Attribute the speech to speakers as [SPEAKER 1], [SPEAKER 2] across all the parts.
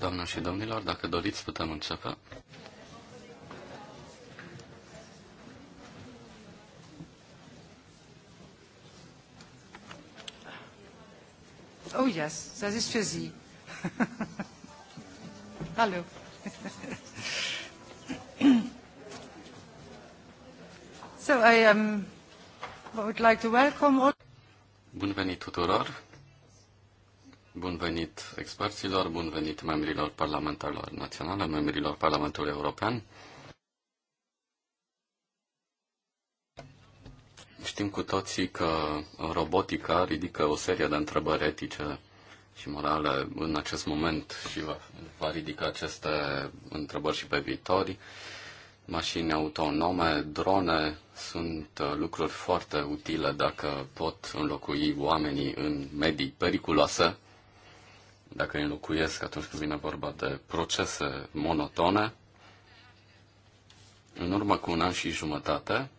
[SPEAKER 1] Doamnelor și domnilor, dacă doriți, putem începe.
[SPEAKER 2] Oh yes, that is for Sie. Hallo.
[SPEAKER 3] so I um, would like to welcome all
[SPEAKER 1] venit tuturor! Bun venit experților, bun venit membrilor parlamentarilor naționale, membrilor Parlamentului European. Știm cu toții că robotica ridică o serie de întrebări etice și morale în acest moment și va, va ridica aceste întrebări și pe viitor mașini autonome, drone sunt uh, lucruri foarte utile dacă pot înlocui oamenii în medii periculoase, dacă îi înlocuiesc atunci când vine vorba de procese monotone. În urmă cu un an și jumătate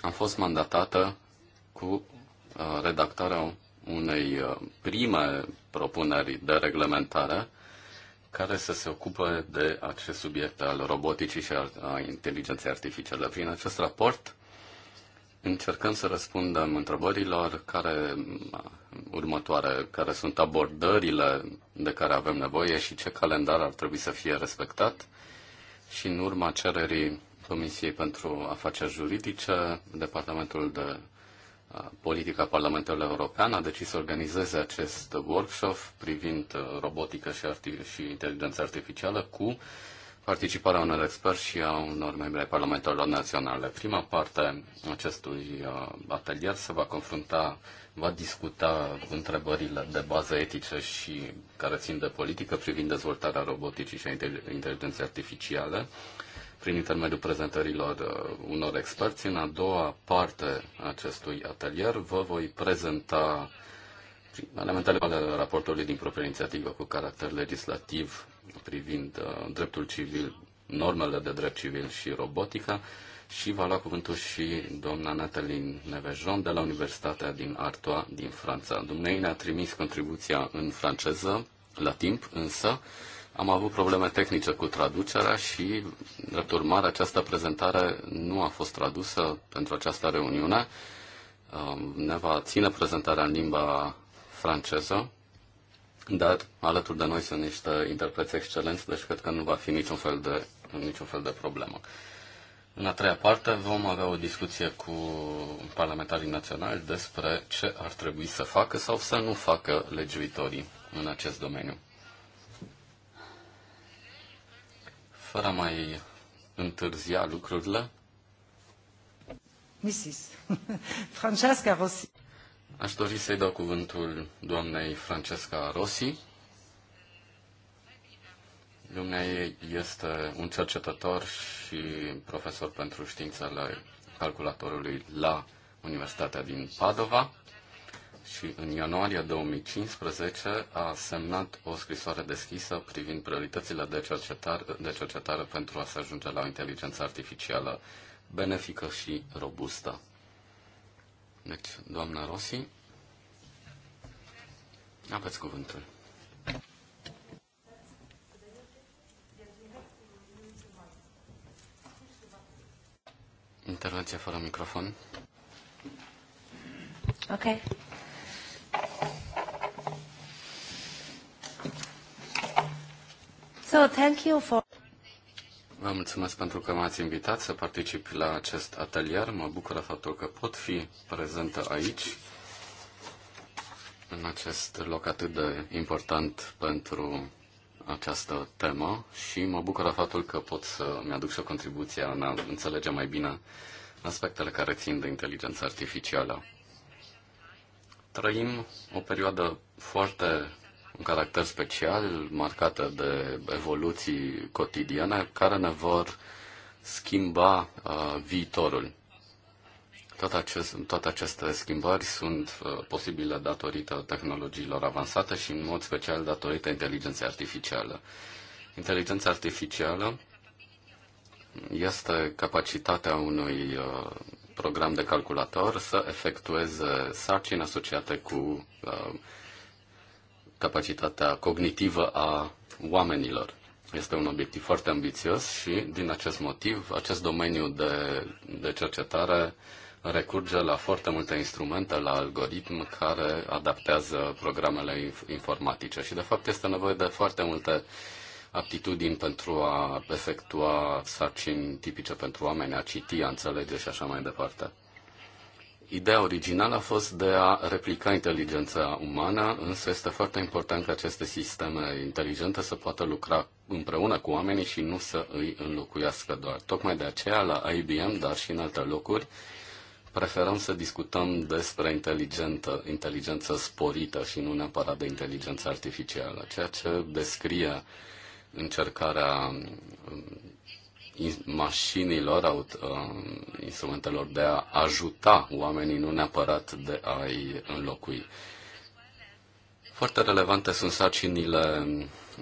[SPEAKER 1] am fost mandatată cu uh, redactarea unei uh, prime propuneri de reglementare care să se ocupe de acest subiect al roboticii și a inteligenței artificiale. Prin acest raport încercăm să răspundem întrebărilor care următoare, care sunt abordările de care avem nevoie și ce calendar ar trebui să fie respectat și în urma cererii Comisiei pentru Afaceri Juridice, Departamentul de politica Parlamentului European a decis să organizeze acest workshop privind uh, robotica și, arti- și inteligența artificială cu participarea unor experți și a unor membri ai Parlamentelor Naționale. Prima parte acestui uh, atelier se va confrunta, va discuta întrebările de bază etice și care țin de politică privind dezvoltarea roboticii și a inteligenței artificiale prin intermediul prezentărilor uh, unor experți. În a doua parte a acestui atelier vă voi prezenta elementele ale raportului din proprie inițiativă cu caracter legislativ privind uh, dreptul civil, normele de drept civil și robotica și va lua cuvântul și doamna Nathalie Nevejon de la Universitatea din Artois din Franța. Dumnezeu ne-a trimis contribuția în franceză la timp, însă am avut probleme tehnice cu traducerea și, drept urmare, această prezentare nu a fost tradusă pentru această reuniune. Um, ne va ține prezentarea în limba franceză, dar alături de noi sunt niște interpreți excelenți, deci cred că nu va fi niciun fel de, niciun fel de problemă. În a treia parte vom avea o discuție cu parlamentarii naționali despre ce ar trebui să facă sau să nu facă legiuitorii în acest domeniu. fără a mai întârzia lucrurile.
[SPEAKER 2] Mrs. Francesca Rossi.
[SPEAKER 1] Aș dori să-i dau cuvântul doamnei Francesca Rossi. ei este un cercetător și profesor pentru științele calculatorului la Universitatea din Padova și în ianuarie 2015 a semnat o scrisoare deschisă privind prioritățile de cercetare, de cercetare pentru a se ajunge la o inteligență artificială benefică și robustă. Deci, doamna Rossi, aveți cuvântul. Intervenție fără microfon.
[SPEAKER 2] Ok. So, thank you for...
[SPEAKER 1] Vă mulțumesc pentru că m-ați invitat să particip la acest atelier. Mă bucură faptul că pot fi prezentă aici, în acest loc atât de important pentru această temă și mă bucură faptul că pot să-mi aduc și o contribuție în a înțelege mai bine aspectele care țin de inteligența artificială. Trăim o perioadă foarte un caracter special, marcată de evoluții cotidiene, care ne vor schimba uh, viitorul. Tot acest, toate aceste schimbări sunt uh, posibile datorită tehnologiilor avansate și, în mod special, datorită inteligenței artificiale. Inteligența artificială este capacitatea unui uh, program de calculator să efectueze sarcini asociate cu uh, capacitatea cognitivă a oamenilor. Este un obiectiv foarte ambițios și, din acest motiv, acest domeniu de, de cercetare recurge la foarte multe instrumente, la algoritm care adaptează programele informatice. Și, de fapt, este nevoie de foarte multe uh, aptitudini pentru a efectua sarcini tipice pentru oameni, a citi, a înțelege și așa mai departe. Ideea originală a fost de a replica inteligența umană, însă este foarte important ca aceste sisteme inteligente să poată lucra împreună cu oamenii și nu să îi înlocuiască doar. Tocmai de aceea, la IBM, dar și în alte locuri, preferăm să discutăm despre inteligentă, inteligență sporită și nu neapărat de inteligență artificială, ceea ce descrie încercarea um, mașinilor, um, instrumentelor de a ajuta oamenii, nu neapărat de a-i înlocui. Foarte relevante sunt sarcinile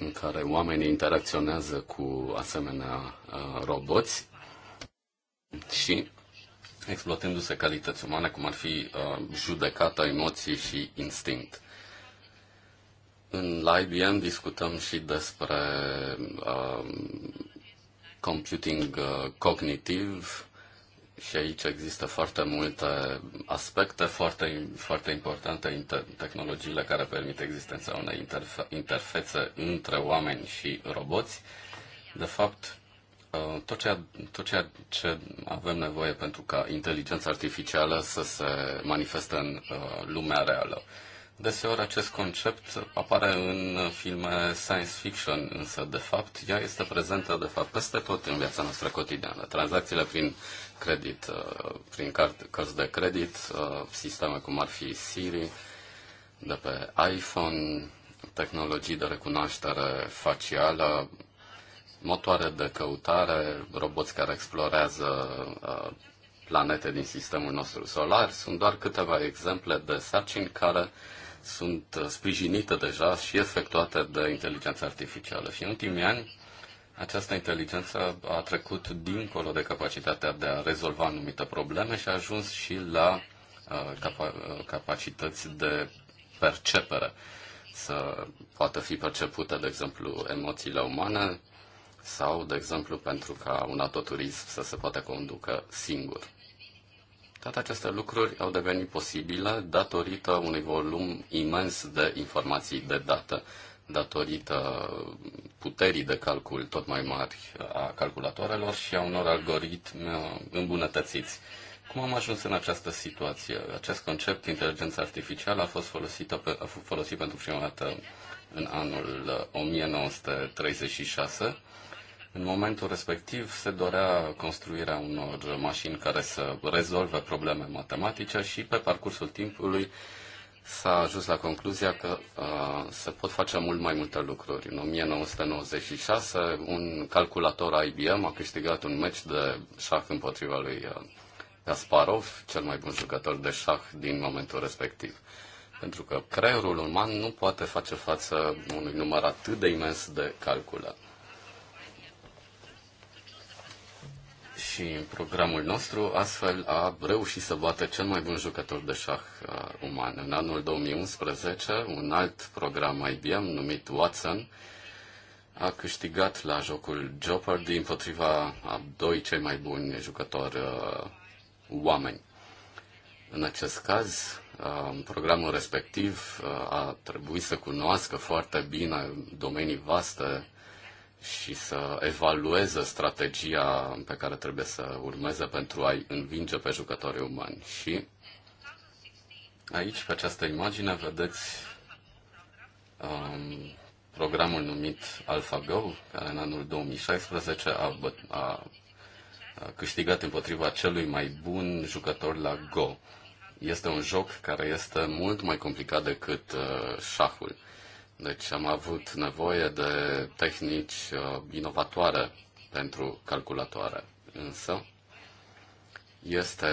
[SPEAKER 1] în care oamenii interacționează cu asemenea uh, roboți și exploatându-se calități umane, cum ar fi uh, judecata, emoții și instinct. În IBM discutăm și despre uh, computing uh, cognitiv și aici există foarte multe aspecte foarte, foarte importante, inter- tehnologiile care permit existența unei interfe- interfețe între oameni și roboți. De fapt, uh, tot ceea, tot ceea ce avem nevoie pentru ca inteligența artificială să se manifeste în uh, lumea reală. Uh, Deseori acest concept apare în filme science fiction, însă de fapt ea este prezentă de fapt peste tot în viața noastră cotidiană. Tranzacțiile prin credit, uh, prin cărți de credit, uh, sisteme cum ar fi Siri, de pe iPhone, tehnologii de recunoaștere facială, motoare de căutare, roboți care explorează uh, planete din sistemul nostru solar. Sunt doar câteva exemple de sarcini care sunt uh, sprijinite deja și efectuate de inteligența artificială. Și în ultimii ani, această inteligență a trecut dincolo de capacitatea de a rezolva anumite probleme și a ajuns și la uh, capa- uh, capacități de percepere. Să poată fi percepută de exemplu, emoțiile umane sau, de exemplu, pentru ca un autoturism să se poată conducă singur. Toate aceste lucruri au devenit posibile datorită unui volum imens de informații, de dată, datorită puterii de calcul tot mai mari a calculatoarelor și a unor algoritmi uh, îmbunătățiți. Cum am ajuns în această situație? Acest concept, inteligența artificială, a fost folosită pe, a fost folosit pentru prima dată în anul 1936 uh, în momentul respectiv se dorea construirea unor mașini care să rezolve probleme matematice și pe parcursul timpului s-a ajuns la concluzia că uh, se pot face mult mai multe lucruri. În 1996, un calculator IBM a câștigat un meci de șah împotriva lui uh, Kasparov, cel mai bun jucător de șah din momentul respectiv. Pentru că creierul uman nu poate face față unui număr atât de imens de calcule. și în programul nostru, astfel a reușit să bată cel mai bun jucător de șah uh, uman. În anul 2011, un alt program IBM numit Watson a câștigat la jocul Jeopardy împotriva a doi cei mai buni jucători uh, oameni. În acest caz, uh, programul respectiv uh, a trebuit să cunoască foarte bine domenii vaste și să evalueze strategia pe care trebuie să urmeze pentru a-i învinge pe jucătorii umani. Și aici, pe această imagine, vedeți um, programul numit AlphaGo, care în anul 2016 a, a, a câștigat împotriva celui mai bun jucător la Go. Este un joc care este mult mai complicat decât uh, șahul. Deci am avut nevoie de tehnici uh, inovatoare pentru calculatoare. Însă este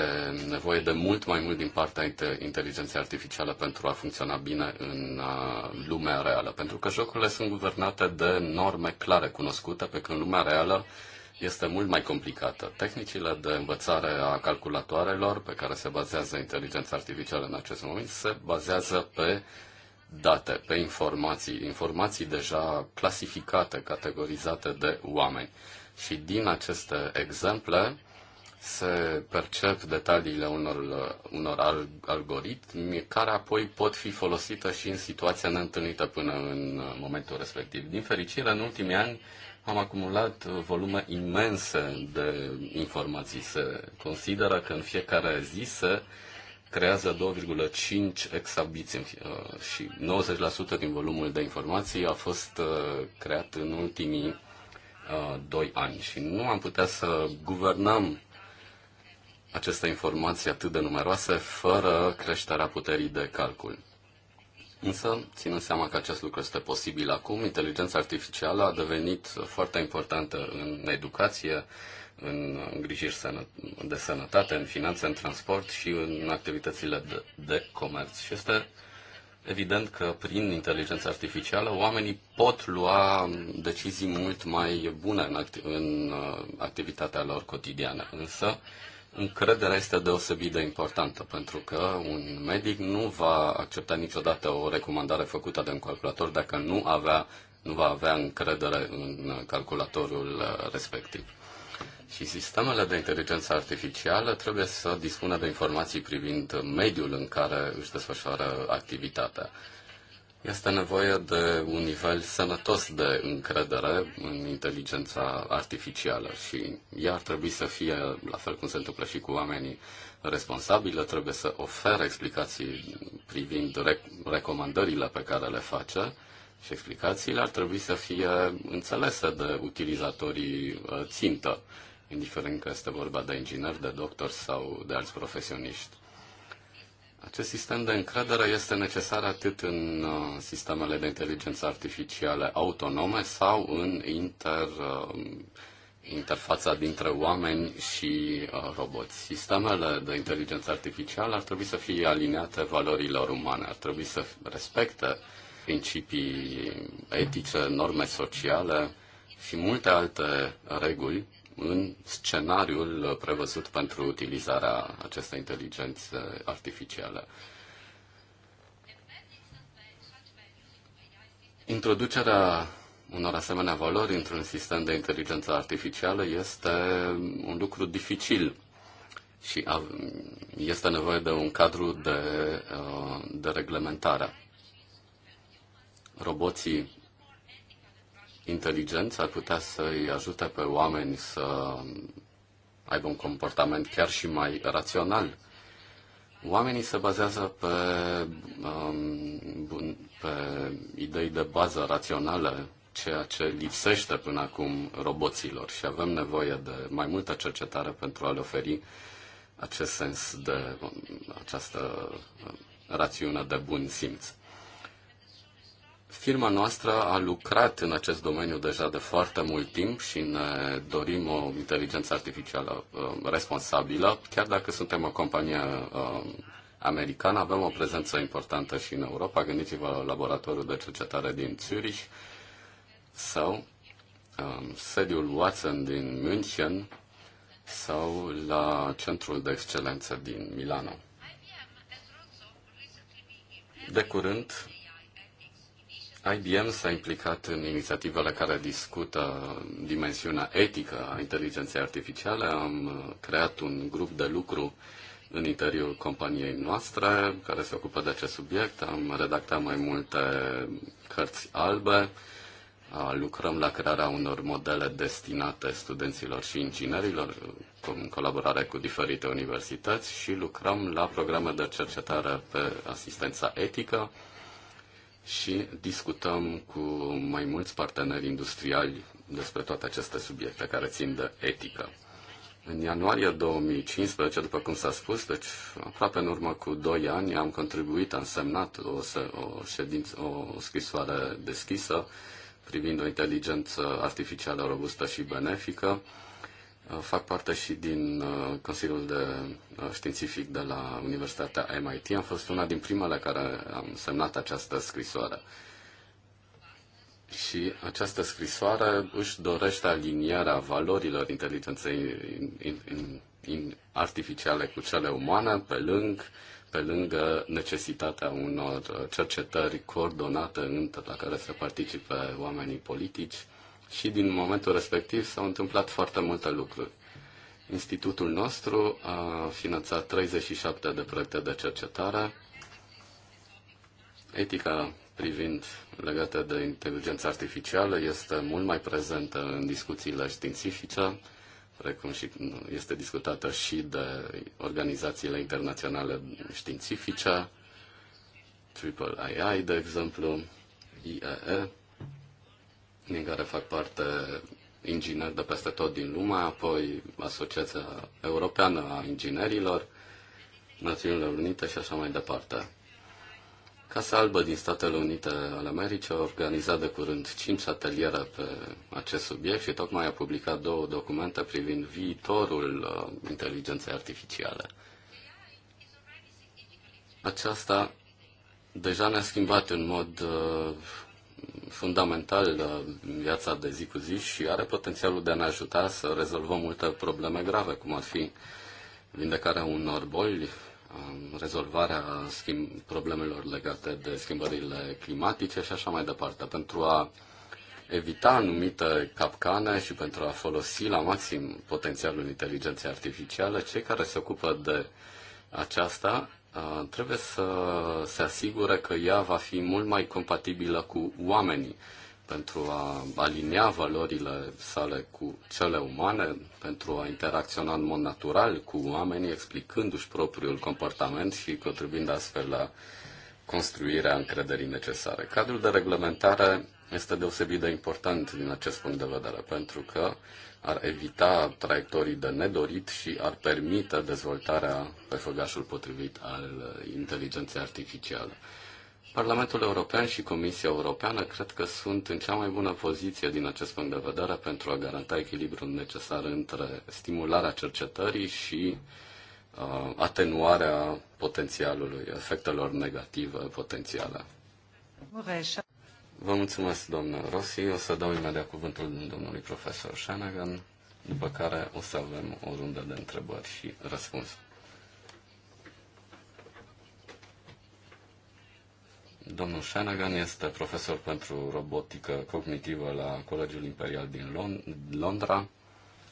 [SPEAKER 1] nevoie de mult mai mult din partea inteligenței artificiale pentru a funcționa bine în uh, lumea reală. Pentru că jocurile sunt guvernate de norme clare, cunoscute, pe când lumea reală este mult mai complicată. Tehnicile de învățare a calculatoarelor pe care se bazează inteligența artificială în acest moment se bazează pe date, pe informații, informații deja clasificate, categorizate de oameni. Și din aceste exemple se percep detaliile unor, unor algoritmi care apoi pot fi folosite și în situația neîntâlnită până în momentul respectiv. Din fericire, în ultimii ani am acumulat volume imense de informații. Se consideră că în fiecare zi se creează 2,5 exabiți uh, și 90% din volumul de informații a fost uh, creat în ultimii uh, 2 ani și nu am putea să guvernăm aceste informații atât de numeroase fără creșterea puterii de calcul. Însă, ținând seama că acest lucru este posibil acum, inteligența artificială a devenit foarte importantă în educație, în îngrijiri de sănătate, în finanțe, în transport și în activitățile de, de comerț. Și este evident că prin inteligența artificială oamenii pot lua decizii mult mai bune în, acti- în uh, activitatea lor cotidiană. Însă, încrederea este deosebit de importantă, pentru că un medic nu va accepta niciodată o recomandare făcută de un calculator dacă nu avea nu va avea încredere în calculatorul uh, respectiv. Și sistemele de inteligență artificială trebuie să dispună de informații privind mediul în care își desfășoară activitatea. Este nevoie de un nivel sănătos de încredere în inteligența artificială și ea ar trebui să fie, la fel cum se întâmplă și cu oamenii responsabile, trebuie să ofere explicații privind rec- recomandările pe care le face și explicațiile ar trebui să fie înțelese de utilizatorii ă, țintă indiferent că este vorba de ingineri, de doctori sau de alți profesioniști. Acest sistem de încredere este necesar atât în uh, sistemele de inteligență artificială autonome sau în inter, uh, interfața dintre oameni și uh, roboți. Sistemele de inteligență artificială ar trebui să fie aliniate valorilor umane, ar trebui să respecte principii etice, norme sociale și multe alte reguli în scenariul prevăzut pentru utilizarea acestei inteligențe artificiale. Introducerea unor asemenea valori într-un sistem de inteligență artificială este un lucru dificil și este nevoie de un cadru de, uh, de reglementare. Roboții inteligență ar putea să-i ajute pe oameni să aibă un comportament chiar și mai rațional. Oamenii se bazează pe, um, bun, pe idei de bază raționale, ceea ce lipsește până acum roboților și avem nevoie de mai multă cercetare pentru a le oferi acest sens de um, această um, rațiune de bun simț. Firma noastră a lucrat în acest domeniu deja de foarte mult timp și ne dorim o inteligență artificială uh, responsabilă. Chiar dacă suntem o companie uh, americană, avem o prezență importantă și în Europa. Gândiți-vă la laboratorul de cercetare din Zurich sau um, sediul Watson din München sau la centrul de excelență din Milano. De curând, IBM s-a implicat în inițiativele care discută dimensiunea etică a inteligenței artificiale. Am uh, creat un grup de lucru în interiorul companiei noastre care se ocupă de acest subiect. Am redactat mai multe cărți albe. Lucrăm la crearea unor modele destinate studenților și inginerilor, uh, în colaborare cu diferite universități și lucrăm la programe de cercetare pe asistența etică și discutăm cu mai mulți parteneri industriali despre toate aceste subiecte care țin de etică. În ianuarie 2015, după cum s-a spus, deci aproape în urmă cu 2 ani, am contribuit, am semnat o, o, ședință, o scrisoare deschisă privind o inteligență artificială robustă și benefică Uh, fac parte și din uh, Consiliul de uh, Științific de la Universitatea MIT. Am fost una din primele care am semnat această scrisoare. Și această scrisoare își dorește alinierea valorilor inteligenței in, in, in, artificiale cu cele umane, pe, lâng, pe lângă necesitatea unor cercetări coordonate între la care să participe oamenii politici, și din momentul respectiv s-au întâmplat foarte multe lucruri. Institutul nostru a finanțat 37 de proiecte de cercetare. Etica privind legată de inteligența artificială este mult mai prezentă în discuțiile științifice, precum și este discutată și de organizațiile internaționale științifice, Triple AI, de exemplu, IEE, din care fac parte ingineri de peste tot din lume, apoi Asociația Europeană a Inginerilor, Națiunile Unite și așa mai departe. Casa Albă din Statele Unite ale Americii a organizat de curând cinci ateliere pe acest subiect și tocmai a publicat două documente privind viitorul uh, inteligenței artificiale. Aceasta deja ne-a schimbat în mod uh, fundamental uh, viața de zi cu zi și are potențialul de a ne ajuta să rezolvăm multe probleme grave, cum ar fi vindecarea unor boli, um, rezolvarea schimb, problemelor legate de schimbările climatice și așa mai departe. Pentru a evita anumite capcane și pentru a folosi la maxim potențialul inteligenței artificiale, cei care se ocupă de aceasta Uh, trebuie să se asigure că ea va fi mult mai compatibilă cu oamenii pentru a alinia valorile sale cu cele umane, pentru a interacționa în mod natural cu oamenii, explicându-și propriul comportament și contribuind astfel la construirea încrederii necesare. Cadrul de reglementare este deosebit de important din acest punct de vedere, pentru că ar evita traiectorii de nedorit și ar permite dezvoltarea pe făgașul potrivit al inteligenței artificiale. Parlamentul European și Comisia Europeană cred că sunt în cea mai bună poziție din acest punct de vedere pentru a garanta echilibrul necesar între stimularea cercetării și uh, atenuarea potențialului, efectelor negative potențiale. Mureșa. Vă mulțumesc, domnul Rossi. O să dau imediat cuvântul domnului profesor Shanagan, după care o să avem o rundă de întrebări și răspunsuri. Domnul Shanagan este profesor pentru robotică cognitivă la Colegiul Imperial din Lond- Londra.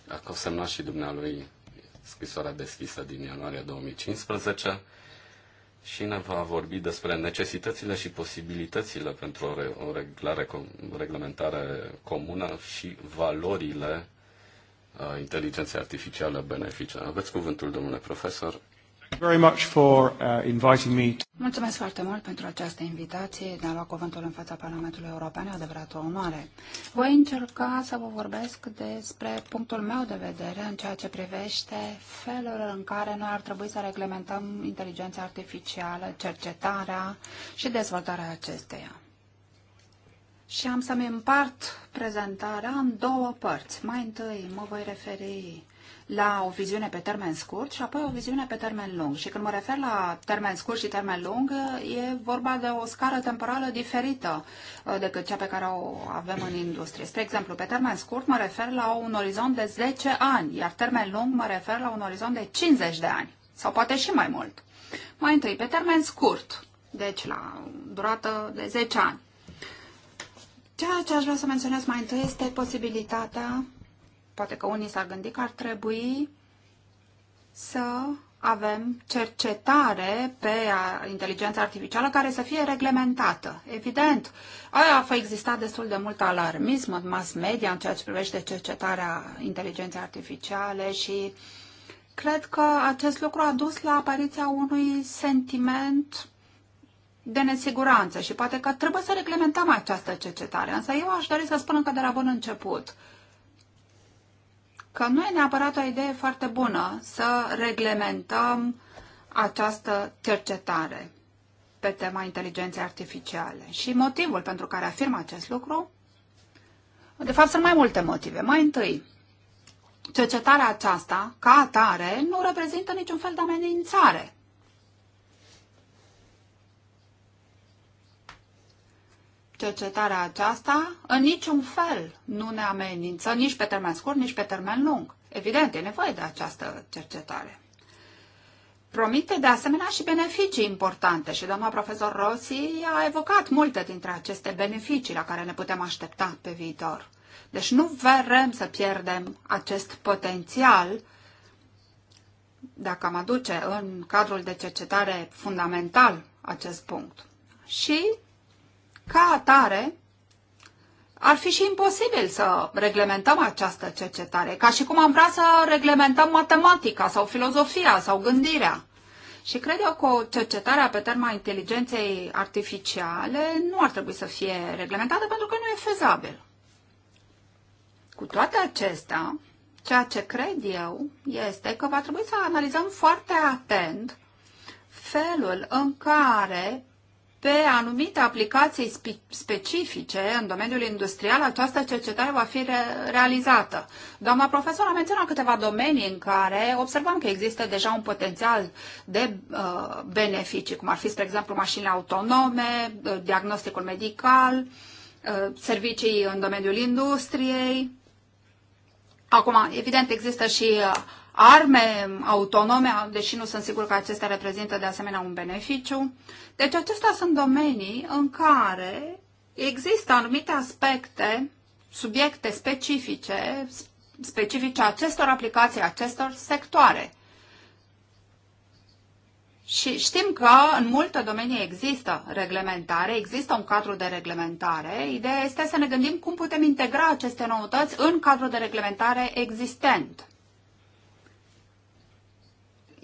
[SPEAKER 1] A consemnat și dumnealui scrisoarea deschisă din ianuarie 2015 și ne va vorbi despre necesitățile și posibilitățile pentru o reglare, reglementare comună și valorile uh, inteligenței artificiale benefice. Aveți cuvântul, domnule profesor.
[SPEAKER 3] Very much for, uh, inviting me. Mulțumesc foarte mult pentru această invitație de a lua cuvântul în fața Parlamentului European, adevărat o onoare. Voi încerca să vă vorbesc despre punctul meu de vedere în ceea ce privește felul în care noi ar trebui să reglementăm inteligența artificială, cercetarea și dezvoltarea acesteia. Și am să-mi împart prezentarea în două părți. Mai întâi mă voi referi la o viziune pe termen scurt și apoi o viziune pe termen lung. Și când mă refer la termen scurt și termen lung, e vorba de o scară temporală diferită uh, decât cea pe care o avem în industrie. Spre exemplu, pe termen scurt mă refer la un orizont de 10 ani, iar termen lung mă refer la un orizont de 50 de ani, sau poate și mai mult. Mai întâi, pe termen scurt, deci la durată de 10 ani. Ceea ce aș vrea să menționez mai întâi este posibilitatea poate că unii s-ar gândi că ar trebui să avem cercetare pe inteligența artificială care să fie reglementată. Evident, aia a existat destul de mult alarmism în mass media în ceea ce privește cercetarea inteligenței artificiale și cred că acest lucru a dus la apariția unui sentiment de nesiguranță și poate că trebuie să reglementăm această cercetare. Însă eu aș dori să spun încă de la bun început că nu e neapărat o idee foarte bună să reglementăm această cercetare pe tema inteligenței artificiale. Și motivul pentru care afirm acest lucru, de fapt sunt mai multe motive. Mai întâi, cercetarea aceasta, ca atare, nu reprezintă niciun fel de amenințare cercetarea aceasta în niciun fel nu ne amenință nici pe termen scurt, nici pe termen lung. Evident, e nevoie de această cercetare. Promite de asemenea și beneficii importante și doamna profesor Rossi a evocat multe dintre aceste beneficii la care ne putem aștepta pe viitor. Deci nu vrem să pierdem acest potențial dacă am aduce în cadrul de cercetare fundamental acest punct. Și ca atare, ar fi și imposibil să reglementăm această cercetare, ca și cum am vrea să reglementăm matematica sau filozofia sau gândirea. Și cred eu că cercetarea pe tema inteligenței artificiale nu ar trebui să fie reglementată pentru că nu e fezabil. Cu toate acestea, ceea ce cred eu este că va trebui să analizăm foarte atent felul în care pe anumite aplicații specifice în domeniul industrial, această cercetare va fi re- realizată. Doamna profesor a menționat câteva domenii în care observăm că există deja un potențial de uh, beneficii, cum ar fi, spre exemplu, mașinile autonome, uh, diagnosticul medical, uh, servicii în domeniul industriei. Acum, evident, există și uh, arme autonome, deși nu sunt sigur că acestea reprezintă de asemenea un beneficiu. Deci acestea sunt domenii în care există anumite aspecte, subiecte specifice, specifice acestor aplicații, acestor sectoare. Și știm că în multe domenii există reglementare, există un cadru de reglementare. Ideea este să ne gândim cum putem integra aceste noutăți în cadrul de reglementare existent.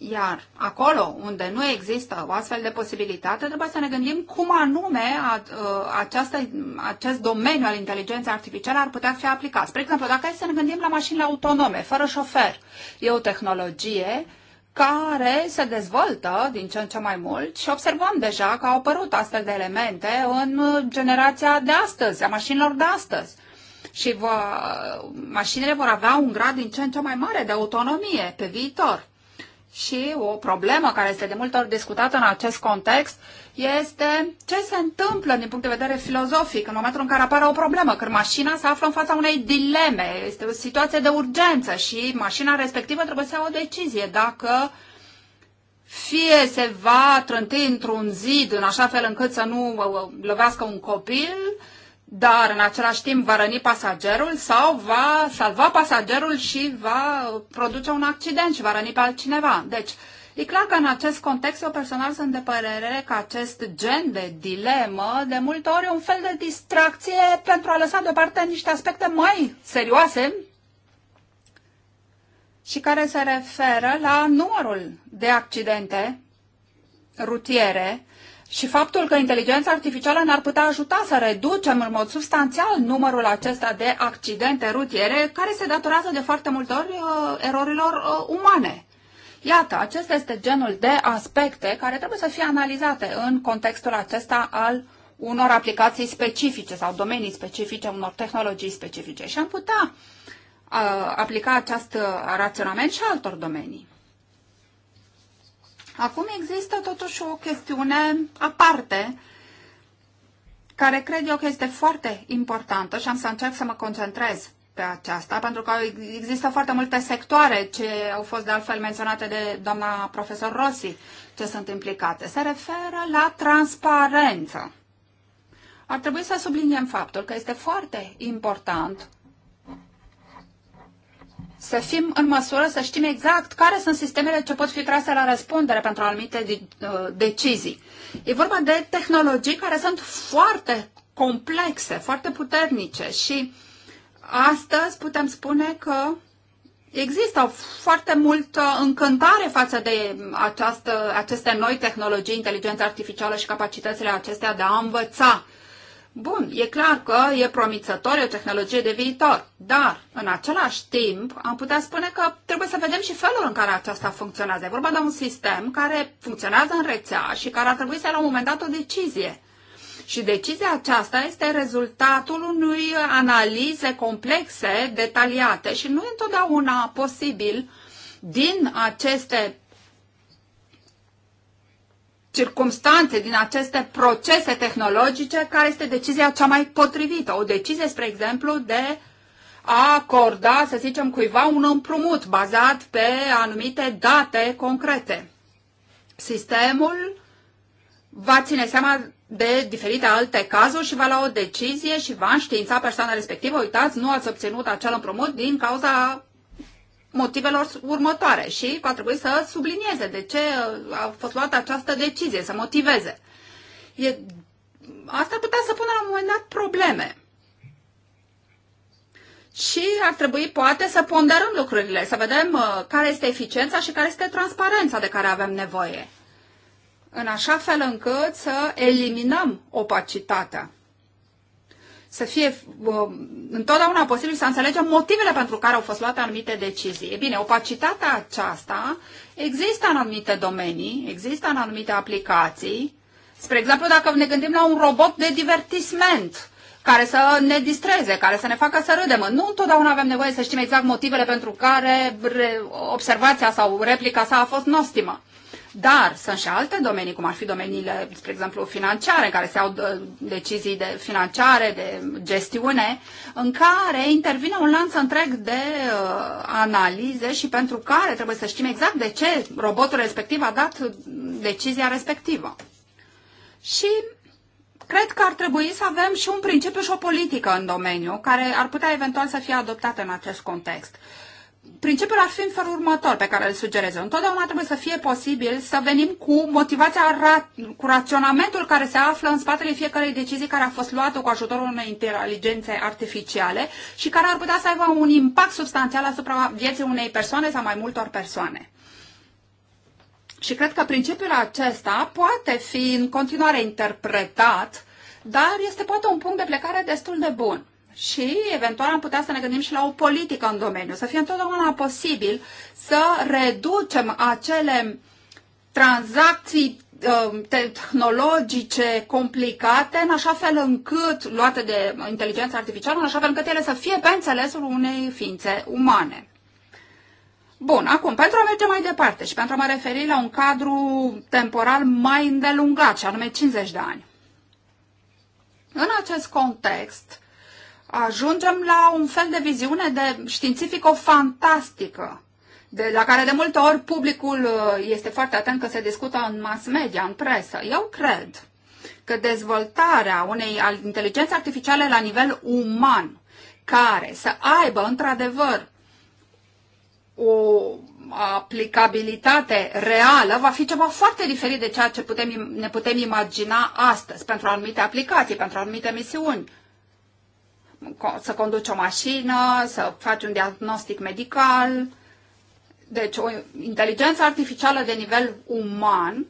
[SPEAKER 3] Iar acolo unde nu există o astfel de posibilitate, trebuie să ne gândim cum anume ă, această, acest domeniu al inteligenței artificiale ar putea fi aplicat. Spre exemplu, dacă e să ne gândim la mașinile autonome, fără șofer, e o tehnologie care se dezvoltă din ce în ce mai mult și observăm deja că au apărut astfel de elemente în generația de astăzi, a mașinilor de astăzi și va, mașinile vor avea un grad din ce în ce mai mare de autonomie pe viitor. Și o problemă care este de multe ori discutată în acest context este ce se întâmplă din punct de vedere filozofic în momentul în care apare o problemă, când mașina se află în fața unei dileme, este o situație de urgență și mașina respectivă trebuie să ia o decizie dacă fie se va trânti într-un zid în așa fel încât să nu uh, uh, lovească un copil, dar în același timp va răni pasagerul sau va salva pasagerul și va produce un accident și va răni pe altcineva. Deci, e clar că în acest context eu personal sunt de părere că acest gen de dilemă de multe ori e un fel de distracție pentru a lăsa deoparte niște aspecte mai serioase și care se referă la numărul de accidente rutiere și faptul că inteligența artificială ne-ar putea ajuta să reducem în mod substanțial numărul acesta de accidente rutiere care se datorează de foarte multe ori uh, erorilor uh, umane. Iată, acesta este genul de aspecte care trebuie să fie analizate în contextul acesta al unor aplicații specifice sau domenii specifice, unor tehnologii specifice. Și am putea uh, aplica acest uh, raționament și altor domenii. Acum există totuși o chestiune aparte care cred eu că este foarte importantă și am să încerc să mă concentrez pe aceasta, pentru că există foarte multe sectoare ce au fost de altfel menționate de doamna profesor Rossi, ce sunt implicate. Se referă la transparență. Ar trebui să subliniem faptul că este foarte important să fim în măsură să știm exact care sunt sistemele ce pot fi trase la răspundere pentru anumite uh, decizii. E vorba de tehnologii care sunt foarte complexe, foarte puternice și astăzi putem spune că Există foarte multă încântare față de această, aceste noi tehnologii, inteligența artificială și capacitățile acestea de a învăța. Bun, e clar că e promițător, e o tehnologie de viitor, dar în același timp am putea spune că trebuie să vedem și felul în care aceasta funcționează. E vorba de un sistem care funcționează în rețea și care ar trebui să ia la un moment dat o decizie. Și decizia aceasta este rezultatul unui analize complexe, detaliate și nu întotdeauna posibil din aceste circumstanțe, din aceste procese tehnologice, care este decizia cea mai potrivită. O decizie, spre exemplu, de a acorda, să zicem, cuiva un împrumut bazat pe anumite date concrete. Sistemul va ține seama de diferite alte cazuri și va lua o decizie și va înștiința persoana respectivă, uitați, nu ați obținut acel împrumut din cauza motivelor următoare și va trebui să sublinieze de ce uh, a fost luată această decizie, să motiveze. E, asta putea să pună la un moment dat probleme. Și ar trebui poate să ponderăm lucrurile, să vedem uh, care este eficiența și care este transparența de care avem nevoie. În așa fel încât să eliminăm opacitatea să fie uh, întotdeauna posibil să înțelegem motivele pentru care au fost luate anumite decizii. E bine, opacitatea aceasta există în anumite domenii, există în anumite aplicații. Spre exemplu, dacă ne gândim la un robot de divertisment care să ne distreze, care să ne facă să râdem. Nu întotdeauna avem nevoie să știm exact motivele pentru care observația sau replica sa a fost nostimă. Dar sunt și alte domenii, cum ar fi domeniile, spre exemplu, financiare, care se au uh, decizii de financiare, de gestiune, în care intervine un lanț întreg de uh, analize și pentru care trebuie să știm exact de ce robotul respectiv a dat decizia respectivă. Și cred că ar trebui să avem și un principiu și o politică în domeniu care ar putea eventual să fie adoptată în acest context principiul ar fi în felul următor pe care îl sugerez Întotdeauna trebuie să fie posibil să venim cu motivația, ra- cu raționamentul care se află în spatele fiecarei decizii care a fost luată cu ajutorul unei inteligențe artificiale și care ar putea să aibă un impact substanțial asupra vieții unei persoane sau mai multor persoane. Și cred că principiul acesta poate fi în continuare interpretat, dar este poate un punct de plecare destul de bun și eventual am putea să ne gândim și la o politică în domeniu, să fie întotdeauna posibil să reducem acele tranzacții uh, tehnologice complicate, în așa fel încât, luate de inteligența artificială, în așa fel încât ele să fie pe înțelesul unei ființe umane. Bun, acum, pentru a merge mai departe și pentru a mă referi la un cadru temporal mai îndelungat, și anume 50 de ani. În acest context, ajungem la un fel de viziune de științifico-fantastică, de, la care de multe ori publicul uh, este foarte atent că se discută în mass media, în presă. Eu cred că dezvoltarea unei inteligențe artificiale la nivel uman, care să aibă într-adevăr o aplicabilitate reală va fi ceva foarte diferit de ceea ce putem, ne putem imagina astăzi pentru anumite aplicații, pentru anumite misiuni să conduci o mașină, să faci un diagnostic medical. Deci o inteligență artificială de nivel uman.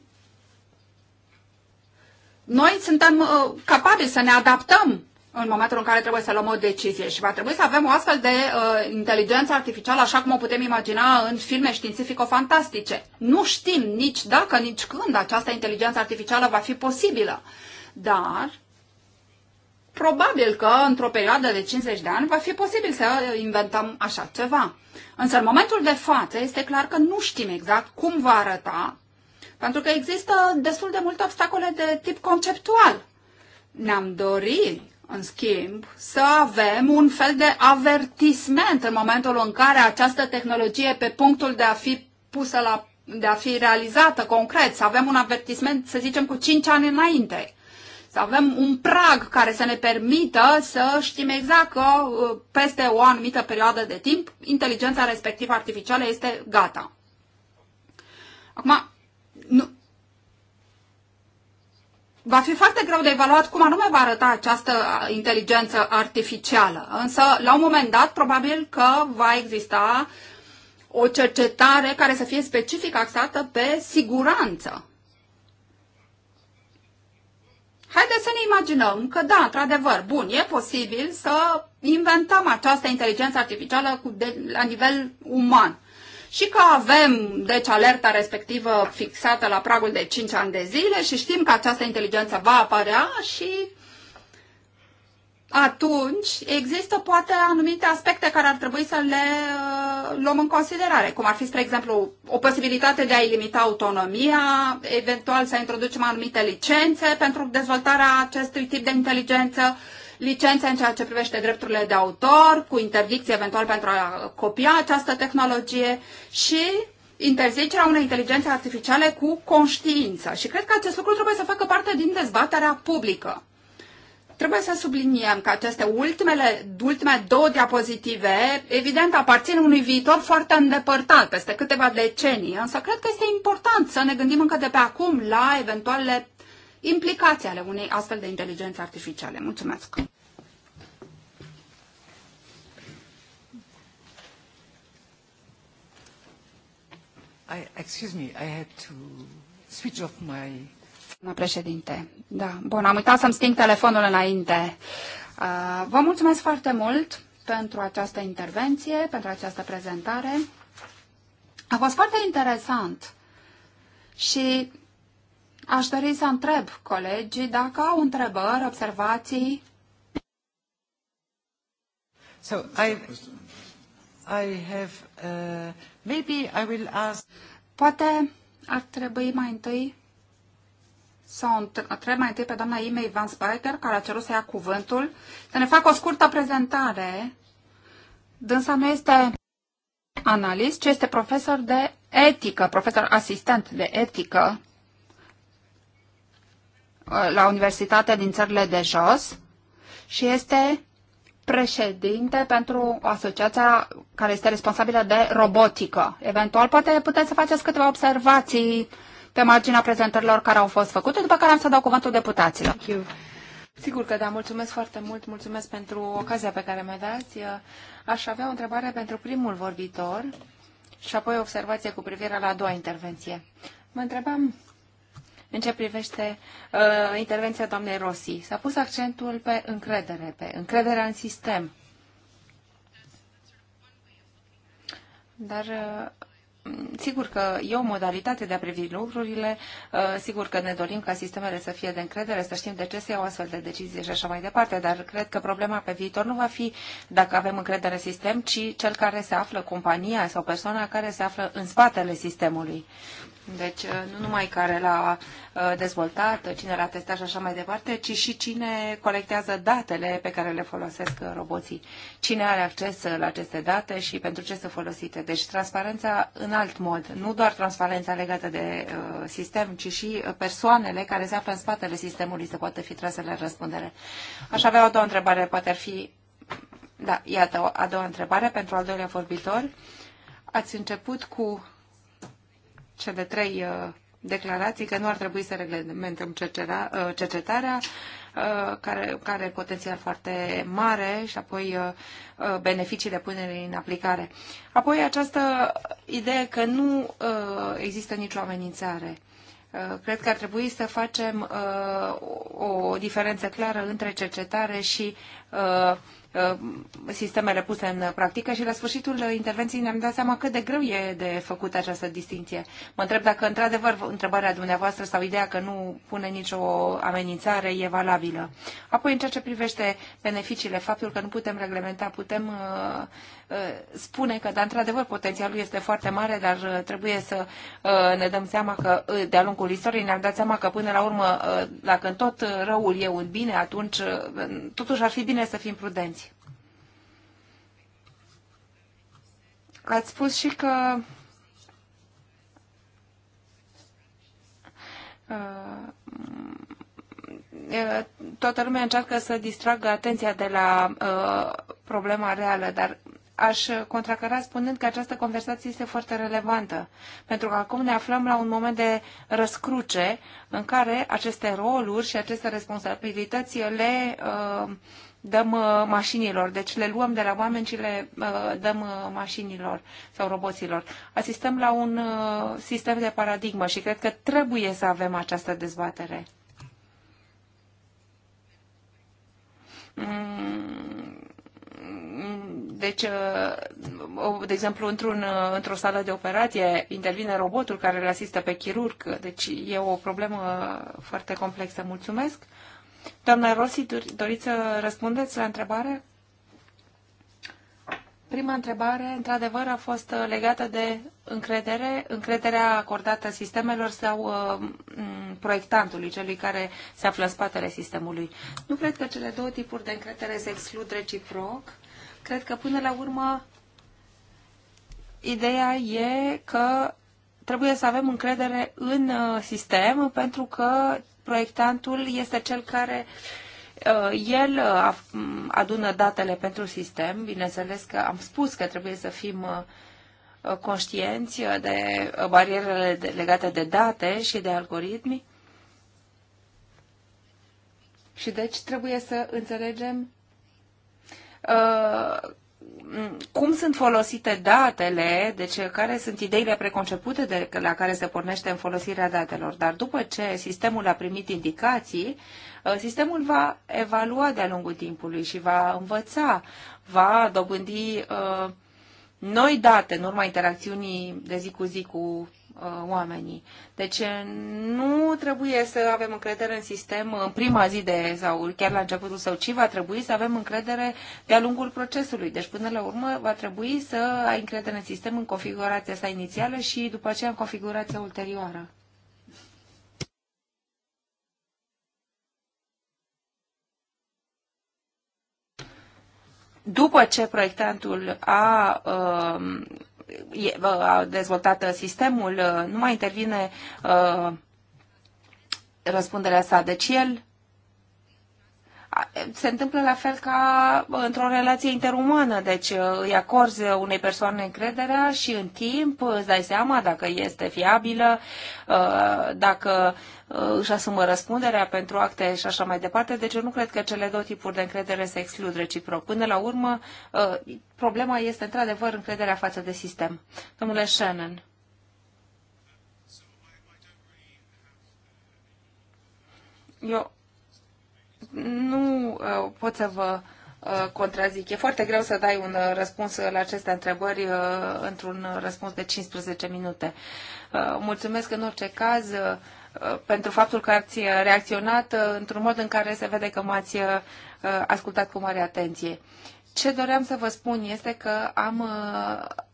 [SPEAKER 3] Noi suntem uh, capabili să ne adaptăm în momentul în care trebuie să luăm o decizie și va trebui să avem o astfel de uh, inteligență artificială așa cum o putem imagina în filme științifico-fantastice. Nu știm nici dacă, nici când această inteligență artificială va fi posibilă, dar probabil că într-o perioadă de 50 de ani va fi posibil să inventăm așa ceva. Însă în momentul de față este clar că nu știm exact cum va arăta, pentru că există destul de multe obstacole de tip conceptual. Ne-am dorit, în schimb, să avem un fel de avertisment în momentul în care această tehnologie pe punctul de a fi pusă la de a fi realizată concret, să avem un avertisment, să zicem, cu 5 ani înainte să avem un prag care să ne permită să știm exact că uh, peste o anumită perioadă de timp inteligența respectivă artificială este gata. Acum, nu, Va fi foarte greu de evaluat cum anume va arăta această uh, inteligență artificială, însă la un moment dat probabil că va exista o cercetare care să fie specific axată pe siguranță. Haideți să ne imaginăm că, da, într-adevăr, bun, e posibil să inventăm această inteligență artificială cu de, la nivel uman și că avem, deci, alerta respectivă fixată la pragul de 5 ani de zile și știm că această inteligență va apărea și atunci există poate anumite aspecte care ar trebui să le uh, luăm în considerare, cum ar fi, spre exemplu, o posibilitate de a-i limita autonomia, eventual să introducem anumite licențe pentru dezvoltarea acestui tip de inteligență, licențe în ceea ce privește drepturile de autor, cu interdicție eventual pentru a copia această tehnologie și interzicerea unei inteligențe artificiale cu conștiință. Și cred că acest lucru trebuie să facă parte din dezbaterea publică. Trebuie să subliniem că aceste ultimele, ultime două diapozitive, evident, aparțin unui viitor foarte îndepărtat, peste câteva decenii, însă cred că este important să ne gândim încă de pe acum la eventualele implicații ale unei astfel de inteligențe artificiale. Mulțumesc! I, excuse me, I had to switch off my Doamna președinte, da. Bun, am uitat să-mi sting telefonul înainte. Uh, vă mulțumesc foarte mult pentru această intervenție, pentru această prezentare. A fost foarte interesant și aș dori să întreb colegii dacă au întrebări, observații. So, I, I have, uh, maybe I will ask... Poate ar trebui mai întâi o întreb mai întâi pe doamna Imei Van Spiker, care a cerut să ia cuvântul, să ne facă o scurtă prezentare. Dânsa nu este analist, ci este profesor de etică, profesor asistent de etică uh, la Universitatea din țările de jos și este președinte pentru asociația care este responsabilă de robotică. Eventual, poate puteți să faceți câteva observații uh, pe marginea prezentărilor care au fost făcute, după care am să dau cuvântul deputaților.
[SPEAKER 2] Sigur că da, mulțumesc foarte mult, mulțumesc pentru ocazia pe care mi-a dat. Aș avea o întrebare pentru primul vorbitor și apoi o observație cu privire la a doua intervenție. Mă întrebam în ce privește uh, intervenția doamnei Rossi. S-a pus accentul pe încredere, pe încrederea în sistem. Dar uh, sigur că e o modalitate de a privi lucrurile, uh, sigur că ne dorim ca sistemele să fie de încredere, să știm de ce se iau astfel de decizii și așa mai departe, dar cred că problema pe viitor nu va fi dacă avem încredere în sistem, ci cel care se află, compania sau persoana care se află în spatele sistemului. Deci uh, nu numai care l-a uh, dezvoltat, uh, cine l-a testat și așa mai departe, ci și cine colectează datele pe care le folosesc roboții. Cine are acces la aceste date și pentru ce sunt folosite. Deci transparența în alt mod, nu doar transparența legată de sistem, ci și persoanele care se află în spatele sistemului să poată fi trase la răspundere. Aș avea o doua întrebare, poate ar fi... Da, iată, a doua întrebare pentru al doilea vorbitor. Ați început cu cele trei uh, declarații că nu ar trebui să reglementăm uh, cercetarea, uh, care, care are potențial foarte mare și apoi beneficiile punerii în aplicare. Apoi această idee că nu există nicio amenințare. Cred că ar trebui să facem o diferență clară între cercetare și Uh, sistemele puse în practică și la sfârșitul intervenției ne-am dat seama cât de greu e de făcut această distinție. Mă întreb dacă, într-adevăr, întrebarea dumneavoastră sau ideea că nu pune nicio amenințare e valabilă. Apoi, în ceea ce privește beneficiile, faptul că nu putem reglementa, putem uh, Uh, spune că, dar într-adevăr, potențialul este foarte mare, dar uh, trebuie să uh, ne dăm seama că, de-a lungul istoriei, ne-am dat seama că, până la urmă, dacă în tot răul e un bine, atunci, totuși, ar fi bine să fim prudenți. Ați spus și că toată lumea încearcă să distragă atenția de la uh, problema reală, dar aș contracara spunând că această conversație este foarte relevantă, pentru că acum ne aflăm la un moment de răscruce în care aceste roluri și aceste responsabilități le uh, dăm uh, mașinilor, deci le luăm de la oameni și le uh, dăm uh, mașinilor sau roboților. Asistăm la un uh, sistem de paradigmă și cred că trebuie să avem această dezbatere. Mm deci, uh, de exemplu, într-un, uh, într-o sală de operație intervine robotul care îl asistă pe chirurg. Deci e o problemă foarte complexă. Mulțumesc. Doamna Rossi, doriți să răspundeți la întrebare? Prima întrebare, într-adevăr, a fost uh, legată de încredere, încrederea acordată sistemelor sau uh, proiectantului, celui care se află în spatele sistemului. Nu cred că cele două tipuri de încredere se exclud reciproc. Cred că până la urmă ideea e că trebuie să avem încredere în uh, sistem pentru că proiectantul este cel care uh, el uh, adună datele pentru sistem. Bineînțeles că am spus că trebuie să fim conștienți de barierele legate de date și de algoritmi. Și deci trebuie să înțelegem Uh, cum sunt folosite datele, deci care sunt ideile preconcepute de la care se pornește în folosirea datelor. Dar după ce sistemul a primit indicații, uh, sistemul va evalua de-a lungul timpului și va învăța, va dobândi uh, noi date în urma interacțiunii de zi cu zi cu Uh, oamenii. Deci nu trebuie să avem încredere în sistem în prima zi de sau chiar la începutul său, ci va trebui să avem încredere de-a lungul procesului. Deci până la urmă va trebui să ai încredere în sistem în configurația sa inițială și după aceea în configurația ulterioară. După ce proiectantul a uh, a dezvoltat uh, sistemul, uh, nu mai intervine uh, răspunderea sa. Deci el se întâmplă la fel ca într-o relație interumană, deci uh, îi acorzi unei persoane încrederea și în timp îți dai seama dacă este fiabilă, uh, dacă uh, își asumă răspunderea pentru acte și așa mai departe. Deci eu nu cred că cele două tipuri de încredere se exclud reciproc. Până la urmă, problema este într-adevăr încrederea față de sistem. Domnule Shannon. Eu nu uh, pot să vă uh, contrazic. E foarte greu să dai un uh, răspuns la aceste întrebări într-un răspuns de 15 minute. Mulțumesc în orice caz pentru faptul că ați reacționat într-un mod în care se vede că m-ați ascultat cu mare atenție. Ce doream să vă spun este că am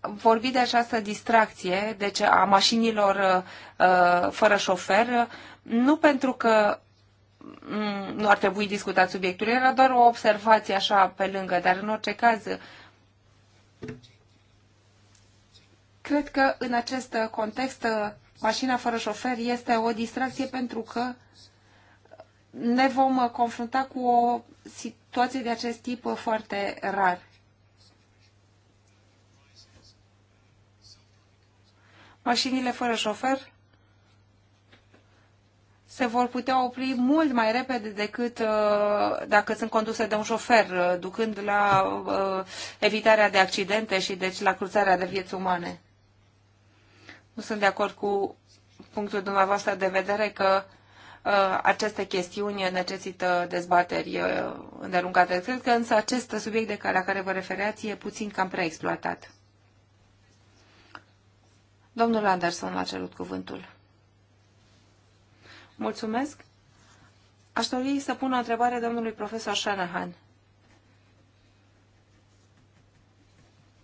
[SPEAKER 2] vorbit de această distracție, deci a mașinilor fără șofer, nu pentru că nu ar trebui discutat subiectul. Era doar o observație așa pe lângă, dar în orice caz cred că în acest context mașina fără șofer este o distracție pentru că ne vom confrunta cu o situație de acest tip foarte rar. Mașinile fără șofer se vor putea opri mult mai repede decât uh, dacă sunt conduse de un șofer, uh, ducând la uh, evitarea de accidente și deci la cruțarea de vieți umane. Nu sunt de acord cu punctul dumneavoastră de vedere că aceste chestiuni necesită dezbateri îndelungate. Cred că însă acest subiect de care, la care vă refereați e puțin cam preexploatat. Domnul Anderson a cerut cuvântul. Mulțumesc. Aș dori să pun o întrebare domnului profesor Shanahan.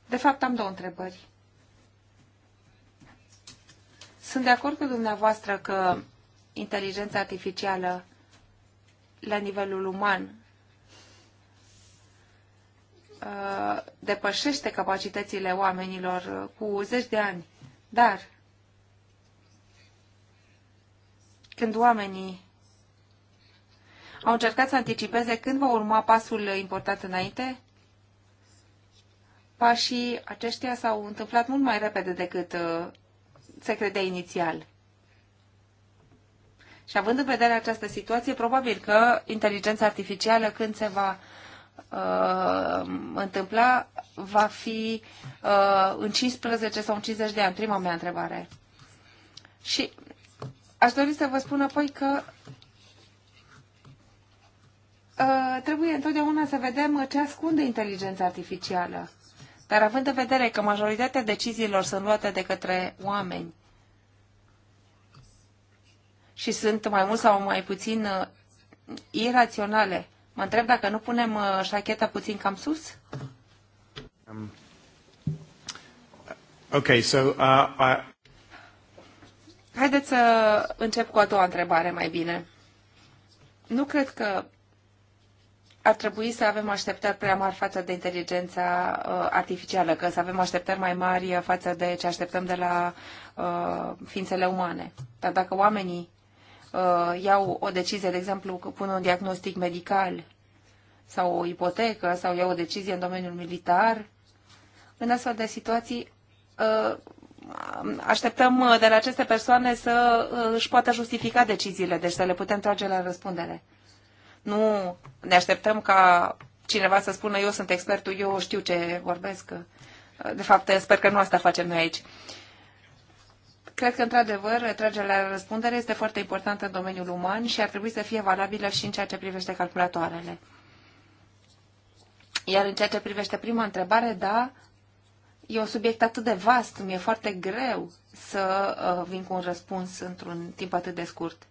[SPEAKER 2] De fapt, am două întrebări. Sunt de acord cu dumneavoastră că inteligența artificială la nivelul uman uh, depășește capacitățile oamenilor uh, cu zeci de ani. Dar când oamenii au încercat să anticipeze când va urma pasul important înainte, pașii aceștia s-au întâmplat mult mai repede decât uh, se credea inițial. Și având în vedere această situație, probabil că inteligența artificială, când se va uh, întâmpla, va fi uh, în 15 sau în 50 de ani. Prima mea întrebare. Și Aș dori să vă spun apoi că ă, trebuie întotdeauna să vedem ce ascunde inteligența artificială. Dar având în vedere că majoritatea deciziilor sunt luate de către oameni și sunt mai mult sau mai puțin ă, iraționale, mă întreb dacă nu punem ă, șacheta puțin cam sus? Um.
[SPEAKER 3] Okay, so uh, I,
[SPEAKER 2] Haideți să încep cu a doua întrebare mai bine. Nu cred că ar trebui să avem așteptări prea mari față de inteligența uh, artificială, că să avem așteptări mai mari uh, față de ce așteptăm de la uh, ființele umane. Dar dacă oamenii uh, iau o decizie, de exemplu, pun un diagnostic medical sau o ipotecă sau iau o decizie în domeniul militar, în astfel de situații uh, așteptăm uh, de la aceste persoane să uh, își poată justifica deciziile, deci să le putem trage la răspundere. Nu ne așteptăm ca cineva să spună eu sunt expertul, eu știu ce vorbesc. Uh, de fapt, sper că nu asta facem noi aici. Cred că, într-adevăr, tragerea la răspundere este foarte importantă în domeniul uman și ar trebui să fie valabilă și în ceea ce privește calculatoarele. Iar în ceea ce privește prima întrebare, da, E un subiect atât de vast, mi-e foarte greu să uh, vin cu un răspuns într-un timp atât de scurt.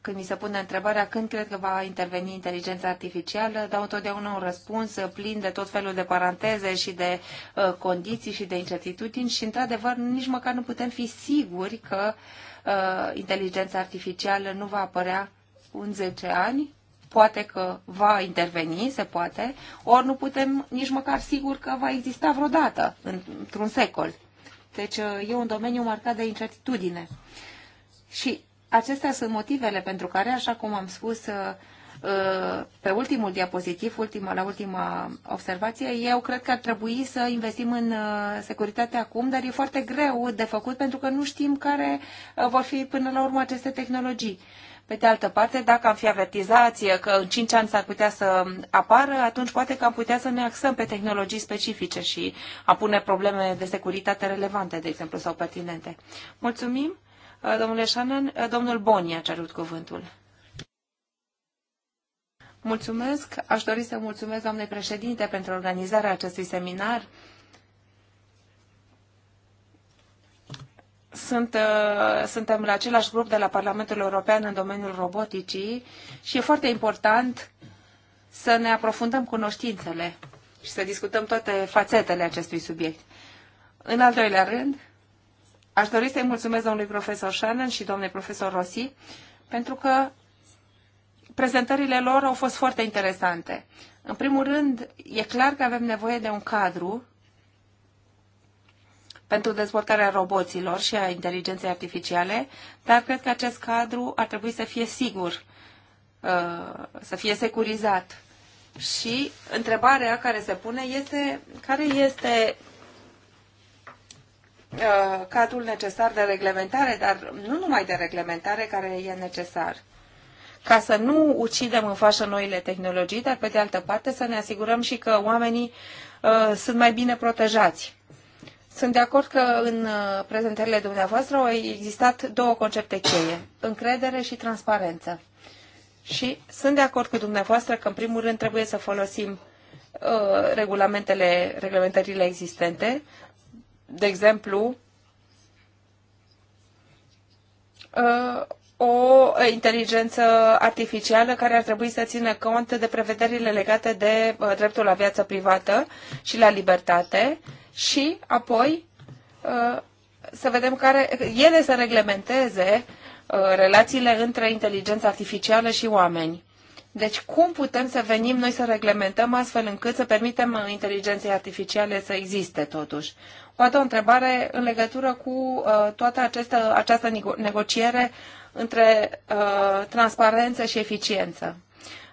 [SPEAKER 2] Când mi se pune întrebarea când cred că va interveni inteligența artificială, dau întotdeauna un răspuns plin de tot felul de paranteze și de uh, condiții și de incertitudini și, într-adevăr, nici măcar nu putem fi siguri că uh, inteligența artificială nu va apărea în 10 ani poate că va interveni, se poate, ori nu putem nici măcar sigur că va exista vreodată într-un secol. Deci uh, e un domeniu marcat de incertitudine. Și acestea sunt motivele pentru care, așa cum am spus uh, uh, pe ultimul diapozitiv, ultima, la ultima observație, eu cred că ar trebui să investim în securitate acum, dar e foarte greu de făcut pentru că nu știm care vor fi până la urmă aceste tehnologii. Pe de altă parte, dacă am fi avertizați că în 5 ani s-ar putea să apară, atunci poate că am putea să ne axăm pe tehnologii specifice și a pune probleme de securitate relevante, de exemplu, sau pertinente. Mulțumim, uh, domnule Shannon. Uh, domnul Boni a cerut cuvântul. Mulțumesc. Aș dori să mulțumesc, doamnei președinte, pentru organizarea acestui seminar sunt, uh, suntem la același grup de la Parlamentul European în domeniul roboticii și e foarte important să ne aprofundăm cunoștințele și să discutăm toate fațetele acestui subiect. În al doilea rând, aș dori să-i mulțumesc domnului profesor Shannon și domnului profesor Rossi pentru că prezentările lor au fost foarte interesante. În primul rând, e clar că avem nevoie de un cadru pentru dezvoltarea roboților și a inteligenței artificiale, dar cred că acest cadru ar trebui să fie sigur, uh, să fie securizat. Și întrebarea care se pune este care este uh, cadrul necesar de reglementare, dar nu numai de reglementare care e necesar ca să nu ucidem în fașă noile tehnologii, dar pe de altă parte să ne asigurăm și că oamenii uh, sunt mai bine protejați. Sunt de acord că în uh, prezentările dumneavoastră au existat două concepte cheie, încredere și transparență. Și sunt de acord cu dumneavoastră că, în primul rând, trebuie să folosim uh, regulamentele, reglementările existente, de exemplu, uh, o inteligență artificială care ar trebui să țină cont de prevederile legate de uh, dreptul la viață privată și la libertate și apoi uh, să vedem care ele să reglementeze uh, relațiile între inteligența artificială și oameni. Deci cum putem să venim noi să reglementăm astfel încât să permitem inteligenței artificiale să existe totuși? O a doua întrebare în legătură cu uh, toată această, această negociere între uh, transparență și eficiență.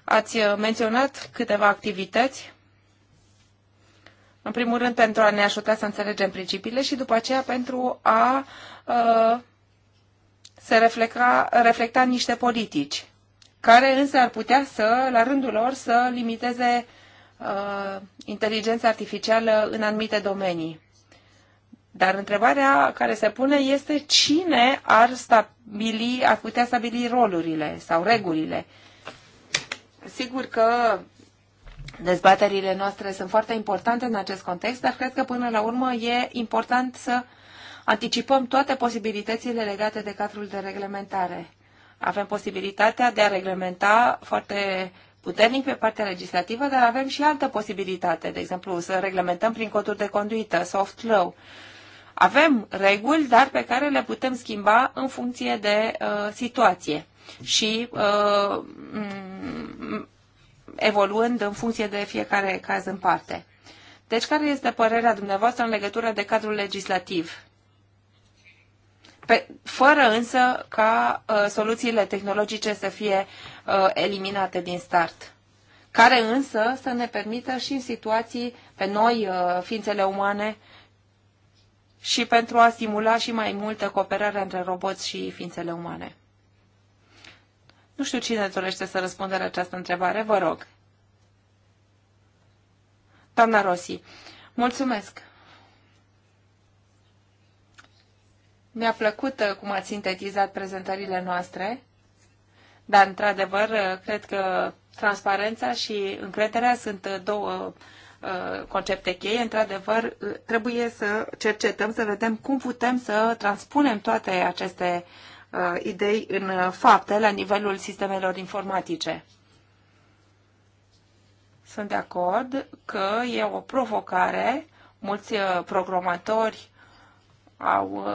[SPEAKER 2] Ați uh, menționat câteva activități în primul rând pentru a ne ajuta să înțelegem principiile și după aceea pentru a uh, se reflecta, reflecta niște politici, care însă ar putea să, la rândul lor, să limiteze uh, inteligența artificială în anumite domenii. Dar întrebarea care se pune este cine ar stabili, ar putea stabili rolurile sau regulile. Sigur că Dezbaterile noastre sunt foarte importante în acest context, dar cred că până la urmă e important să anticipăm toate posibilitățile legate de cadrul de reglementare. Avem posibilitatea de a reglementa foarte puternic pe partea legislativă, dar avem și altă posibilitate, de exemplu, să reglementăm prin coduri de conduită, soft law. Avem reguli, dar pe care le putem schimba în funcție de uh, situație. Și uh, evoluând în funcție de fiecare caz în parte. Deci, care este părerea dumneavoastră în legătură de cadrul legislativ? Pe, fără însă ca uh, soluțiile tehnologice să fie uh, eliminate din start, care însă să ne permită și în situații pe noi, uh, ființele umane, și pentru a stimula și mai multă cooperare între roboți și ființele umane. Nu știu cine dorește să răspundă la această întrebare, vă rog. Doamna Rossi, mulțumesc. Mi-a plăcut uh, cum ați sintetizat prezentările noastre, dar, într-adevăr, uh, cred că transparența și încrederea sunt uh, două concepte cheie. Într-adevăr, trebuie să cercetăm, să vedem cum putem să transpunem toate aceste uh, Uh, idei în uh, fapte la nivelul sistemelor informatice. Sunt de acord că e o provocare. Mulți uh, programatori au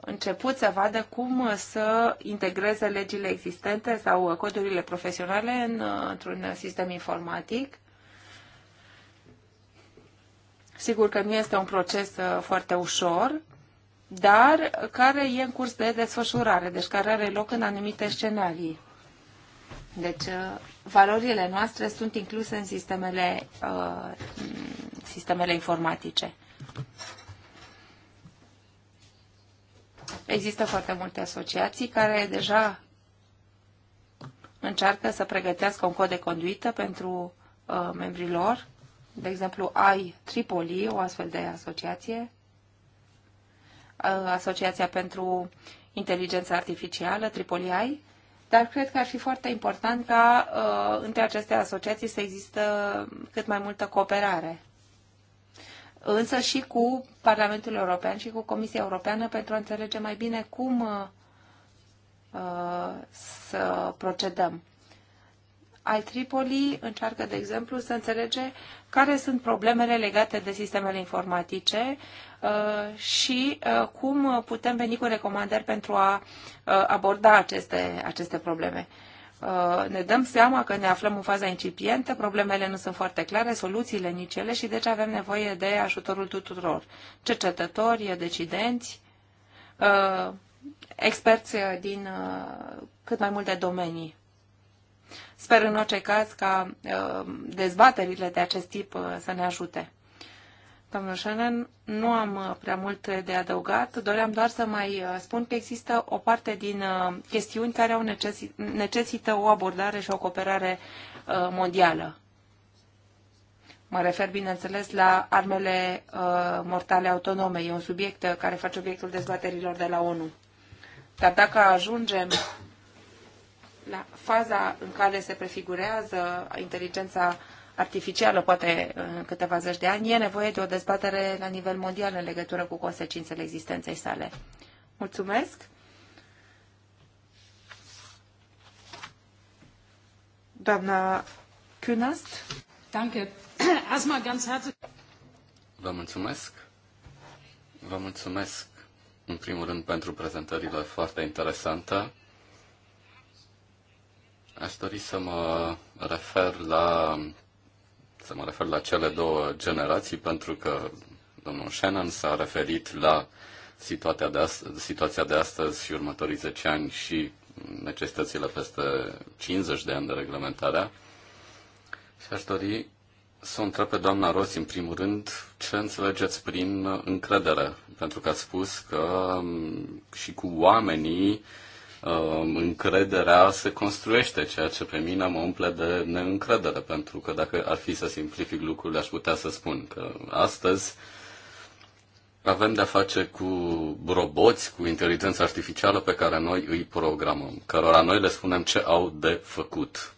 [SPEAKER 2] început să vadă cum să integreze legile existente sau codurile profesionale în, într-un sistem informatic. Sigur că nu este un proces foarte ușor, dar care e în curs de desfășurare, deci care are loc în anumite scenarii. Deci, uh, valorile noastre sunt incluse în sistemele, uh, sistemele informatice. Există foarte multe asociații care deja încearcă să pregătească un cod de conduită pentru uh, membrii lor. De exemplu, ai Tripoli, o astfel de asociație, Asociația pentru Inteligență Artificială, AAAI, dar cred că ar fi foarte important ca uh, între aceste asociații să există cât mai multă cooperare. Însă și cu Parlamentul European și cu Comisia Europeană pentru a înțelege mai bine cum uh, să procedăm al Tripoli încearcă, de exemplu, să înțelege care sunt problemele legate de sistemele informatice uh, și uh, cum putem veni cu recomandări pentru a uh, aborda aceste, aceste probleme. Ne dăm seama că ne aflăm în faza incipientă, problemele nu sunt foarte clare, soluțiile nici ele și deci avem nevoie de ajutorul tuturor. Cercetători, decidenți, experți din cât mai multe domenii Sper în orice caz ca uh, dezbaterile de acest tip uh, să ne ajute. Domnul Shannon, nu am uh, prea mult de adăugat, doream doar să mai spun că există o parte din chestiuni care au necesit, necesită o abordare și o cooperare mondială. Mă refer, bineînțeles, la armele mortale autonome. E un subiect care face obiectul dezbaterilor de la ONU. Dar dacă ajungem la faza în care se prefigurează inteligența artificială, poate în câteva zeci de ani, e nevoie de o dezbatere la nivel mondial în legătură cu consecințele existenței sale. Mulțumesc! Doamna Künast. Danke. Erstmal
[SPEAKER 3] ganz herzlich.
[SPEAKER 1] Vă mulțumesc. Vă mulțumesc, în primul rând, pentru prezentările foarte interesante. Aș dori să mă refer la să mă refer la cele două generații, pentru că domnul Shannon s-a referit la situația de, astăzi, situația de astăzi și următorii 10 ani și necesitățile peste 50 de ani de reglementare. Și aș dori să o întreb pe doamna Ros, în primul rând, ce înțelegeți prin încredere? Pentru că ați spus că mm, și cu oamenii Um, încrederea se construiește, ceea ce pe mine mă umple de neîncredere, pentru că dacă ar fi să simplific lucrurile, aș putea să spun că astăzi avem de-a face cu roboți, cu inteligența artificială pe care noi îi programăm, cărora noi le spunem ce au de făcut.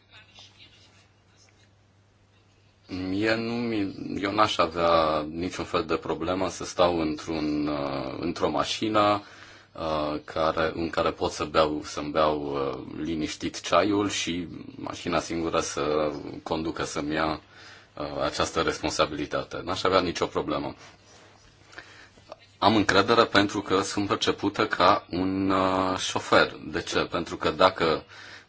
[SPEAKER 1] Mie nu, eu n-aș avea niciun fel de problemă să stau într-un, uh, într-o mașină, Uh, care, în care pot să beau, să-mi beau uh, liniștit ceaiul și mașina singură să conducă, să-mi ia uh, această responsabilitate. N-aș avea nicio problemă. Am încredere pentru că sunt percepută ca un uh, șofer. De ce? Pentru că dacă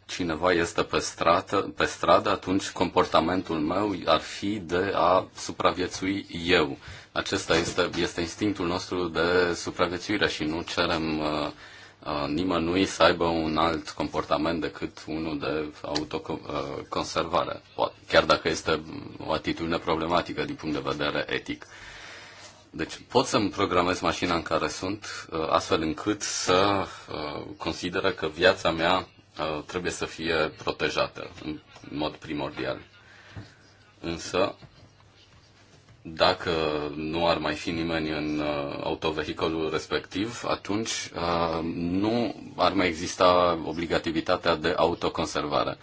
[SPEAKER 1] cineva este pe stradă, pe stradă, atunci comportamentul meu ar fi de a supraviețui eu. Uh, acesta este, este instinctul nostru de supraviețuire și nu cerem uh, uh, nimănui să aibă un alt comportament decât unul de autoconservare, chiar dacă este o atitudine problematică din punct de vedere etic. Deci pot să-mi programez mașina în care sunt, uh, astfel încât să uh, consideră că viața mea uh, trebuie să fie protejată în mod primordial. Însă, dacă nu ar mai fi nimeni în uh, autovehicolul respectiv, atunci uh, nu ar mai exista obligativitatea de autoconservare.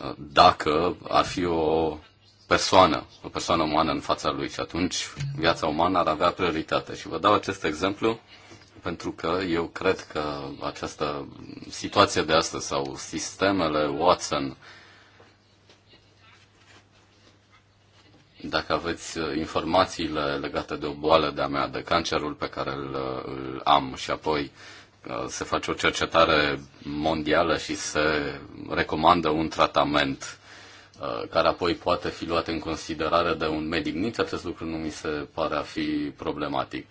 [SPEAKER 1] Uh, dacă ar fi o persoană, o persoană umană în fața lui și atunci viața umană ar avea prioritate. Și vă dau acest exemplu pentru că eu cred că această situație de astăzi sau sistemele Watson dacă aveți uh, informațiile legate de o boală de-a mea, de cancerul pe care îl, uh, îl am și apoi uh, se face o cercetare mondială și se recomandă un tratament care apoi poate fi luat în considerare de un medic. Nici acest lucru nu mi se pare a fi problematic.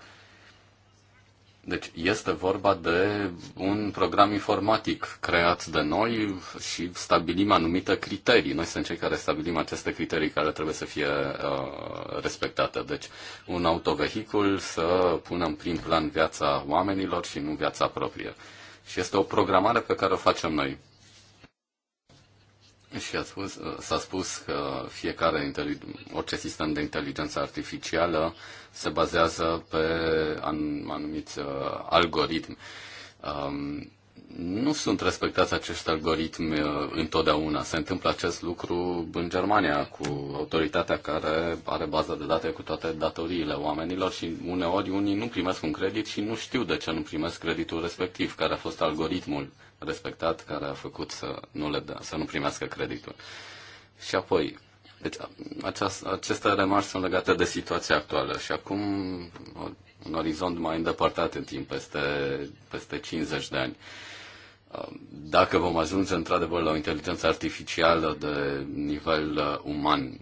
[SPEAKER 1] Deci este vorba de un program informatic creat de noi și stabilim anumite criterii. Noi suntem cei care stabilim aceste criterii care trebuie să fie uh, respectate. Deci un autovehicul să punem prin plan viața oamenilor și nu viața proprie. Și este o programare pe care o facem noi. Și a spus, uh, s-a spus că fiecare, orice sistem de inteligență artificială se bazează pe an, anumiți uh, algoritmi. Um, nu sunt respectați acești algoritmi uh, întotdeauna. Se întâmplă acest lucru în Germania cu autoritatea care are bază de date cu toate datoriile oamenilor și uneori unii nu primesc un credit și nu știu de ce nu primesc creditul respectiv, care a fost algoritmul respectat care a făcut să nu, le dă, să nu primească creditul. Și apoi, deci aceast, aceste remarci sunt legate de situația actuală și acum un orizont mai îndepărtat în timp, peste, peste 50 de ani. Uh, dacă vom ajunge într-adevăr la o inteligență artificială de nivel uh, uman,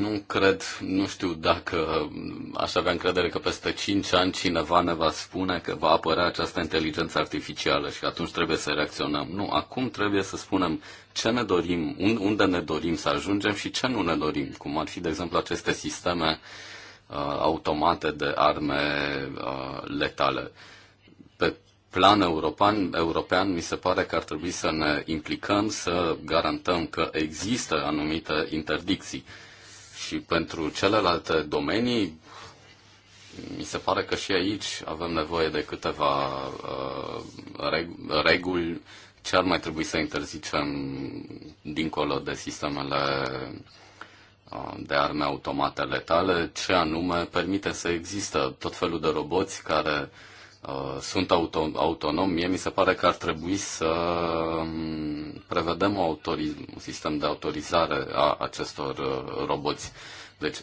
[SPEAKER 1] Nu cred, nu știu dacă aș avea încredere că peste 5 ani cineva ne va spune că va apărea această inteligență artificială și atunci trebuie să reacționăm. Nu, acum trebuie să spunem ce ne dorim, unde ne dorim să ajungem și ce nu ne dorim, cum ar fi, de exemplu, aceste sisteme uh, automate de arme uh, letale. Pe plan european, european, mi se pare că ar trebui să ne implicăm, să garantăm că există anumite interdicții. Și pentru celelalte domenii, mi se pare că și aici avem nevoie de câteva uh, reguli ce ar mai trebui să interzicem dincolo de sistemele uh, de arme automate letale, ce anume permite să există tot felul de roboți care uh, Uh, sunt auto, autonom, mie mi se pare că ar trebui să um, prevedem o autoriz- un sistem de autorizare a acestor uh, roboți. Deci,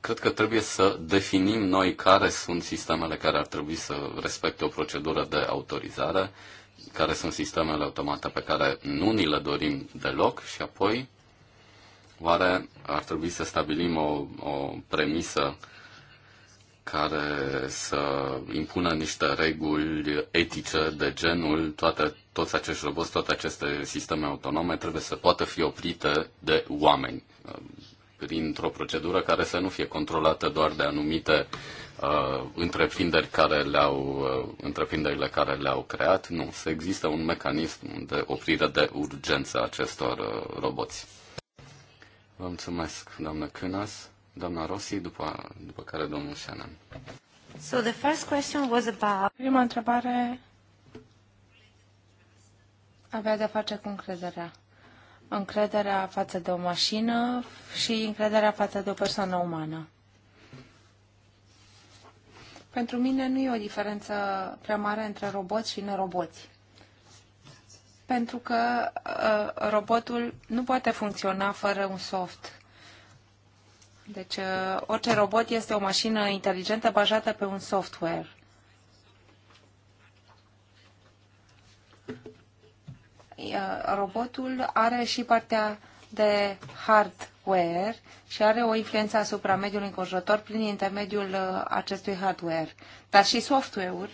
[SPEAKER 1] cred că trebuie să definim noi care sunt sistemele care ar trebui să respecte o procedură de autorizare, care sunt sistemele automate pe care nu ni le dorim deloc și apoi oare ar trebui să stabilim o, o premisă uh, care să impună niște reguli etice de genul toate, toți acești roboți, toate aceste sisteme autonome trebuie să poată fi oprite de oameni uh, printr-o procedură care să nu fie controlată doar de anumite uh, întreprinderi care le-au, uh, întreprinderile care le-au creat. Nu, să există un mecanism de oprire de urgență a acestor uh, roboți. Vă mulțumesc, doamnă Cânas doamna Rossi, după, după care domnul Shannon.
[SPEAKER 2] So the first question was about... Prima întrebare avea de face cu încrederea. Încrederea față de o mașină și încrederea față de o persoană umană. Pentru mine nu e o diferență prea mare între roboți și neroboți. Pentru că uh, robotul nu poate funcționa fără un soft deci, uh, orice robot este o mașină inteligentă bazată pe un software. Uh, robotul are și partea de hardware și are o influență asupra mediului înconjurător prin intermediul uh, acestui hardware. Dar și software-ul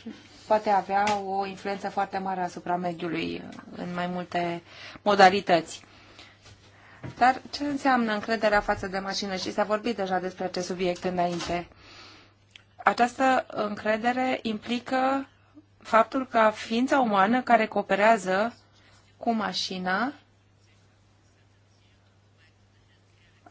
[SPEAKER 2] poate avea o influență foarte mare asupra mediului în mai multe modalități. Dar ce înseamnă încrederea față de mașină? Și s-a vorbit deja despre acest subiect înainte. Această încredere implică faptul că ființa umană care cooperează cu mașina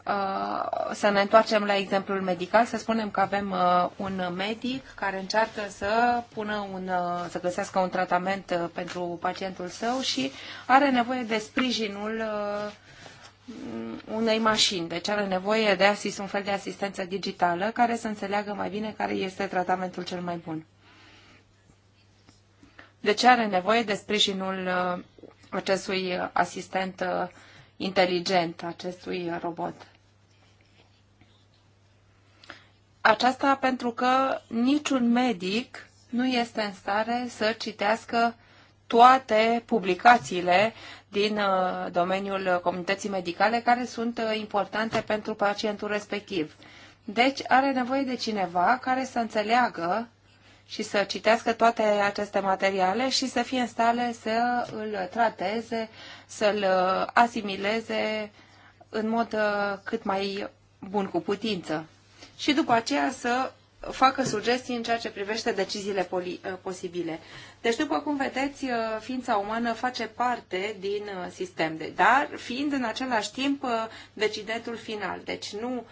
[SPEAKER 2] uh, să ne întoarcem la exemplul medical, să spunem că avem uh, un medic care încearcă să pună un, uh, să găsească un tratament pentru pacientul său și are nevoie de sprijinul unei mașini. Deci are nevoie de asist, un fel de asistență digitală care să înțeleagă mai bine care este tratamentul cel mai bun. ce are nevoie de sprijinul uh, acestui asistent uh, inteligent, acestui robot. Aceasta pentru că niciun medic nu este în stare să citească toate publicațiile din uh, domeniul comunității medicale care sunt uh, importante pentru pacientul respectiv. Deci are nevoie de cineva care să înțeleagă și să citească toate aceste materiale și să fie în stare să îl trateze, să-l uh, asimileze în mod cât mai bun cu putință. Și după aceea să facă sugestii în ceea ce privește deciziile uh, posibile. Deci, după cum vedeți, uh, ființa umană face parte din uh, sistem, dar fiind în același timp decidentul final. Deci nu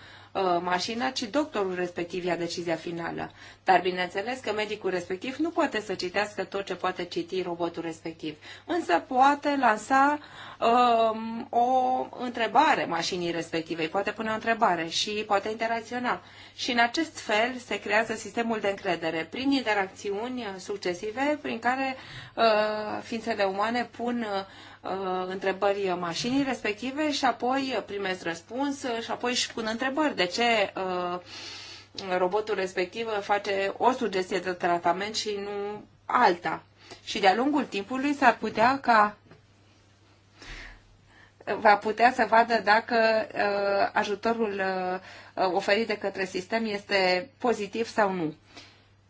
[SPEAKER 2] mașina, ci doctorul respectiv ia decizia finală. Dar bineînțeles că medicul respectiv nu poate să citească tot ce poate citi robotul respectiv, însă poate lansa um, o întrebare mașinii respective, îi poate pune o întrebare și poate interacționa. Și în acest fel se creează sistemul de încredere prin interacțiuni succesive prin care uh, ființele umane pun uh, întrebări mașinii respective și apoi primesc răspuns și apoi își pun întrebări. De ce uh, robotul respectiv face o sugestie de tratament și nu alta? Și de-a lungul timpului s-ar putea ca va putea să vadă dacă uh, ajutorul uh, oferit de către sistem este pozitiv sau nu.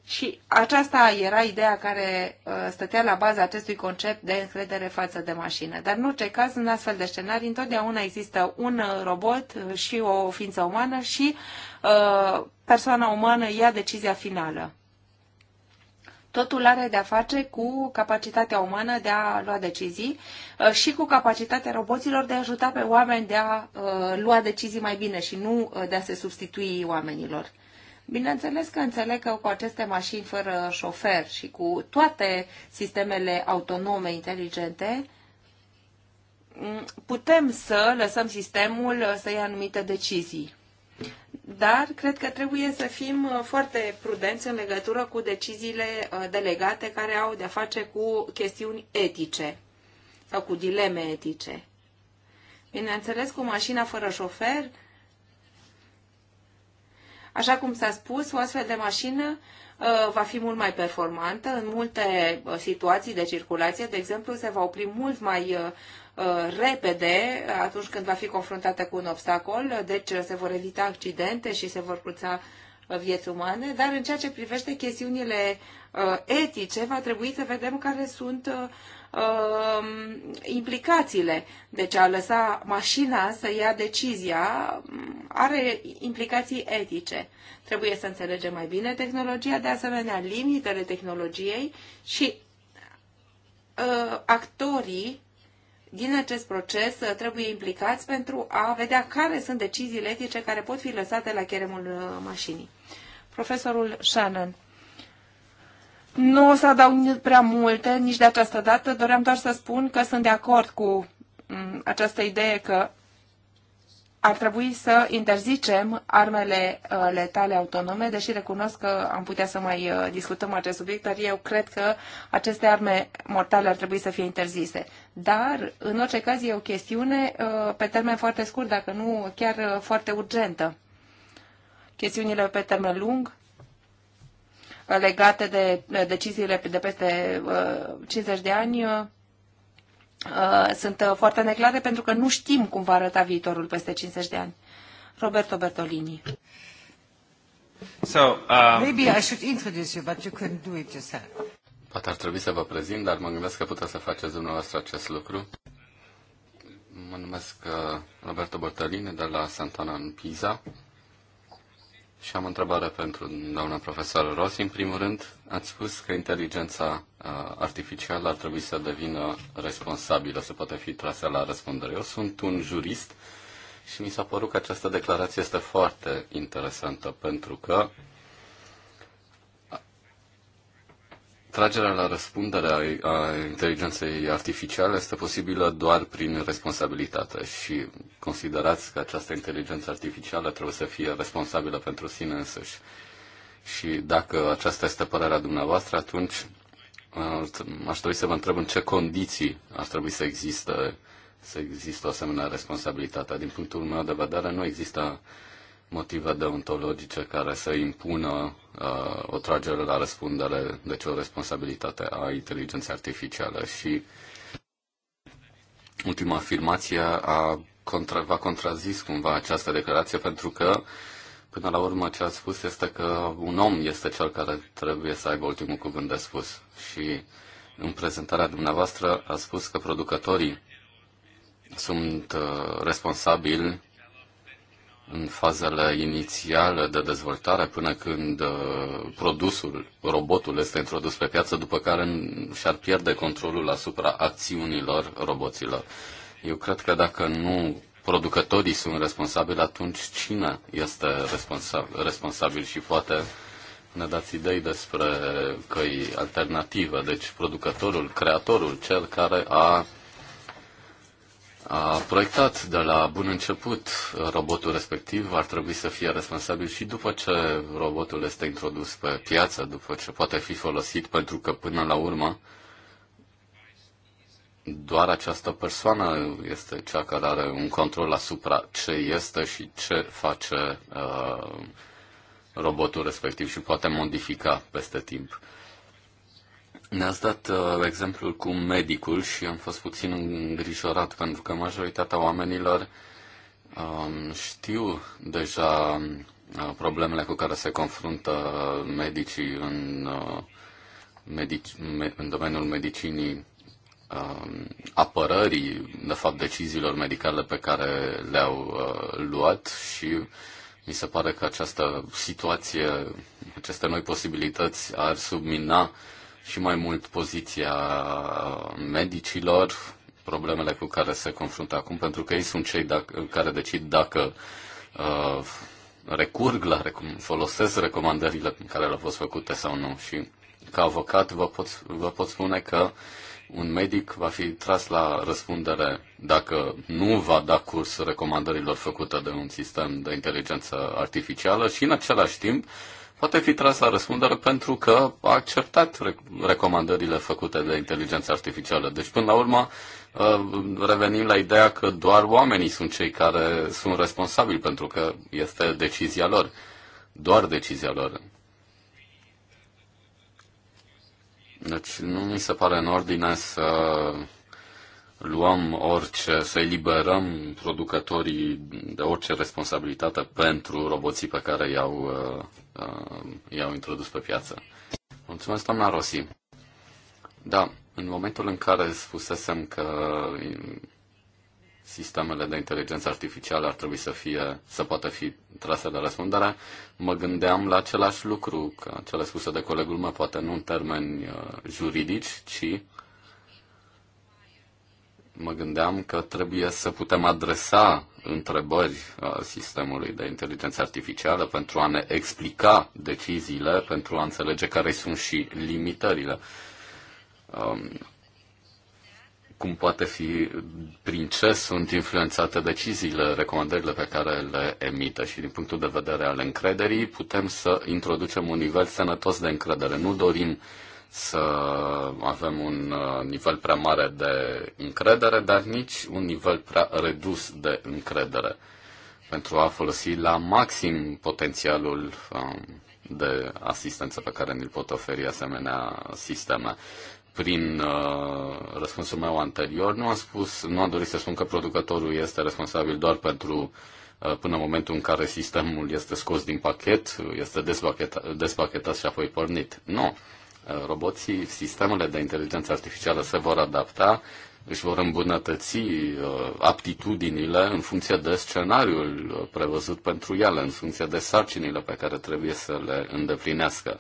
[SPEAKER 2] Și aceasta era ideea care uh, stătea la baza acestui concept de încredere față de mașină. Dar în orice caz, în astfel de scenarii, întotdeauna există un robot și o ființă umană și uh, persoana umană ia decizia finală. Totul are de-a face cu capacitatea umană de a lua decizii uh, și cu capacitatea roboților de a ajuta pe oameni de a uh, lua decizii mai bine și nu uh, de a se substitui oamenilor. Bineînțeles că înțeleg că cu aceste mașini fără șofer și cu toate sistemele autonome inteligente, mm, putem să lăsăm sistemul să ia anumite decizii dar cred că trebuie să fim uh, foarte prudenți în legătură cu deciziile uh, delegate care au de-a face cu chestiuni etice sau cu dileme etice. Bineînțeles, cu mașina fără șofer, așa cum s-a spus, o astfel de mașină uh, va fi mult mai performantă. În multe situații de circulație, de exemplu, se va opri mult mai Uh, repede atunci când va fi confruntată cu un obstacol, deci se vor evita accidente și se vor cruța uh, vieți umane, dar în ceea ce privește chestiunile uh, etice, va trebui să vedem care sunt um, implicațiile. Deci a lăsa mașina să ia decizia mm, are implicații etice. Trebuie să înțelegem mai bine tehnologia, de asemenea limitele tehnologiei și actorii din acest proces uh, trebuie implicați pentru a vedea care sunt deciziile etice care pot fi lăsate la cheremul uh, mașinii. Profesorul Shannon. Nu o să adaug prea multe, nici de această dată. Doream doar să spun că sunt de acord cu mm, această idee că ar trebui să interzicem armele uh, letale autonome, deși recunosc că am putea să mai uh, discutăm acest subiect, dar eu cred că aceste arme mortale ar trebui să fie interzise. Dar, în orice caz, e o chestiune uh, pe termen foarte scurt, dacă nu chiar foarte urgentă. Chestiunile pe termen lung legate de deciziile de peste 50 de ani Uh, sunt uh, foarte neclare pentru că nu știm cum va arăta viitorul peste 50 de ani. Roberto Bertolini. So, um... Maybe I should introduce you, but you couldn't do it yourself.
[SPEAKER 1] Poate ar trebui să vă prezint, dar mă gândesc că puteți să faceți dumneavoastră acest lucru. Mă numesc uh, Roberto Bertolini de la Santana în Pisa. Și am o întrebare pentru doamna profesor Rossi. În primul rând, ați spus că inteligența uh, artificială ar trebui să devină responsabilă, să poate fi trasă la răspundere. Eu sunt un jurist și mi s-a părut că această declarație este foarte interesantă pentru că Tragerea la răspundere a inteligenței artificiale este posibilă doar prin responsabilitate și considerați că această inteligență artificială trebuie să fie responsabilă pentru sine însăși. Și dacă aceasta este părerea dumneavoastră, atunci uh, aș trebui să vă întreb în ce condiții ar trebui să există să există o asemenea responsabilitate. Din punctul meu de vedere, nu există motive deontologice care să impună uh, o tragere la răspundere, deci o responsabilitate a inteligenței artificiale. Și ultima afirmație a contra, va contrazis cumva această declarație pentru că Până la urmă, ce a spus este că un om este cel care trebuie să aibă ultimul cuvânt de spus. Și în prezentarea dumneavoastră a spus că producătorii sunt uh, responsabili în fazele inițiale de dezvoltare până când uh, produsul, robotul este introdus pe piață, după care și-ar pierde controlul asupra acțiunilor roboților. Eu cred că dacă nu producătorii sunt responsabili, atunci cine este responsabil, responsabil și poate ne dați idei despre căi alternative. Deci producătorul, creatorul, cel care a a proiectat de la bun început robotul respectiv, ar trebui să fie responsabil și după ce robotul este introdus pe piață, după ce poate fi folosit, pentru că până la urmă doar această persoană este cea care are un control asupra ce este și ce face uh, robotul respectiv și poate modifica peste timp. Uh, ne-ați dat uh, exemplul cu medicul și am fost puțin îngrijorat pentru că majoritatea oamenilor uh, știu deja uh, problemele cu care se confruntă medicii în, uh, medici, me, în domeniul medicinii, um, apărării, de fapt, deciziilor medicale pe care le-au uh, luat și mi se pare că această situație, aceste noi posibilități ar submina uh, și mai mult poziția medicilor, problemele cu care se confruntă acum, pentru că ei sunt cei dacă, care decid dacă uh, recurg la, folosesc recomandările care le-au fost făcute sau nu. Și ca avocat vă pot, vă pot spune că un medic va fi tras la răspundere dacă nu va da curs recomandărilor făcute de un sistem de inteligență artificială și în același timp uh, poate fi tras la răspundere pentru că a acceptat recomandările făcute de inteligența artificială. Deci, până la urmă, uh, revenim la ideea că doar oamenii sunt cei care sunt responsabili, pentru că este decizia lor, doar decizia lor. Deci nu mi se pare în ordine să luăm orice, să eliberăm producătorii de orice responsabilitate pentru roboții pe care i-au, uh, uh, i-au introdus pe piață. Mulțumesc, doamna Rossi. Da, în momentul în care spusesem că sistemele de inteligență artificială ar trebui să fie, să poată fi trase de răspundere, mă gândeam la același lucru, că cele spuse de colegul meu, poate nu în termeni uh, juridici, ci mă gândeam că trebuie să putem adresa întrebări uh, sistemului de inteligență artificială pentru a ne explica deciziile, pentru a înțelege care sunt și limitările. Um, cum poate fi, prin ce sunt influențate deciziile, recomandările pe care le emite și din punctul de vedere al încrederii, putem să introducem un nivel sănătos de încredere. Nu dorim uh, să avem un uh, nivel prea mare de încredere, dar nici un nivel prea redus de încredere pentru a folosi la maxim potențialul um, de asistență pe care ni-l pot oferi asemenea sisteme. Prin uh, răspunsul meu anterior, nu am spus, nu am dorit să spun că producătorul este responsabil doar pentru uh, până în momentul în care sistemul este scos din pachet, este despachet, despachetat și apoi pornit. Nu. Uh, roboții, sistemele de inteligență artificială se vor adapta, își vor îmbunătăți uh, aptitudinile în funcție de scenariul uh, prevăzut pentru ele, în funcție de sarcinile pe care trebuie să le îndeplinească.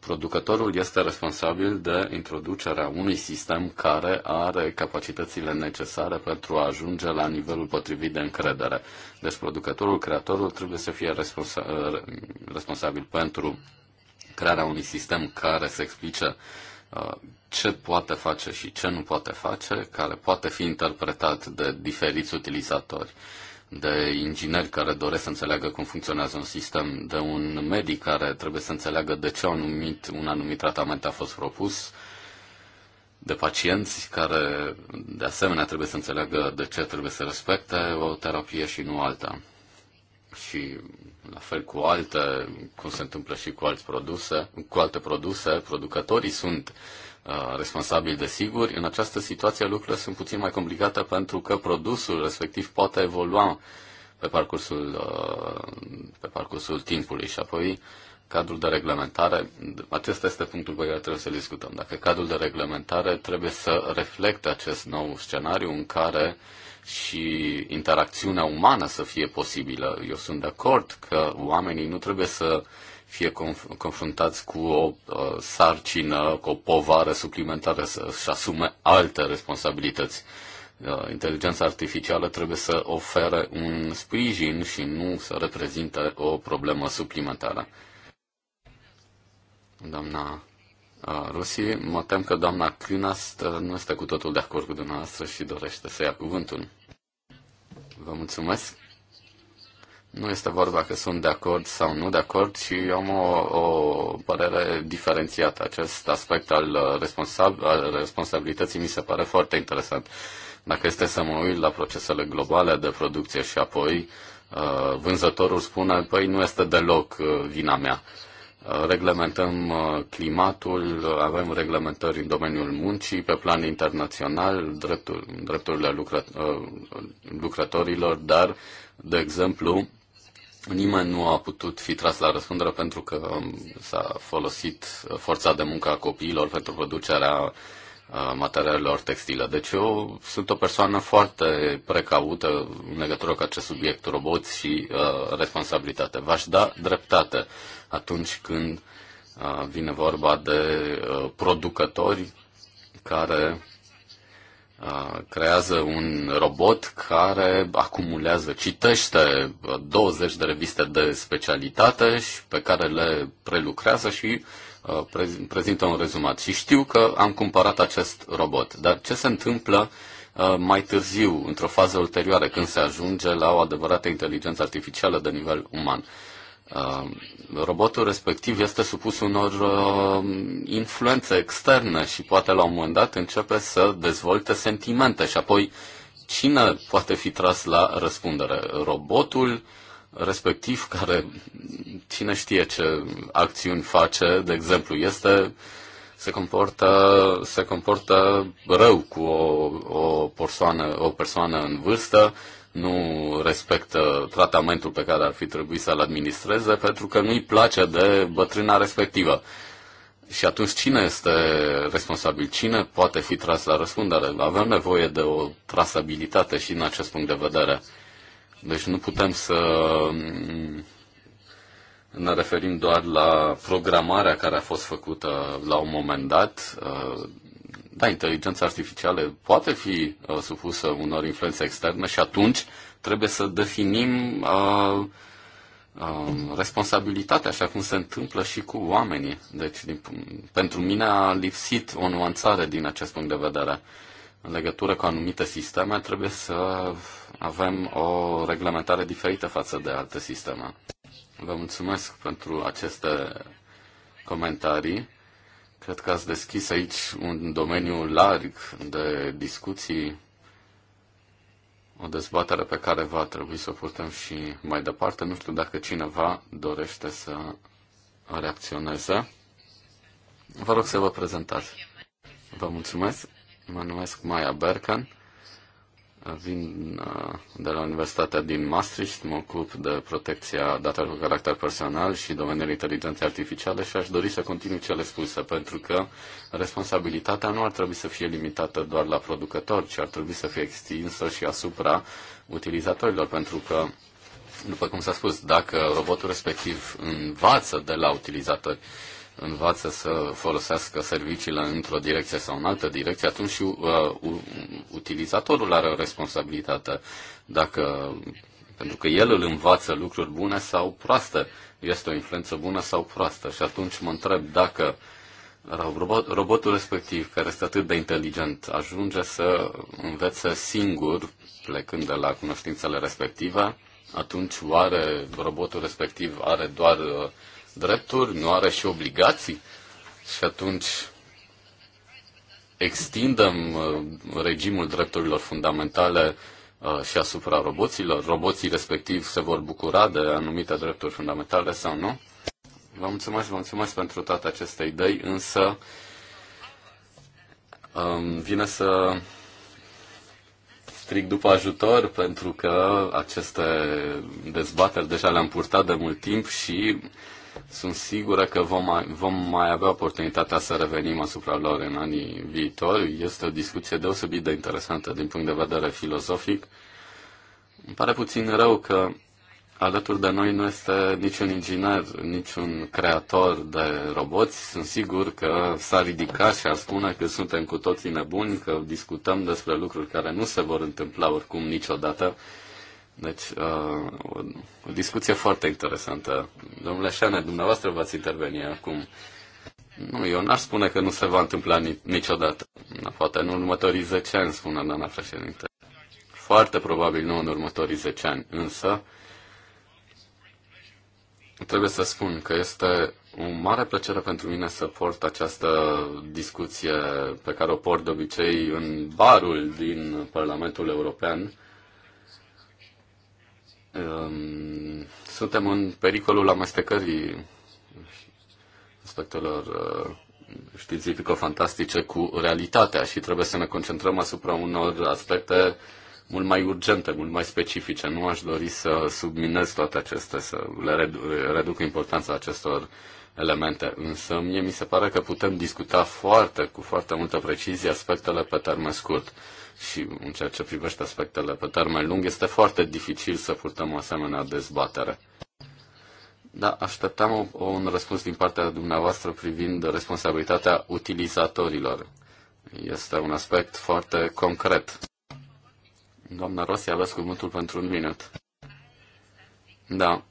[SPEAKER 1] Producătorul este responsabil de introducerea unui sistem care are capacitățile necesare pentru a ajunge la nivelul potrivit de încredere. Deci producătorul, creatorul trebuie să fie responsa- responsabil pentru crearea unui sistem care să explice uh, ce poate face și ce nu poate face, care poate fi interpretat de diferiți utilizatori, de ingineri care doresc să înțeleagă cum funcționează un sistem, de un medic care trebuie să înțeleagă de ce un anumit, un anumit tratament a fost propus, de pacienți care, de asemenea, trebuie să înțeleagă de ce trebuie să respecte o terapie și nu alta. Și la fel cu alte, cum se întâmplă și cu alți produse, cu alte produse, producătorii sunt uh, responsabili de sigur. În această situație lucrurile sunt puțin mai complicate pentru că produsul respectiv poate evolua pe parcursul, uh, pe parcursul timpului și apoi cadrul de reglementare, acesta este punctul pe care trebuie să discutăm. Dacă cadrul de reglementare trebuie să reflecte acest nou scenariu în care uh, și interacțiunea umană să fie posibilă. Eu sunt de acord că oamenii nu trebuie să fie conf- confruntați cu o uh, sarcină, cu o povară suplimentară, să-și asume alte responsabilități. Uh, inteligența artificială trebuie să ofere un sprijin și nu să reprezinte o problemă suplimentară. Doamna Rusiei. Mă tem că doamna Cunast uh, nu este cu totul de acord cu dumneavoastră și dorește să ia cuvântul. Vă mulțumesc. Nu este vorba că sunt de acord sau nu de acord, ci eu am o, o părere diferențiată. Acest aspect al, uh, responsab- al responsabilității mi se pare foarte interesant. Dacă este să mă uit la procesele globale de producție și apoi uh, vânzătorul spune, păi nu este deloc vina mea reglementăm uh, climatul, avem reglementări în domeniul muncii, pe plan internațional, dreptul, drepturile lucră, uh, lucrătorilor, dar, de exemplu, nimeni nu a putut fi tras la răspundere pentru că s-a folosit forța de muncă a copiilor pentru producerea materialelor textile. Deci eu sunt o persoană foarte precaută în legătură cu acest subiect, roboți și uh, responsabilitate. V-aș da dreptate atunci când uh, vine vorba de uh, producători care uh, creează un robot care acumulează, citește 20 de reviste de specialitate și pe care le prelucrează și Uh, prezintă un rezumat. Și știu că am cumpărat acest robot, dar ce se întâmplă uh, mai târziu, într-o fază ulterioară, când se ajunge la o adevărată inteligență artificială de nivel uman? Uh, robotul respectiv este supus unor influențe externe și poate la un moment dat începe să dezvolte sentimente și apoi cine poate fi tras la răspundere? Robotul respectiv care cine știe ce acțiuni face, de exemplu, este se comportă, se comportă rău cu o, o, persoană, o persoană în vârstă, nu respectă tratamentul pe care ar fi trebuit să-l administreze pentru că nu-i place de bătrâna respectivă. Și atunci cine este responsabil? Cine poate fi tras la răspundere? Avem nevoie de o trasabilitate și în acest punct de vedere. Deci nu putem să mm, ne referim doar la programarea care a fost făcută la un moment dat. Uh, da, inteligența artificială poate fi uh, supusă unor influențe externe și atunci trebuie să definim uh, um, responsabilitatea, așa cum se întâmplă și cu oamenii. Deci, din, pentru mine a lipsit o nuanțare din acest punct de vedere în legătură cu anumite sisteme, trebuie să avem o reglementare diferită față de alte sisteme. Vă mulțumesc pentru aceste comentarii. Cred că ați deschis aici un domeniu larg de discuții, o dezbatere pe care va trebui să o purtăm și mai departe. Nu știu dacă cineva dorește să reacționeze. Vă rog să vă prezentați. Vă mulțumesc. Mă numesc Maia Berkan, vin uh, de la Universitatea din Maastricht, mă ocup de protecția datelor cu caracter personal și domeniul inteligenței artificiale și aș dori să continui cele spuse, pentru că responsabilitatea nu ar trebui să fie limitată doar la producători, ci ar trebui să fie extinsă și asupra utilizatorilor, pentru că după cum s-a spus, dacă robotul respectiv învață de la utilizatori, învață să folosească serviciile într-o direcție sau în altă direcție, atunci și uh, utilizatorul are o responsabilitate. Dacă, pentru că el îl învață lucruri bune sau proaste, este o influență bună sau proastă. Și atunci mă întreb dacă robot, robotul respectiv, care este atât de inteligent, ajunge să învețe singur, plecând de la cunoștințele respective, atunci oare robotul respectiv are doar uh, drepturi, nu are și obligații? Și atunci extindem uh, regimul drepturilor fundamentale uh, și asupra roboților? Roboții respectiv se vor bucura de anumite drepturi fundamentale sau nu? Vă mulțumesc, vă mulțumesc pentru toate aceste idei, însă um, vine să stric după ajutor pentru că aceste dezbateri deja le-am purtat de mult timp și sunt sigură că vom mai, vom mai avea oportunitatea să revenim asupra lor în anii viitori. Este o discuție deosebit de interesantă din punct de vedere filozofic. Îmi pare puțin rău că alături de noi nu este niciun inginer, niciun creator de roboți. Sunt sigur că s a ridica și a spune că suntem cu toții nebuni, că discutăm despre lucruri care nu se vor întâmpla oricum niciodată deci, uh, o, o discuție foarte interesantă. Domnule Șane, dumneavoastră v-ați interveni acum. Nu, eu n-aș spune că nu se va întâmpla ni- niciodată. Da, poate în următorii 10 ani, spune doamna președinte. Foarte probabil nu în următorii 10 ani, însă trebuie să spun că este o mare plăcere pentru mine să port această discuție pe care o port de obicei în barul din Parlamentul European Ehm, suntem în pericolul amestecării aspectelor eh, științifico-fantastice cu realitatea și trebuie să ne concentrăm asupra unor aspecte mult mai urgente, mult mai specifice. Nu aș dori să subminez toate acestea, să le reduc importanța acestor elemente. Însă mie mi se pare că putem discuta foarte, cu foarte multă precizie aspectele pe termen scurt. Și în ceea ce privește aspectele pe termen lung, este foarte dificil să purtăm o asemenea dezbatere. Da, așteptam o, un răspuns din partea dumneavoastră privind responsabilitatea utilizatorilor. Este un aspect foarte concret. Doamna Rossi, aveți cuvântul pentru un minut. Da.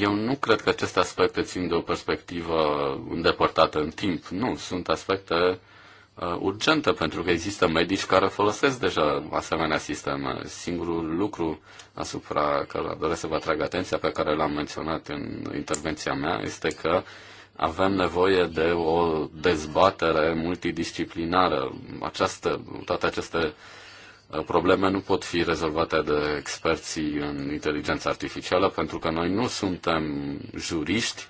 [SPEAKER 1] Eu nu cred că aceste aspecte țin de o perspectivă îndepărtată în timp. Nu, sunt aspecte uh, urgente pentru că există medici care folosesc deja asemenea sisteme. Singurul lucru asupra care doresc să vă atrag atenția, pe care l-am menționat în intervenția mea, este că avem nevoie de o dezbatere multidisciplinară. Această, toate aceste probleme nu pot fi rezolvate de experții în inteligență artificială, pentru că noi nu suntem juriști,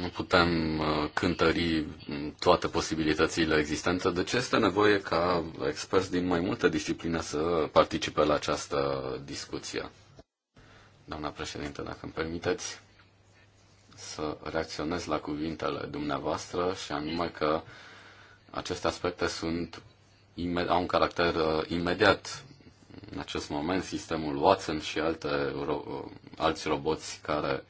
[SPEAKER 1] nu putem uh, cântări mm, toate posibilitățile existente, deci este nevoie ca experți din mai multe discipline să participe la această discuție. Doamna președinte, dacă îmi permiteți să reacționez la cuvintele dumneavoastră și anume că aceste aspecte sunt au un caracter uh, imediat. În acest moment, sistemul Watson și alte, ro- uh, alți roboți care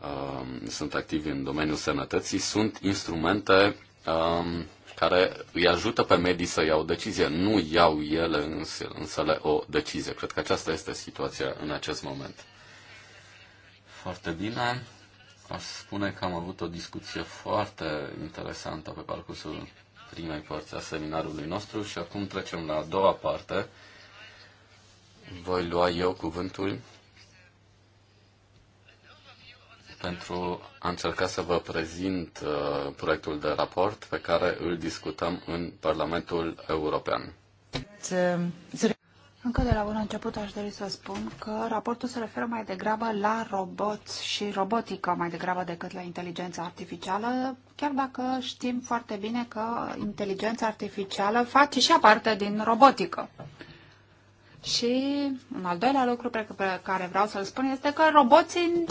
[SPEAKER 1] uh, sunt activi în domeniul sănătății sunt instrumente uh, care îi ajută pe medii să iau decizie. Nu iau ele însă, însele o decizie. Cred că aceasta este situația în acest moment. Foarte bine. Aș spune că am avut o discuție foarte interesantă pe parcursul primei părți a seminarului nostru și acum trecem la a doua parte. Voi lua eu cuvântul pentru a încerca să vă prezint uh, proiectul de raport pe care îl discutăm în Parlamentul European.
[SPEAKER 3] Încă de la bun început aș dori să spun că raportul se referă mai degrabă la roboți și robotică, mai degrabă decât la inteligența artificială, chiar dacă știm foarte bine că inteligența artificială face și parte din robotică. Și un al doilea lucru pe care vreau să-l spun este că roboții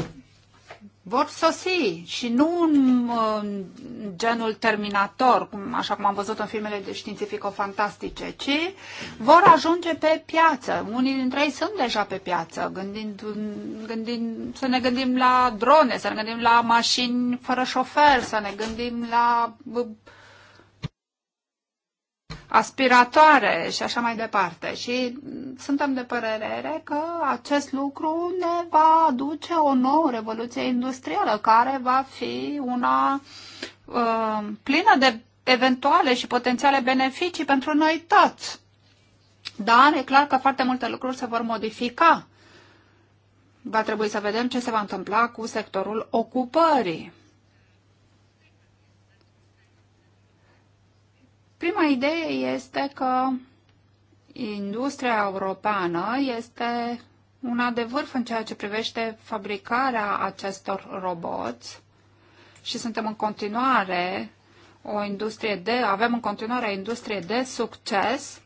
[SPEAKER 3] vor sosi și nu în, în genul terminator, cum, așa cum am văzut în filmele de științifico-fantastice, ci vor ajunge pe piață. Unii dintre ei sunt deja pe piață, gândind, gândind, să ne gândim la drone, să ne gândim la mașini fără șofer, să ne gândim la aspiratoare și așa mai departe. Și suntem de părere că acest lucru ne va aduce o nouă revoluție industrială care va fi una uh, plină de eventuale și potențiale beneficii pentru noi toți. Dar e clar că foarte multe lucruri se vor modifica. Va trebui să vedem ce se va întâmpla cu sectorul ocupării. Prima idee este că industria europeană este una de vârf în ceea ce privește fabricarea acestor roboți și suntem în continuare o industrie de, avem în continuare o industrie de succes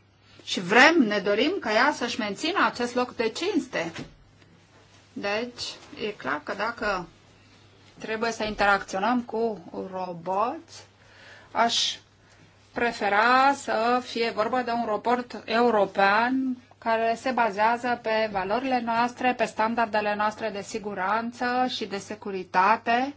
[SPEAKER 3] și vrem, ne dorim ca ea să-și mențină acest loc de cinste. Deci, e clar că dacă trebuie să interacționăm cu roboți, aș prefera să fie vorba de un raport european care se bazează pe valorile noastre, pe standardele noastre de siguranță și de securitate.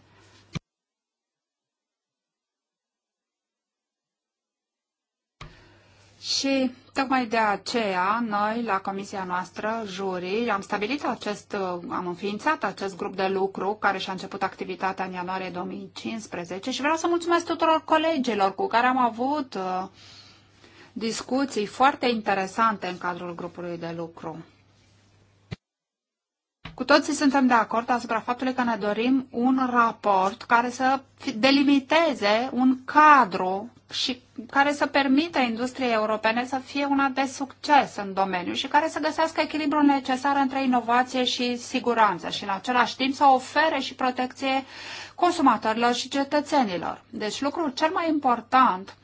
[SPEAKER 3] Și Tocmai de aceea, noi, la comisia noastră, jurii, am stabilit acest, am înființat acest grup de lucru care și-a început activitatea în ianuarie 2015 și vreau să mulțumesc tuturor colegilor cu care am avut uh, discuții foarte interesante în cadrul grupului de lucru. Cu toții suntem de acord asupra faptului că ne dorim un raport care să delimiteze un cadru și care să permită industriei europene să fie una de succes în domeniu și care să găsească echilibrul necesar între inovație și siguranță și în același timp să ofere și protecție consumatorilor și cetățenilor. Deci lucrul cel mai important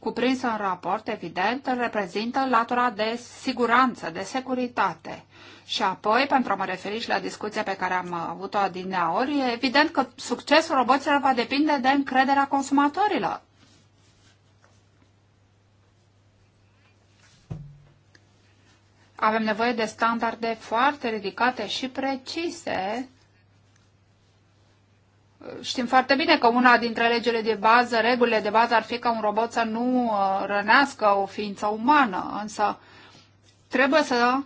[SPEAKER 3] cuprins în raport, evident, îl reprezintă latura de siguranță, de securitate. Și apoi, pentru a mă referi și la discuția pe care am avut-o adineaori, e evident că succesul roboților va depinde de încrederea consumatorilor. Avem nevoie de standarde foarte ridicate și precise. Știm foarte bine că una dintre legile de bază, regulile de bază ar fi ca un robot să nu uh, rănească o ființă umană, însă trebuie să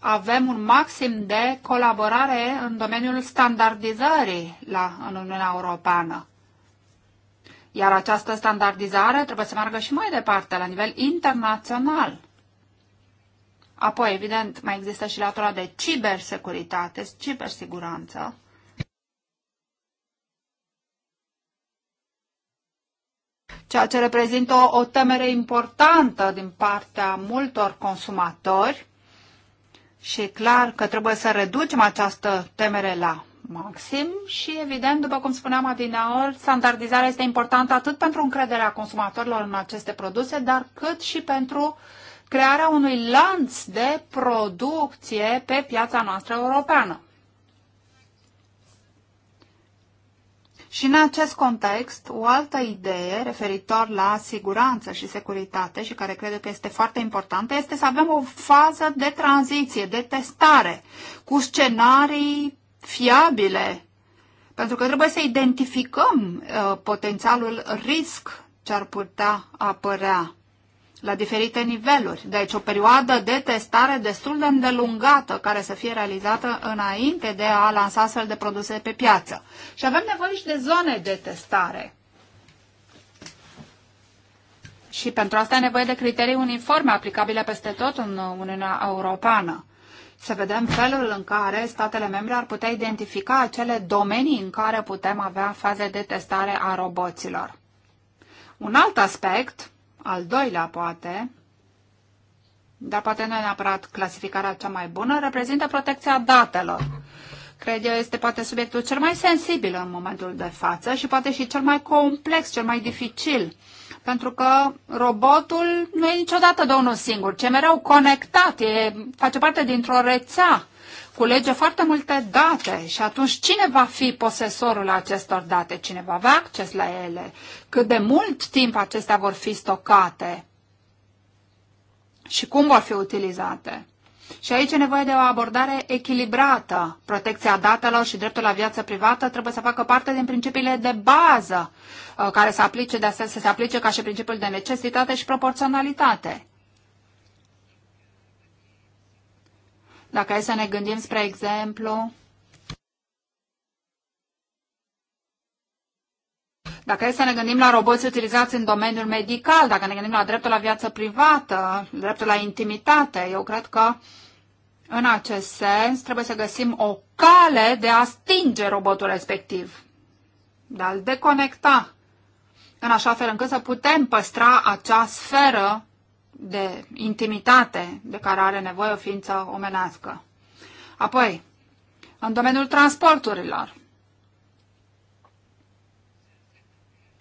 [SPEAKER 3] avem un maxim de colaborare în domeniul standardizării la, în Uniunea Europeană. Iar această standardizare trebuie să meargă și mai departe, la nivel internațional. Apoi, evident, mai există și latura de cibersecuritate, cibersiguranță. Ceea ce reprezintă o, o temere importantă din partea multor consumatori și e clar că trebuie să reducem această temere la maxim și, evident, după cum spuneam adinaor standardizarea este importantă atât pentru încrederea consumatorilor în aceste produse, dar cât și pentru uh, crearea unui lanț de producție pe piața noastră europeană. Și în acest context, o altă idee referitor la siguranță și securitate și care cred că este foarte importantă este să avem o fază de tranziție, de testare, cu scenarii fiabile, pentru că trebuie să identificăm uh, potențialul risc ce ar putea apărea la diferite niveluri. Deci o perioadă de testare destul de îndelungată care să fie realizată înainte de a lansa astfel de produse pe piață. Și avem nevoie și de zone de testare. Și pentru asta e nevoie de criterii uniforme aplicabile peste tot în Uniunea Europeană. Să vedem felul în care statele membre ar putea identifica acele domenii în care putem avea faze de testare a roboților. Un alt aspect al doilea poate, dar poate nu e neapărat clasificarea cea mai bună, reprezintă protecția datelor. Cred eu este poate subiectul cel mai sensibil în momentul de față și poate și cel mai complex, cel mai dificil. Pentru că robotul nu e niciodată de unul singur, ce mereu conectat, e, face parte dintr-o rețea culege foarte multe date și atunci cine va fi posesorul acestor date? Cine va avea acces la ele? Cât de mult timp acestea vor fi stocate? Și cum vor fi utilizate? Și aici e nevoie de o abordare echilibrată. Protecția datelor și dreptul la viață privată trebuie să facă parte din principiile de bază uh, care să, aplice, de asemenea, să se aplice ca și principiul de necesitate și proporționalitate. Dacă e să ne gândim, spre exemplu, Dacă e să ne gândim la roboți utilizați în domeniul medical, dacă ne gândim la dreptul la viață privată, dreptul la intimitate, eu cred că în acest sens trebuie să găsim o cale de a stinge robotul respectiv, de a-l deconecta, în așa fel încât să putem păstra acea sferă de intimitate de care are nevoie o ființă omenească. Apoi, în domeniul transporturilor,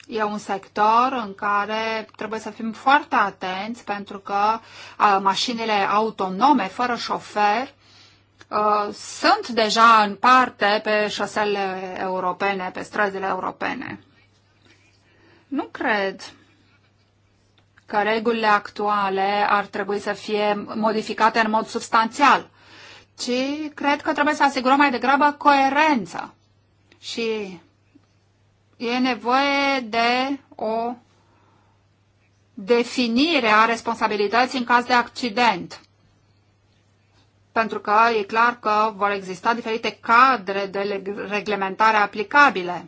[SPEAKER 3] E un sector în care trebuie să fim foarte atenți pentru că mașinile autonome, fără șofer, sunt deja în parte pe șosele europene, pe străzile europene. Nu cred că regulile actuale ar trebui să fie modificate în mod substanțial, ci cred că trebuie să asigurăm mai degrabă coerența și e nevoie de o definire a responsabilității în caz de accident. Pentru că e clar că vor exista diferite cadre de reglementare aplicabile.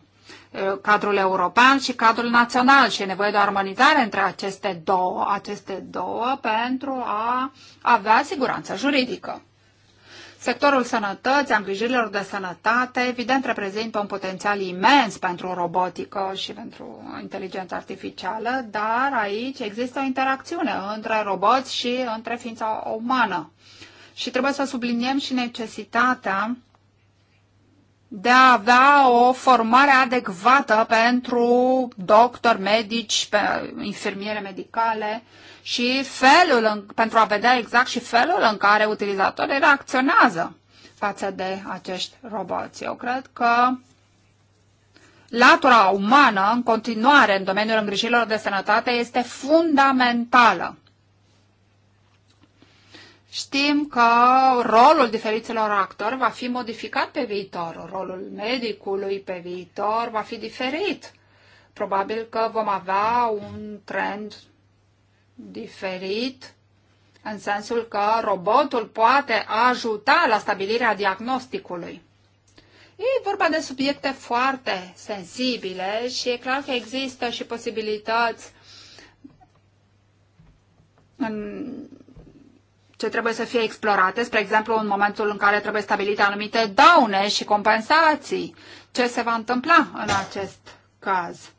[SPEAKER 3] Uh, cadrul european și cadrul național și e nevoie de o armonizare între aceste două, aceste două pentru a avea siguranță juridică. Sectorul sănătății, îngrijirilor de sănătate, evident, reprezintă un potențial imens pentru robotică și pentru inteligența artificială, dar aici există o interacțiune între roboți și între ființa umană. Și trebuie să subliniem și necesitatea de a avea o formare adecvată pentru doctori, medici, pe infirmiere medicale și felul în, pentru a vedea exact și felul în care utilizatorii reacționează față de acești roboți. Eu cred că latura umană în continuare în domeniul îngrijirilor de sănătate este fundamentală. Știm că rolul diferiților actori va fi modificat pe viitor, rolul medicului pe viitor va fi diferit. Probabil că vom avea un trend diferit în sensul că robotul poate ajuta la stabilirea diagnosticului. E vorba de subiecte foarte sensibile și e clar că există și posibilități în ce trebuie să fie explorate, spre exemplu în momentul în care trebuie stabilite anumite daune și compensații. Ce se va întâmpla în acest caz?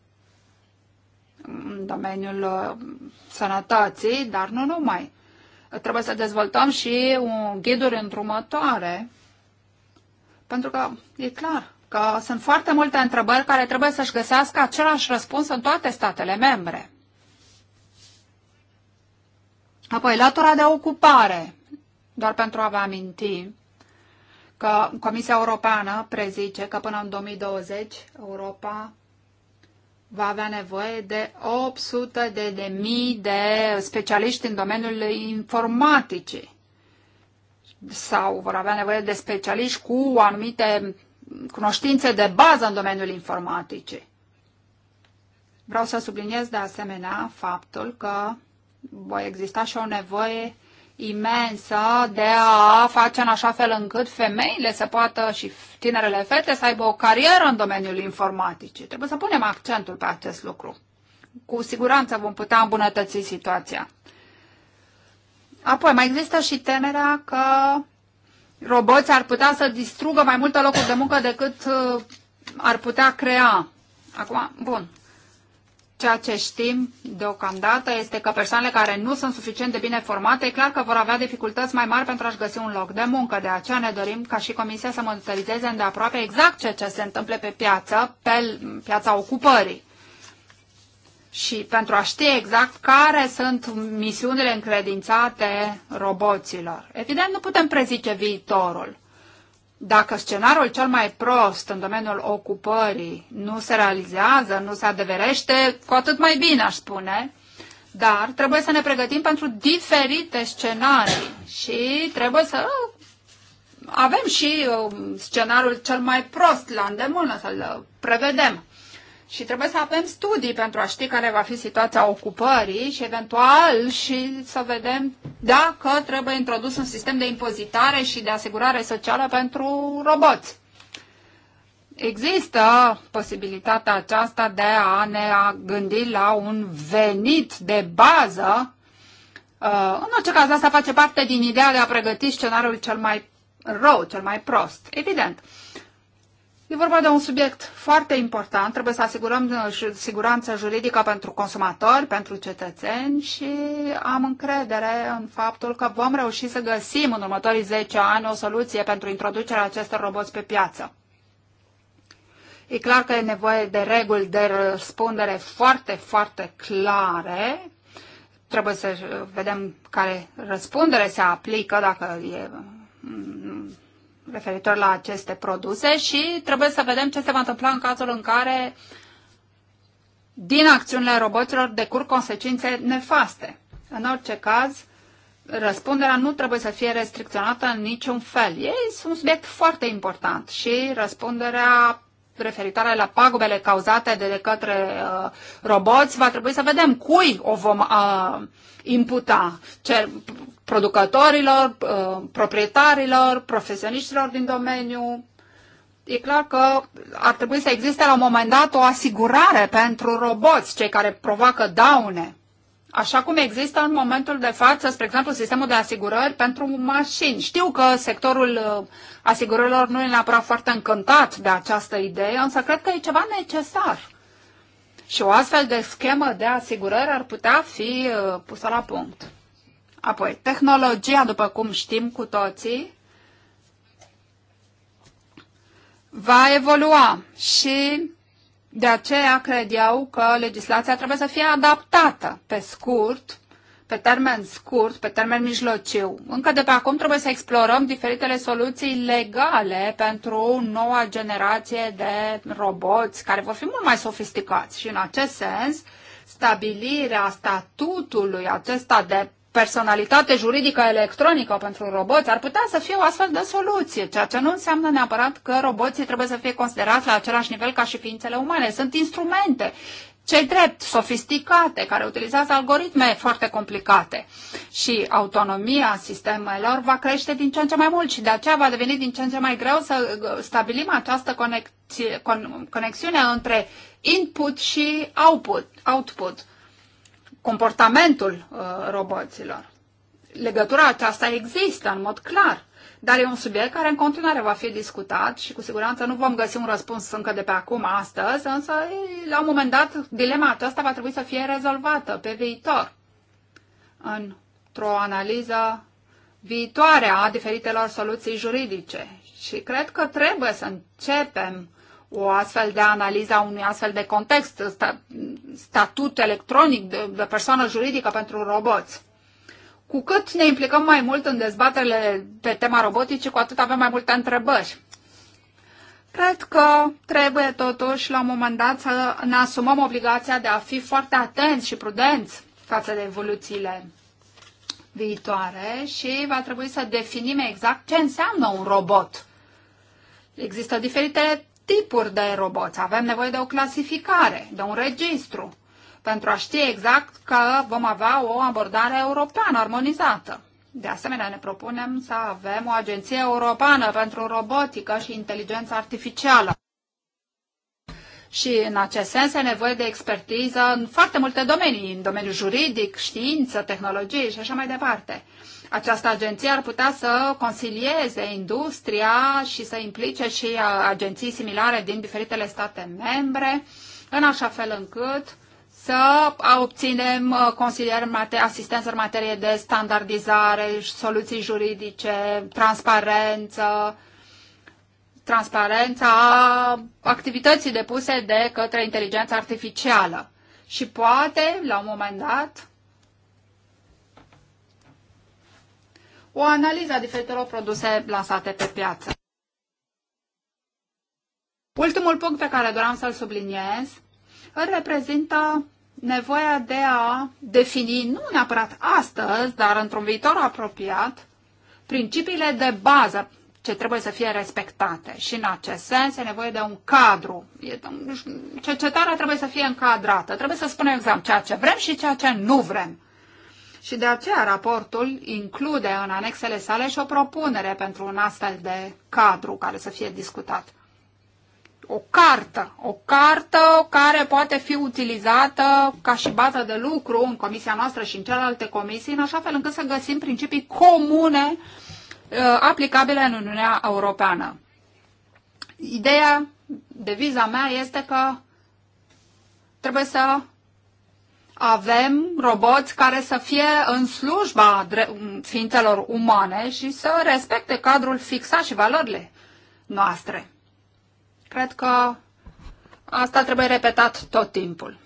[SPEAKER 3] În domeniul uh, sănătății, dar nu numai. Trebuie să dezvoltăm și un ghiduri îndrumătoare, pentru că e clar că sunt foarte multe întrebări care trebuie să-și găsească același răspuns în toate statele membre. Apoi, latura de ocupare, doar pentru a vă aminti că Comisia Europeană prezice că până în 2020 Europa va avea nevoie de 800 de, de mii de specialiști în domeniul informaticii sau vor avea nevoie de specialiști cu anumite cunoștințe de bază în domeniul informaticii. Vreau să subliniez de asemenea faptul că va exista și o nevoie imensă de a face în așa fel încât femeile să poată și tinerele fete să aibă o carieră în domeniul informaticii. Trebuie să punem accentul pe acest lucru. Cu siguranță vom putea îmbunătăți situația. Apoi, mai există și temerea că roboți ar putea să distrugă mai multe locuri de muncă decât uh, ar putea crea. Acum, bun, Ceea ce știm deocamdată este că persoanele care nu sunt suficient de bine formate, e clar că vor avea dificultăți mai mari pentru a-și găsi un loc de muncă. De aceea ne dorim ca și Comisia să monitorizeze îndeaproape exact ceea ce se întâmplă pe piață, pe piața ocupării și pentru a ști exact care sunt misiunile încredințate roboților. Evident, nu putem prezice viitorul dacă scenariul cel mai prost în domeniul ocupării nu se realizează, nu se adeverește, cu atât mai bine, aș spune. Dar trebuie să ne pregătim pentru diferite scenarii și trebuie să avem și uh, scenariul cel mai prost la îndemână, să-l prevedem. Și trebuie să avem studii pentru a ști care va fi situația ocupării și eventual și să vedem dacă trebuie introdus un sistem de impozitare și de asigurare socială pentru roboți. Există posibilitatea aceasta de a ne gândi la un venit de bază. Uh, în orice caz, asta face parte din ideea de a pregăti scenariul cel mai rău, cel mai prost. Evident. E vorba de un subiect foarte important. Trebuie să asigurăm uh, siguranța juridică pentru consumatori, pentru cetățeni și am încredere în faptul că vom reuși să găsim în următorii 10 ani o soluție pentru introducerea acestor roboți pe piață. E clar că e nevoie de reguli de răspundere foarte, foarte clare. Trebuie să vedem care răspundere se aplică, dacă e
[SPEAKER 2] mm,
[SPEAKER 3] referitor la aceste produse și trebuie să vedem ce se va întâmpla în cazul în care din acțiunile roboților decur consecințe nefaste. În orice caz, răspunderea nu trebuie să fie restricționată în niciun fel. Ei sunt un subiect foarte important și răspunderea referitoare la pagubele cauzate de, de către uh, roboți, va trebui să vedem cui o vom uh, imputa. Cer, producătorilor, uh, proprietarilor, profesioniștilor din domeniu. E clar că ar trebui să existe la un moment dat o asigurare pentru roboți, cei care provoacă daune. Așa cum există în momentul de față, spre exemplu, sistemul de asigurări pentru mașini. Știu că sectorul uh, asigurărilor nu e neapărat foarte încântat de această idee, însă cred că e ceva necesar. Și o astfel de schemă de asigurări ar putea fi uh, pusă la punct. Apoi, tehnologia, după cum știm cu toții, va evolua și de aceea cred eu că legislația trebuie să fie adaptată pe scurt, pe termen scurt, pe termen mijlociu. Încă de pe acum trebuie să explorăm diferitele soluții legale pentru noua generație de roboți care vor fi mult mai sofisticați și în acest sens stabilirea statutului acesta de personalitate juridică electronică pentru roboți, ar putea să fie o astfel de soluție, ceea ce nu înseamnă neapărat că roboții trebuie să fie considerați la același nivel ca și ființele umane. Sunt instrumente cei drept, sofisticate, care utilizează algoritme foarte complicate. Și autonomia sistemelor va crește din ce în ce mai mult și de aceea va deveni din ce în ce mai greu să stabilim această conexiune între input și output. output comportamentul uh, roboților. Legătura aceasta există în mod clar, dar e un subiect care în continuare va fi discutat și cu siguranță nu vom găsi un răspuns încă de pe acum, astăzi, însă la un moment dat dilema aceasta va trebui să fie rezolvată pe viitor într-o analiză viitoare a diferitelor soluții juridice. Și cred că trebuie să începem o astfel de analiză a unui astfel de context, statut electronic de, de persoană juridică pentru roboți. Cu cât ne implicăm mai mult în dezbaterile pe tema roboticii, cu atât avem mai multe întrebări. Cred că trebuie totuși la un moment dat să ne asumăm obligația de a fi foarte atenți și prudenți față de evoluțiile viitoare și va trebui să definim exact ce înseamnă un robot. Există diferite tipuri de roboți. Avem nevoie de o clasificare, de un registru, pentru a ști exact că vom avea o abordare europeană armonizată. De asemenea, ne propunem să avem o agenție europeană pentru robotică și inteligență artificială. Și în acest sens e nevoie de expertiză în foarte multe domenii, în domeniul juridic, știință, tehnologie și așa mai departe. Această agenție ar putea să consilieze industria și să implice și uh, agenții similare din diferitele state membre, în așa fel încât să obținem, uh, asistență în materie de standardizare, soluții juridice, transparență, transparența activității depuse de către inteligența artificială. Și poate, la un moment dat, o analiză a diferitelor produse lansate pe piață. Ultimul punct pe care doream să-l subliniez îl reprezintă nevoia de a defini, nu neapărat astăzi, dar într-un viitor apropiat, principiile de bază ce trebuie să fie respectate. Și în acest sens e nevoie de un cadru. Cercetarea trebuie să fie încadrată. Trebuie să spunem exact ceea ce vrem și ceea ce nu vrem. Și de aceea raportul include în anexele sale și o propunere pentru un astfel de cadru care să fie discutat. O cartă, o cartă care poate fi utilizată ca și bază de lucru în comisia noastră și în celelalte comisii, în așa fel încât să găsim principii comune uh, Uh, aplicabile în Uniunea Europeană. Ideea, deviza mea este că trebuie să avem roboți care să fie în slujba ființelor umane și să respecte cadrul fixat și valorile noastre. Cred că asta trebuie repetat tot timpul.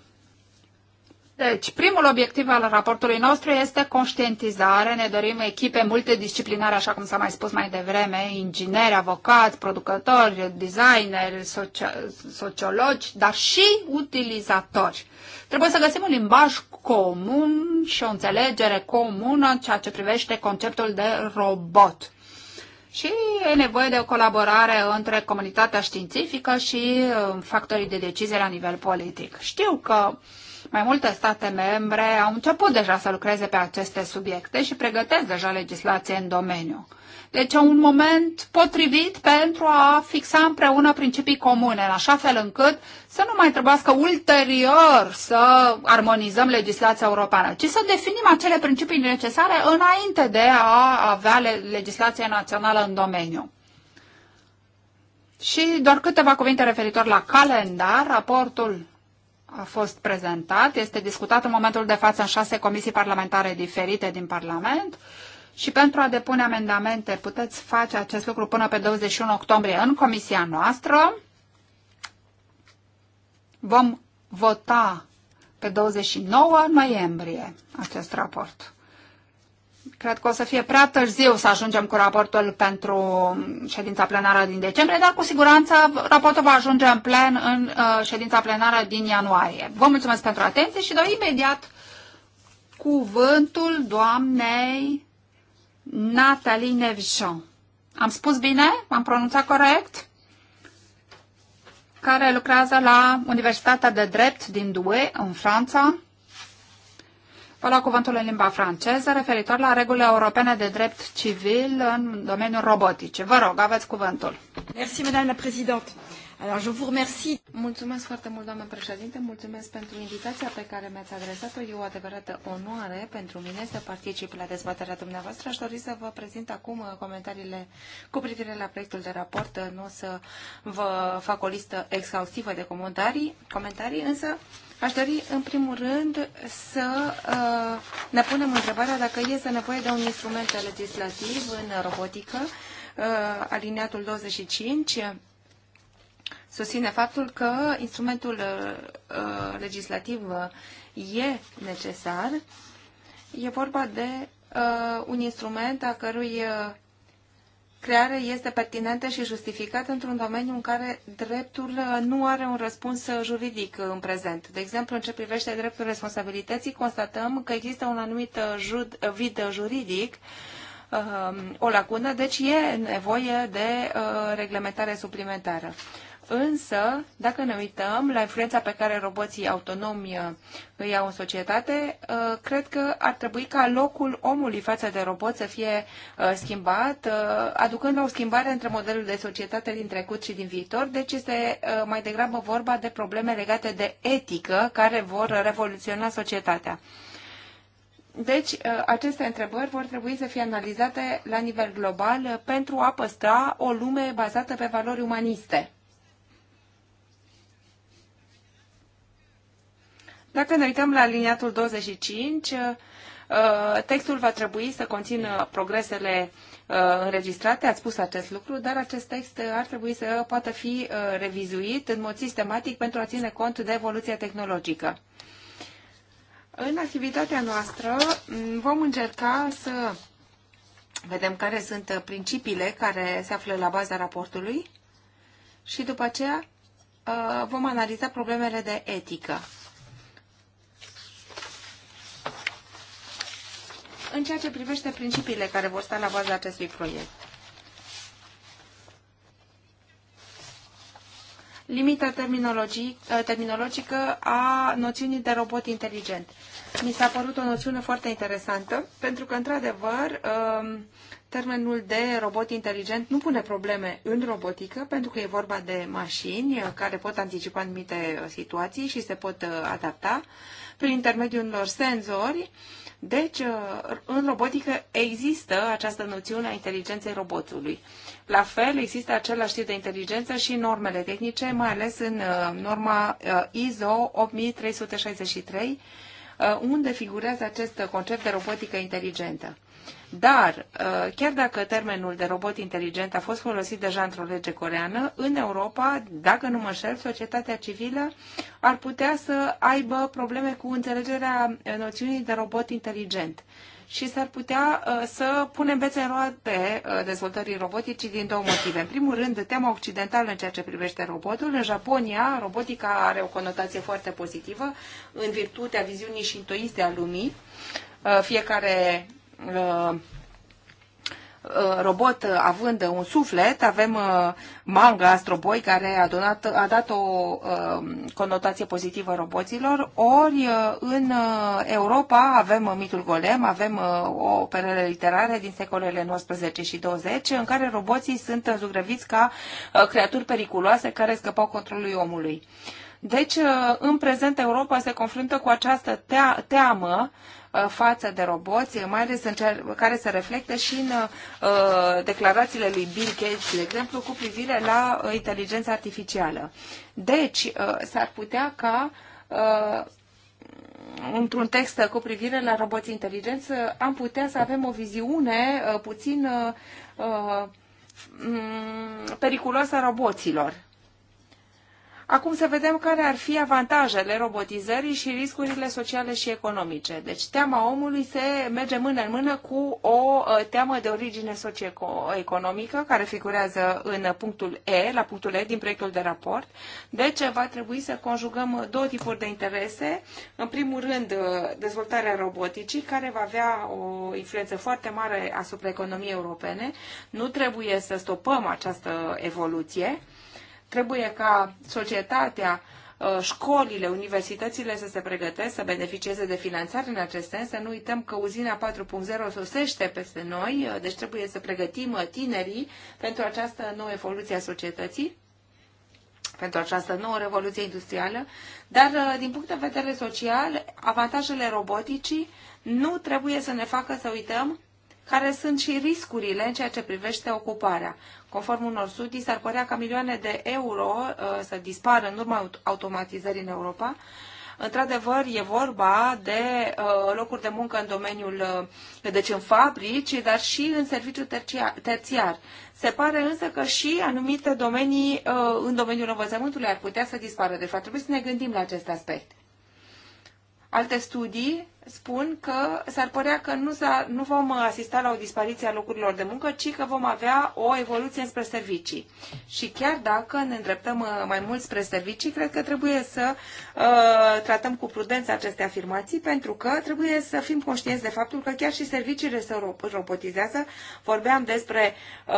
[SPEAKER 3] Deci, primul obiectiv al raportului nostru este conștientizare. Ne dorim echipe multidisciplinare, așa cum s-a mai spus mai devreme, ingineri, avocați, producători, designeri, socio- sociologi, dar și utilizatori. Trebuie să găsim un limbaj comun și o înțelegere comună în ceea ce privește conceptul de robot și e nevoie de o colaborare între comunitatea științifică și uh, factorii de decizie la nivel politic. Știu că mai multe state membre au început deja să lucreze pe aceste subiecte și pregătesc deja legislație în domeniu. Deci e un moment potrivit pentru a fixa împreună principii comune, în așa fel încât să nu mai trebuiască ulterior să armonizăm legislația europeană, ci să definim acele principii necesare înainte de a avea legislație națională în domeniu. Și doar câteva cuvinte referitor la calendar, raportul a fost prezentat, este discutat în momentul de față în șase comisii parlamentare diferite din Parlament și pentru a depune amendamente puteți face acest lucru până pe 21 octombrie în comisia noastră. Vom vota pe 29 noiembrie acest raport. Cred că o să fie prea târziu să ajungem cu raportul pentru ședința plenară din decembrie, dar cu siguranță raportul va ajunge în plen în uh, ședința plenară din ianuarie. Vă mulțumesc pentru atenție și dau imediat cuvântul doamnei Nathalie Nevjean. Am spus bine? Am pronunțat corect? Care lucrează la Universitatea de Drept din Douai, în Franța Vă lua cuvântul în limba franceză referitor la regulile europene de drept civil în domeniul robotic. Vă rog, aveți cuvântul.
[SPEAKER 2] Merci, madame la présidente. Alors, je vous remercie. Mulțumesc foarte mult, doamnă președinte, mulțumesc pentru invitația pe care mi-ați adresat-o. E o adevărată onoare pentru mine să particip la dezbaterea dumneavoastră. Aș dori să vă prezint acum comentariile cu privire la proiectul de raport. Nu o să vă fac o listă exhaustivă de comentarii, comentarii însă Aș dori, în primul rând, să uh, ne punem întrebarea dacă este nevoie de un instrument legislativ în robotică, uh, aliniatul 25, susține faptul că instrumentul uh, legislativ e necesar. E vorba de un instrument a cărui creare este pertinentă și justificată într-un domeniu în care dreptul uh, nu are un răspuns uh, juridic uh, în prezent. De exemplu, în ce privește dreptul responsabilității, constatăm că există un anumit jud, vid juridic, o lacună, deci e nevoie de reglementare suplimentară. Însă, dacă ne uităm la influența pe care roboții autonomi uh, îi au în societate, uh, cred că ar trebui ca locul omului față de robot să fie uh, schimbat, aducând la o schimbare între modelul de societate din trecut și din viitor. Deci este mai degrabă vorba de probleme legate de etică care vor revoluționa societatea. Deci, aceste întrebări vor trebui să fie analizate la nivel global pentru a păstra o lume bazată pe valori umaniste. Dacă ne uităm la liniatul 25, uh, textul va trebui să conțină progresele uh, înregistrate, ați spus acest lucru, dar acest text uh, ar trebui să poată fi revizuit în mod sistematic pentru a ține cont de evoluția tehnologică. În activitatea noastră mm, vom încerca să vedem care sunt principiile care se află la baza raportului și după aceea vom analiza problemele de etică. în ceea ce privește principiile care vor sta la baza acestui proiect. Limita ă, terminologică a noțiunii de robot inteligent. Mi s-a părut o noțiune foarte interesantă, pentru că, într-adevăr, ă, termenul de robot inteligent nu pune probleme în robotică, pentru că e vorba de mașini care pot anticipa anumite situații și se pot ă, adapta prin intermediul unor senzori deci, uh, în robotică există această noțiune a inteligenței robotului. La fel, există același tip de inteligență și normele tehnice, mai ales în uh, norma uh, ISO 8363, unde figurează acest concept de robotică inteligentă. Dar, uh, chiar dacă termenul de robot inteligent a fost folosit deja într-o lege coreană, în Europa, dacă nu mă înșel, societatea civilă ar putea să aibă probleme cu înțelegerea uh, noțiunii de robot inteligent și s-ar putea uh, să punem bețe în roate dezvoltării roboticii din două motive. În primul rând, tema occidentală în ceea ce privește robotul. În Japonia, robotica are o conotație foarte pozitivă în virtutea viziunii și a lumii. Fiecare Uh, robot având un suflet, avem uh, manga astroboy care a, donat, a dat o uh, conotație pozitivă roboților, ori în Europa avem mitul Golem, avem o operele literare din secolele 19 și 20 în care roboții sunt zugrăviți ca creaturi periculoase care scăpau controlului omului. Deci, în prezent, Europa se confruntă cu această teamă Uh, față de roboți, mai ales în cer, care se reflectă și în uh, declarațiile lui Bill Gates, de exemplu, cu privire la uh, inteligența artificială. Deci, uh, s-ar putea ca uh, într-un text cu privire la roboții inteligență, uh, am putea să avem o viziune puțin periculoasă a roboților Acum să vedem care ar fi avantajele robotizării și riscurile sociale și economice. Deci teama omului se merge mână în mână cu o ă, teamă de origine socioeconomică care figurează în punctul E, la punctul E din proiectul de raport. Deci va trebui să conjugăm două tipuri de interese. În primul rând, ă, dezvoltarea roboticii, care va avea o influență foarte mare asupra economiei europene. Nu trebuie să stopăm această evoluție Trebuie ca societatea, uh, școlile, universitățile să se pregătesc, să beneficieze de finanțare în acest sens, să nu uităm că uzina 4.0 sosește peste noi, uh, deci trebuie să pregătim uh, tinerii pentru această nouă evoluție a societății pentru această nouă revoluție industrială, dar din punct de vedere social, avantajele roboticii nu trebuie să ne facă să uităm care sunt și riscurile în ceea ce privește ocuparea. Conform unor studii, s-ar părea ca milioane de euro uh, să dispară în urma automatizării în Europa. Într-adevăr, e vorba de uh, locuri de muncă în domeniul, uh, deci în fabrici, dar și în serviciu terțiar. Se pare însă că și anumite domenii în domeniul învățământului ar putea să dispară. Deci fapt, trebuie să ne gândim la acest aspect. Alte studii spun că s-ar părea că nu, nu vom asista la o dispariție a locurilor de muncă, ci că vom avea o evoluție spre servicii. Și chiar dacă ne îndreptăm uh, mai mult spre servicii, cred că trebuie să uh, tratăm cu prudență aceste afirmații, pentru că trebuie să fim conștienți de faptul că chiar și serviciile se robotizează. Vorbeam despre uh,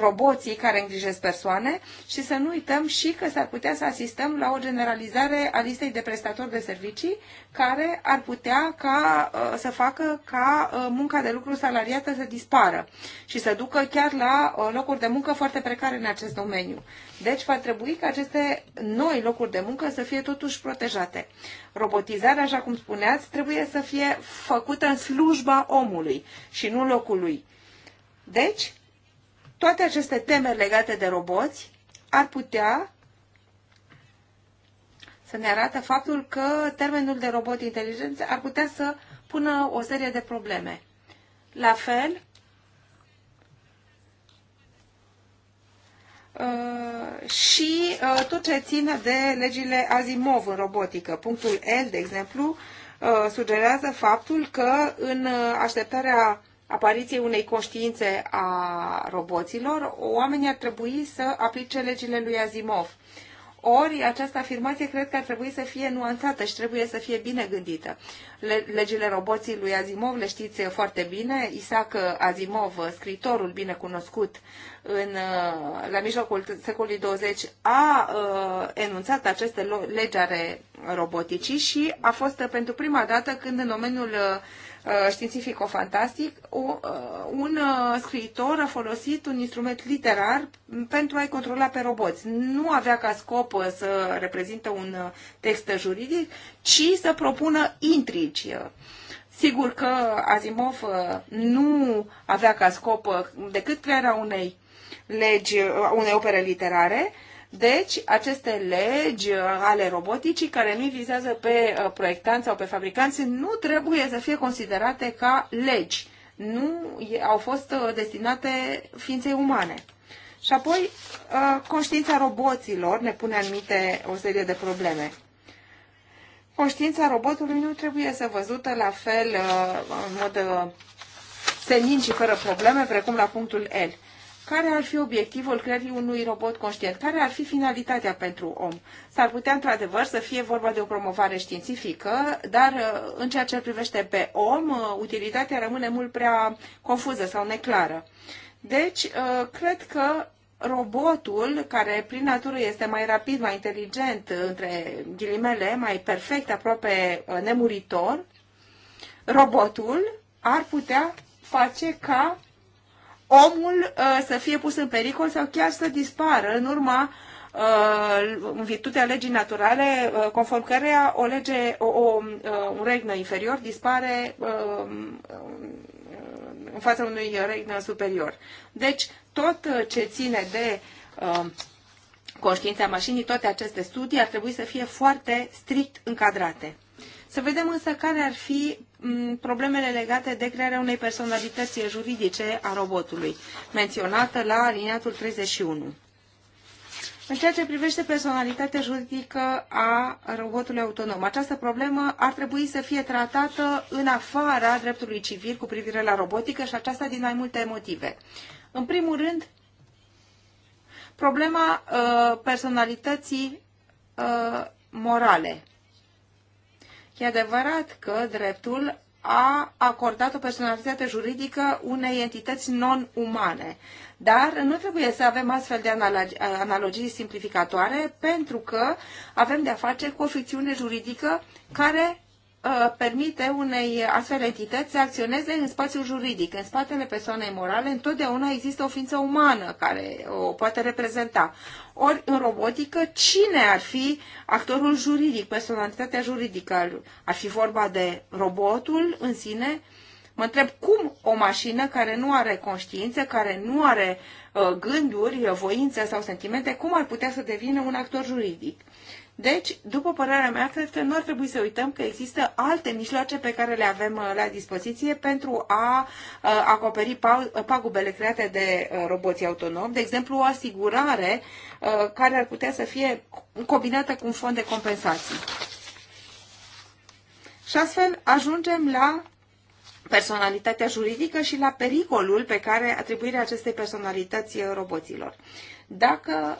[SPEAKER 2] roboții care îngrijesc persoane și să nu uităm și că s-ar putea să asistăm la o generalizare a listei de prestatori de servicii care ar putea ca Uh, să facă ca uh, munca de lucru salariată să dispară și să ducă chiar la uh, locuri de muncă foarte precare în acest domeniu. Deci va trebui ca aceste noi locuri de muncă să fie totuși protejate. Robotizarea, așa cum spuneați, trebuie să fie făcută în slujba omului și nu locului. Deci, toate aceste teme legate de roboți ar putea să ne arate faptul că termenul de robot inteligent ar putea să pună o serie de probleme. La fel, uh, și uh, tot ce ține de legile Azimov în robotică. Punctul L, de exemplu, uh, sugerează faptul că în așteptarea apariției unei conștiințe a roboților, oamenii ar trebui să aplice legile lui Azimov ori această afirmație cred că ar trebui să fie nuanțată și trebuie să fie bine gândită. Le legile roboții lui Azimov le știți foarte bine. Isaac Azimov, scritorul binecunoscut în, uh, la mijlocul secolului 20, a a uh, enunțat aceste legi ale roboticii și a fost pentru prima dată când în domeniul uh, Uh, științifico-fantastic, uh, un uh, scriitor a folosit un instrument literar pentru a-i controla pe roboți. Nu avea ca scop să reprezintă un text juridic, ci să propună intrigi. Sigur că Azimov nu avea ca scop decât crearea unei legi, unei opere literare, deci, aceste legi uh, ale roboticii care nu vizează pe uh, proiectanți sau pe fabricanți nu trebuie să fie considerate ca legi. Nu au fost uh, destinate ființei umane. Și apoi, conștiința roboților ne pune anumite o serie de probleme. Conștiința robotului nu trebuie să văzută la fel, în mod senin și fără probleme, precum la punctul L. Care ar fi obiectivul creării unui robot conștient? Care ar fi finalitatea pentru om? S-ar putea, într-adevăr, să fie vorba de o promovare științifică, dar uh, în ceea ce privește pe om, uh, utilitatea rămâne mult prea confuză sau neclară. Deci, uh, cred că robotul, care prin natură este mai rapid, mai inteligent, între ghilimele, mai perfect, aproape nemuritor, robotul ar putea face ca omul uh, să fie pus în pericol sau chiar să dispară în urma uh, în virtutea legii naturale, uh, conform căreia o lege, o, o, un regnă inferior dispare în fața unui regnă superior. Deci, tot ce ține de conștiința mașinii, toate aceste studii ar trebui să fie foarte strict încadrate. Să vedem însă care ar fi Mm, problemele legate de crearea unei personalități juridice a robotului, menționată la aliniatul 31. În ceea ce privește personalitatea juridică a robotului autonom, această problemă ar trebui să fie tratată în afara dreptului civil cu privire la robotică și aceasta din mai multe motive. În primul rând, problema uh, personalității uh, morale E adevărat că dreptul a acordat o personalitate juridică unei entități non-umane. Dar nu trebuie să avem astfel de analogii simplificatoare pentru că avem de-a face cu o ficțiune juridică care Uh, permite unei astfel entități să acționeze în spațiul juridic. În spatele persoanei morale întotdeauna există o ființă umană care o poate reprezenta. Ori în robotică, cine ar fi actorul juridic, personalitatea juridică? Ar fi vorba de robotul în sine? Mă întreb cum o mașină care nu are conștiință, care nu are uh, gânduri, voință sau sentimente, cum ar putea să devină un actor juridic? Deci, după părerea mea, cred că nu ar trebui să uităm că există alte mijloace pe care le avem uh, la dispoziție pentru a uh, acoperi uh, pagubele create de roboții autonomi, de exemplu o asigurare care ar putea să fie combinată cu un fond de compensații. Și astfel ajungem la personalitatea juridică și la pericolul pe care atribuirea acestei personalități roboților. Dacă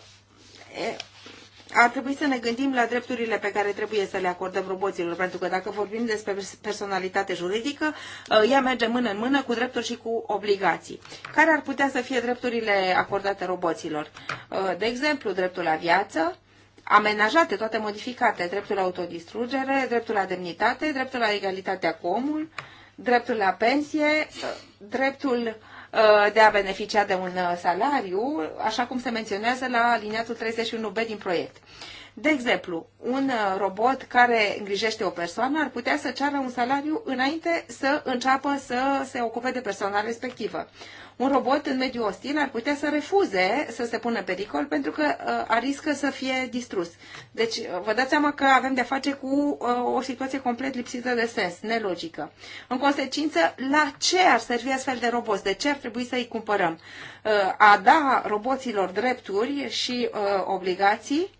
[SPEAKER 2] ar trebui să ne gândim la drepturile pe care trebuie să le acordăm roboților, pentru că dacă vorbim despre personalitate juridică, uh, ea merge mână în mână cu drepturi și cu obligații. Care ar putea să fie drepturile acordate roboților? Uh, de exemplu, dreptul la viață, amenajate, toate modificate, dreptul la autodistrugere, dreptul la demnitate, dreptul la egalitatea cu omul, dreptul la pensie, uh, dreptul uh, Uh, de a beneficia de un uh, salariu, așa cum se menționează la aliniatul 31B din proiect. De exemplu, un uh, robot care îngrijește o persoană ar putea să ceară un salariu înainte să înceapă să se ocupe de persoana respectivă un robot în mediu ostil ar putea să refuze să se pună pericol pentru că uh, ar riscă să fie distrus. Deci uh, vă dați seama că avem de-a face cu uh, o situație complet lipsită de sens, nelogică. În consecință, la ce ar servi astfel de roboți? De ce ar trebui să îi cumpărăm? A da roboților drepturi și obligații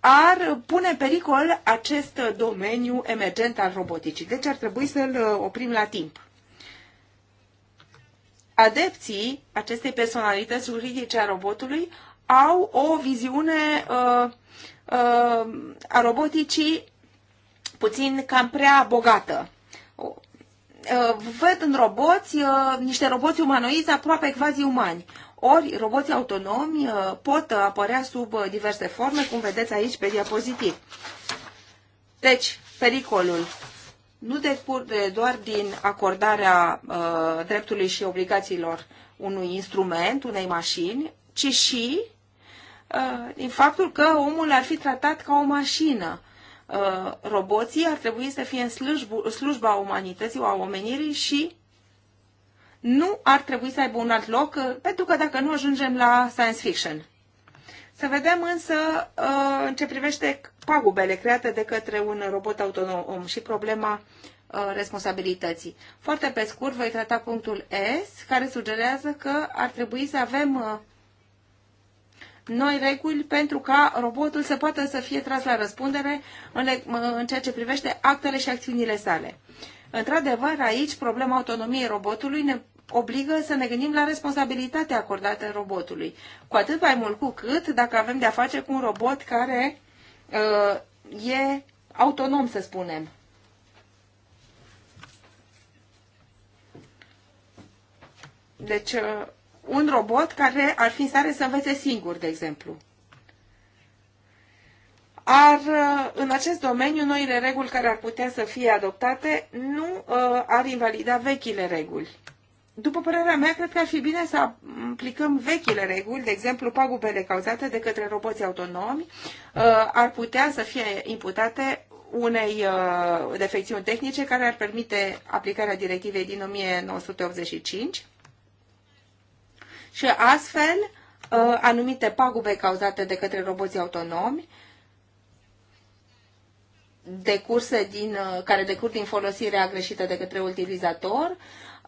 [SPEAKER 2] ar pune în pericol acest domeniu emergent al roboticii. Deci ar trebui să-l oprim la timp adepții acestei personalități juridice a robotului au o viziune uh, uh, a roboticii puțin cam prea bogată. Uh, văd în roboți uh, niște roboți umanoizi aproape quasi umani. Ori roboții autonomi uh, pot apărea sub uh, diverse forme, cum vedeți aici pe diapozitiv. Deci, pericolul nu decurge doar din acordarea uh, dreptului și obligațiilor unui instrument, unei mașini, ci și uh, din faptul că omul ar fi tratat ca o mașină. Uh, roboții ar trebui să fie în slujbu, slujba umanității, a omenirii și nu ar trebui să aibă un alt loc, uh, pentru că dacă nu ajungem la science fiction. Să vedem însă uh, în ce privește pagubele create de către un robot autonom și problema uh, responsabilității. Foarte pe scurt voi trata punctul S, care sugerează că ar trebui să avem uh, noi reguli pentru ca robotul să poată să fie tras la răspundere în, ceea ce privește actele și acțiunile sale. Într-adevăr, aici problema autonomiei robotului ne obligă să ne gândim la responsabilitatea acordată robotului. Cu atât mai mult cu cât dacă avem de-a face cu un robot care uh, e autonom, să spunem. Deci, uh, un robot care ar fi în stare să învețe singur, de exemplu. Ar, uh, în acest domeniu, noile reguli care ar putea să fie adoptate nu uh, ar invalida vechile reguli. După părerea mea, cred că ar fi bine să aplicăm vechile reguli, de exemplu, pagubele cauzate de către roboții autonomi uh, ar putea să fie imputate unei uh, defecțiuni tehnice care ar permite aplicarea directivei din 1985 și astfel uh, anumite pagube cauzate de către roboții autonomi decurse din, care decur din folosirea greșită de către utilizator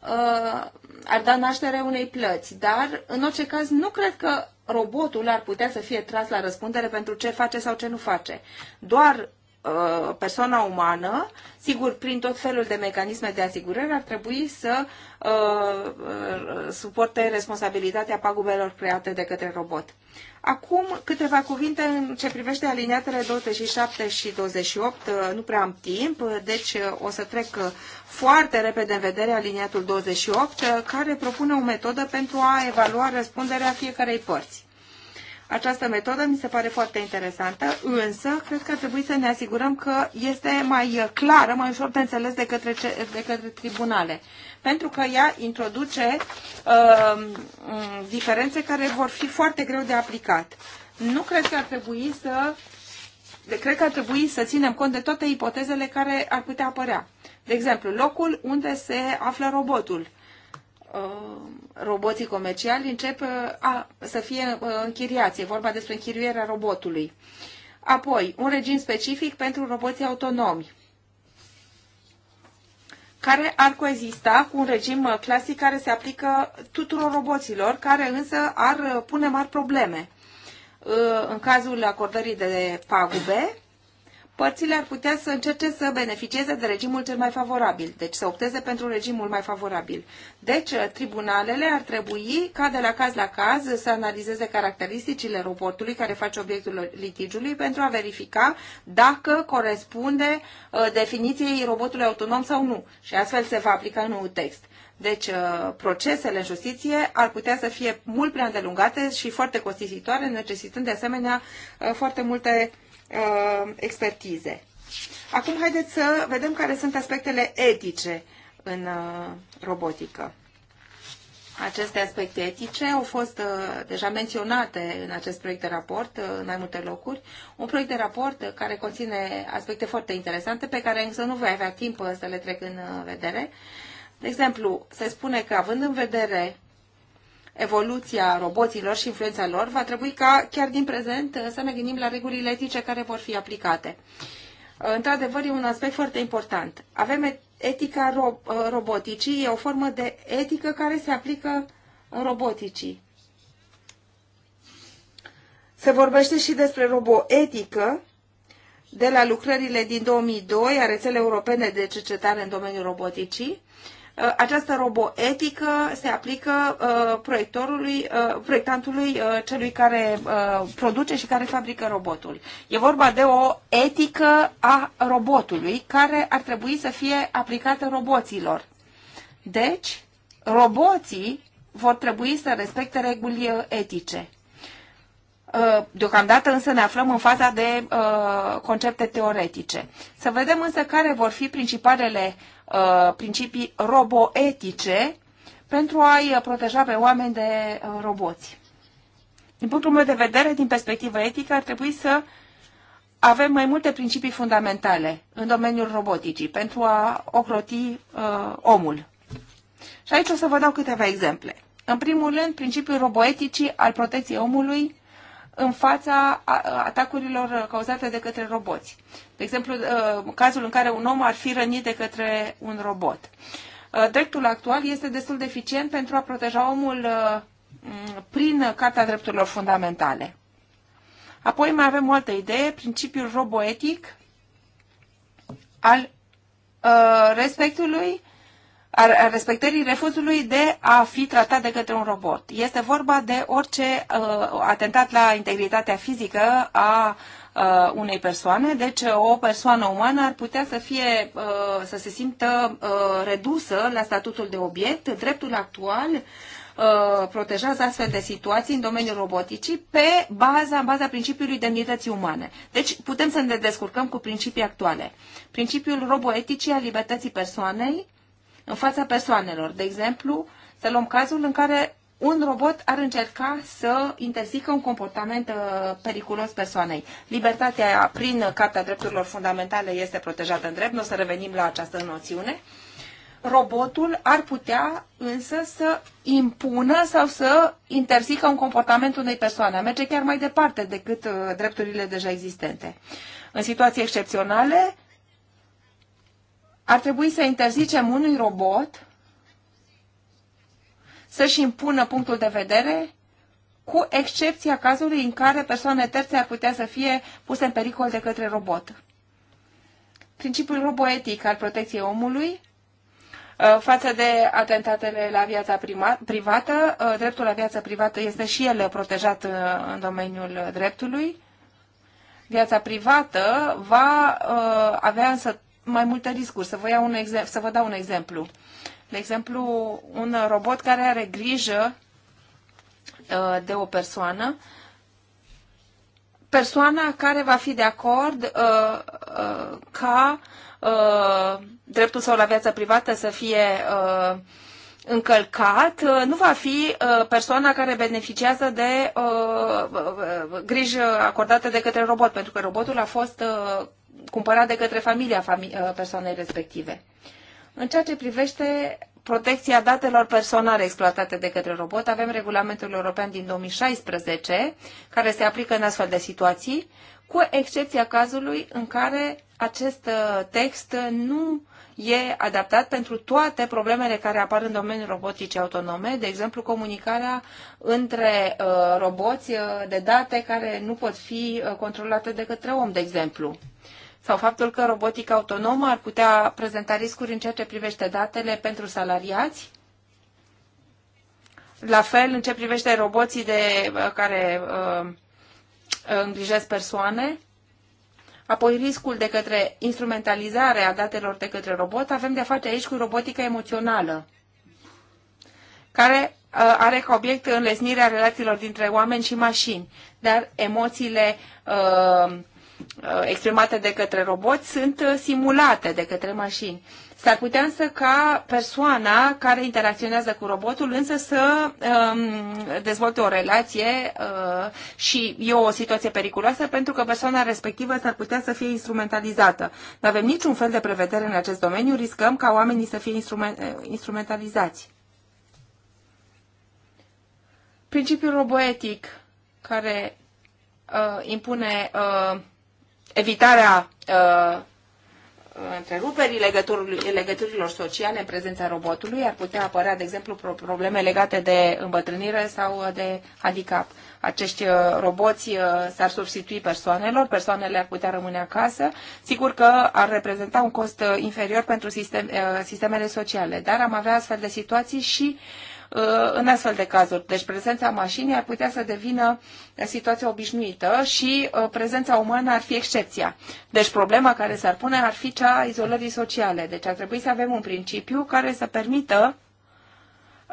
[SPEAKER 2] Uh, ar da naștere unei plăți, dar în orice caz nu cred că robotul ar putea să fie tras la răspundere pentru ce face sau ce nu face. Doar Uh, persoana umană, sigur, prin tot felul de mecanisme de asigurare, ar trebui să uh, uh, suporte responsabilitatea pagubelor create de către robot. Acum câteva cuvinte în ce privește aliniatele 27 și 28. Uh, nu prea am timp, deci o să trec foarte repede în vedere aliniatul 28, care propune o metodă pentru a evalua răspunderea fiecarei părți. Această metodă mi se pare foarte interesantă, însă cred că ar trebui să ne asigurăm că este mai clară, mai ușor de înțeles de către, ce, de către tribunale, pentru că ea introduce uh, diferențe care vor fi foarte greu de aplicat. Nu cred că ar trebui să de cred că ar trebui să ținem cont de toate ipotezele care ar putea apărea. De exemplu, locul unde se află robotul Uh, roboții comerciali încep uh, a, să fie uh, închiriați. E vorba despre închirierea robotului. Apoi, un regim specific pentru roboții autonomi, care ar coexista cu un regim clasic care se aplică tuturor roboților, care însă ar pune mari probleme în cazul acordării de pagube părțile ar putea să încerce să beneficieze de regimul cel mai favorabil, deci să opteze pentru regimul mai favorabil. Deci, uh, tribunalele ar trebui ca de la caz la caz să analizeze caracteristicile raportului care face obiectul litigiului pentru a verifica dacă corespunde uh, definiției robotului autonom sau nu. Și astfel se va aplica nouul text. Deci, uh, procesele în justiție ar putea să fie mult prea îndelungate și foarte costisitoare, necesitând de asemenea foarte multe uh, expertize. Acum haideți să vedem care sunt aspectele etice în uh, robotică. Aceste aspecte etice au fost uh, deja menționate în acest proiect de raport uh, în mai multe locuri. Un proiect de raport care conține aspecte foarte interesante pe care însă nu voi avea timp uh, să le trec în uh, vedere. De exemplu, se spune că având în vedere evoluția roboților și influența lor, va trebui ca chiar din prezent uh, să ne gândim la regulile etice care vor fi aplicate. Uh, într-adevăr, e un aspect foarte important. Avem etica ro- uh, roboticii, e o formă de etică care se aplică roboticii. Se vorbește și despre roboetică de la lucrările din 2002 a rețelei europene de cercetare în domeniul roboticii, Uh, această roboetică se aplică uh, proiectorului, uh, proiectantului, celui care produce și care fabrică robotul. E vorba de o etică a robotului care ar trebui să fie aplicată roboților. Deci, roboții vor trebui să respecte reguli etice. Deocamdată însă ne aflăm în faza de concepte teoretice. Să vedem însă care vor fi principalele Uh, principii roboetice pentru a-i uh, proteja pe oameni de uh, roboți. Din punctul meu de vedere, din perspectivă etică, ar trebui să avem mai multe principii fundamentale în domeniul roboticii pentru a ocroti uh, omul. Și aici o să vă dau câteva exemple. În primul rând, principiul roboeticii al protecției omului în fața atacurilor cauzate de către roboți. De exemplu, uh, cazul în care un om ar fi rănit de către un robot. Uh, dreptul actual este destul de eficient pentru a proteja omul uh, prin Carta Drepturilor Fundamentale. Apoi mai avem o altă idee, principiul roboetic al respectului a respectării refuzului de a fi tratat de către un robot. Este vorba de orice uh, atentat la integritatea fizică a uh, unei persoane, deci uh, o persoană umană ar putea să fie uh, să se simtă uh, redusă la statutul de obiect. Dreptul actual uh, protejează astfel de situații în domeniul roboticii pe baza, baza principiului demnității umane. Deci putem să ne descurcăm cu principii actuale. Principiul roboeticii a libertății persoanei în fața persoanelor. De exemplu, să luăm cazul în care un robot ar încerca să interzică un comportament uh, periculos persoanei. Libertatea prin Carta Drepturilor Fundamentale este protejată în drept, nu o să revenim la această noțiune. Robotul ar putea însă să impună sau să interzică un comportament unei persoane. Merge chiar mai departe decât uh, drepturile deja existente. În situații excepționale, ar trebui să interzicem unui robot să-și impună punctul de vedere, cu excepția cazului în care persoane terțe ar putea să fie puse în pericol de către robot. Principiul roboetic al protecției omului uh, față de atentatele la viața privată, uh, dreptul la viața privată este și el protejat uh, în domeniul dreptului. Viața privată va avea însă mai multe riscuri. Să vă, iau un să vă dau un exemplu de exemplu, un robot care are grijă uh, de o persoană, persoana care va fi de acord uh, uh, ca dreptul său la viața privată să fie încălcat nu va fi persoana care beneficiază de grijă acordată de către robot, pentru că robotul a fost cumpărat de către familia persoanei respective. În ceea ce privește protecția datelor personale exploatate de către robot, avem regulamentul european din 2016, care se aplică în astfel de situații, cu excepția cazului în care acest uh, text nu e adaptat pentru toate problemele care apar în domeniul roboticii autonome, de exemplu comunicarea între uh, roboți uh, de date care nu pot fi controlate de către om, de exemplu sau faptul că robotica autonomă ar putea prezenta riscuri în ceea ce privește datele pentru salariați? La fel, în ce privește roboții de, uh, care uh, îngrijesc persoane? Apoi riscul de către instrumentalizare a datelor de către robot, avem de-a face aici cu robotica emoțională, care uh, are ca obiect înlesnirea relațiilor dintre oameni și mașini, dar emoțiile uh, Uh, exprimate de către roboți sunt uh, simulate de către mașini. S-ar putea însă ca persoana care interacționează cu robotul însă să um, dezvolte o relație uh, și e o situație periculoasă pentru că persoana respectivă s-ar putea să fie instrumentalizată. Nu avem niciun fel de prevedere în acest domeniu, riscăm ca oamenii să fie instrument, uh, instrumentalizați. Principiul roboetic care uh, impune uh, evitarea uh, întreruperii legăturilor sociale în prezența robotului ar putea apărea, de exemplu, probleme legate de îmbătrânire sau de handicap. Acești uh, roboți uh, s-ar substitui persoanelor, persoanele ar putea rămâne acasă. Sigur că ar reprezenta un cost inferior pentru sistemele sociale, dar am avea astfel de situații și uh, Uh, în astfel de cazuri. Deci prezența mașinii ar putea să devină situația obișnuită și uh, prezența umană ar fi excepția. Deci problema care s-ar pune ar fi cea a izolării sociale. Deci ar trebui să avem un principiu care să permită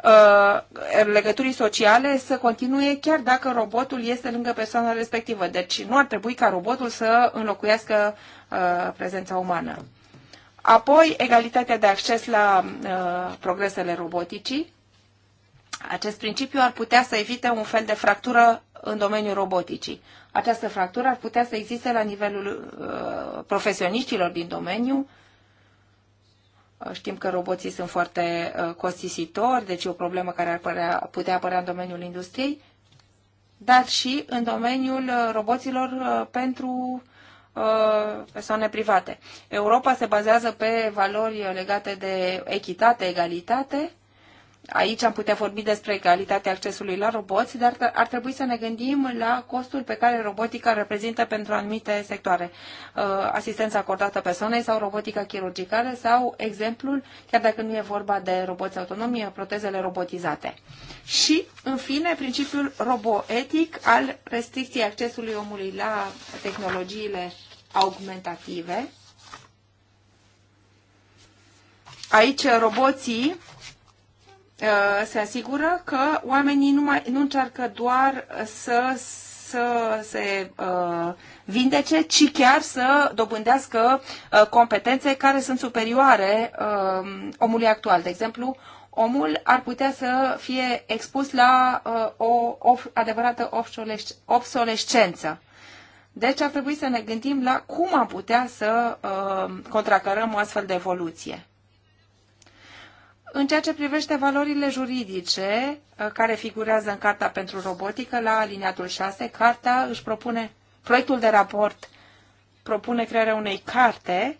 [SPEAKER 2] uh, legăturii sociale să continue chiar dacă robotul este lângă persoana respectivă. Deci nu ar trebui ca robotul să înlocuiască prezența umană. Apoi, egalitatea de acces la progresele roboticii. Acest principiu ar putea să evite un fel de fractură în domeniul roboticii. Această fractură ar putea să existe la nivelul uh, profesioniștilor din domeniu. Uh, știm că roboții sunt foarte uh, costisitori, deci e o problemă care ar părea, putea apărea în domeniul industriei, dar și în domeniul uh, roboților uh, pentru uh, persoane private. Europa se bazează pe valori legate de echitate, egalitate, Aici am putea vorbi despre egalitatea accesului la roboți, dar ar trebui să ne gândim la costul pe care robotica reprezintă pentru anumite sectoare. Uh, asistența acordată persoanei sau robotica chirurgicală sau exemplul, chiar dacă nu e vorba de roboți autonomi, protezele robotizate. Și, în fine, principiul roboetic al restricției accesului omului la tehnologiile augmentative. Aici roboții Uh, se asigură că oamenii nu, mai, nu încearcă doar să, să se uh, vindece, ci chiar să dobândească uh, competențe care sunt superioare uh, omului actual. De exemplu, omul ar putea să fie expus la uh, o of, adevărată obsolescență. Deci ar trebui să ne gândim la cum am putea să uh, contracărăm o astfel de evoluție. În ceea ce privește valorile juridice uh, care figurează în Carta pentru Robotică, la aliniatul 6, Carta își propune, proiectul de raport propune crearea unei carte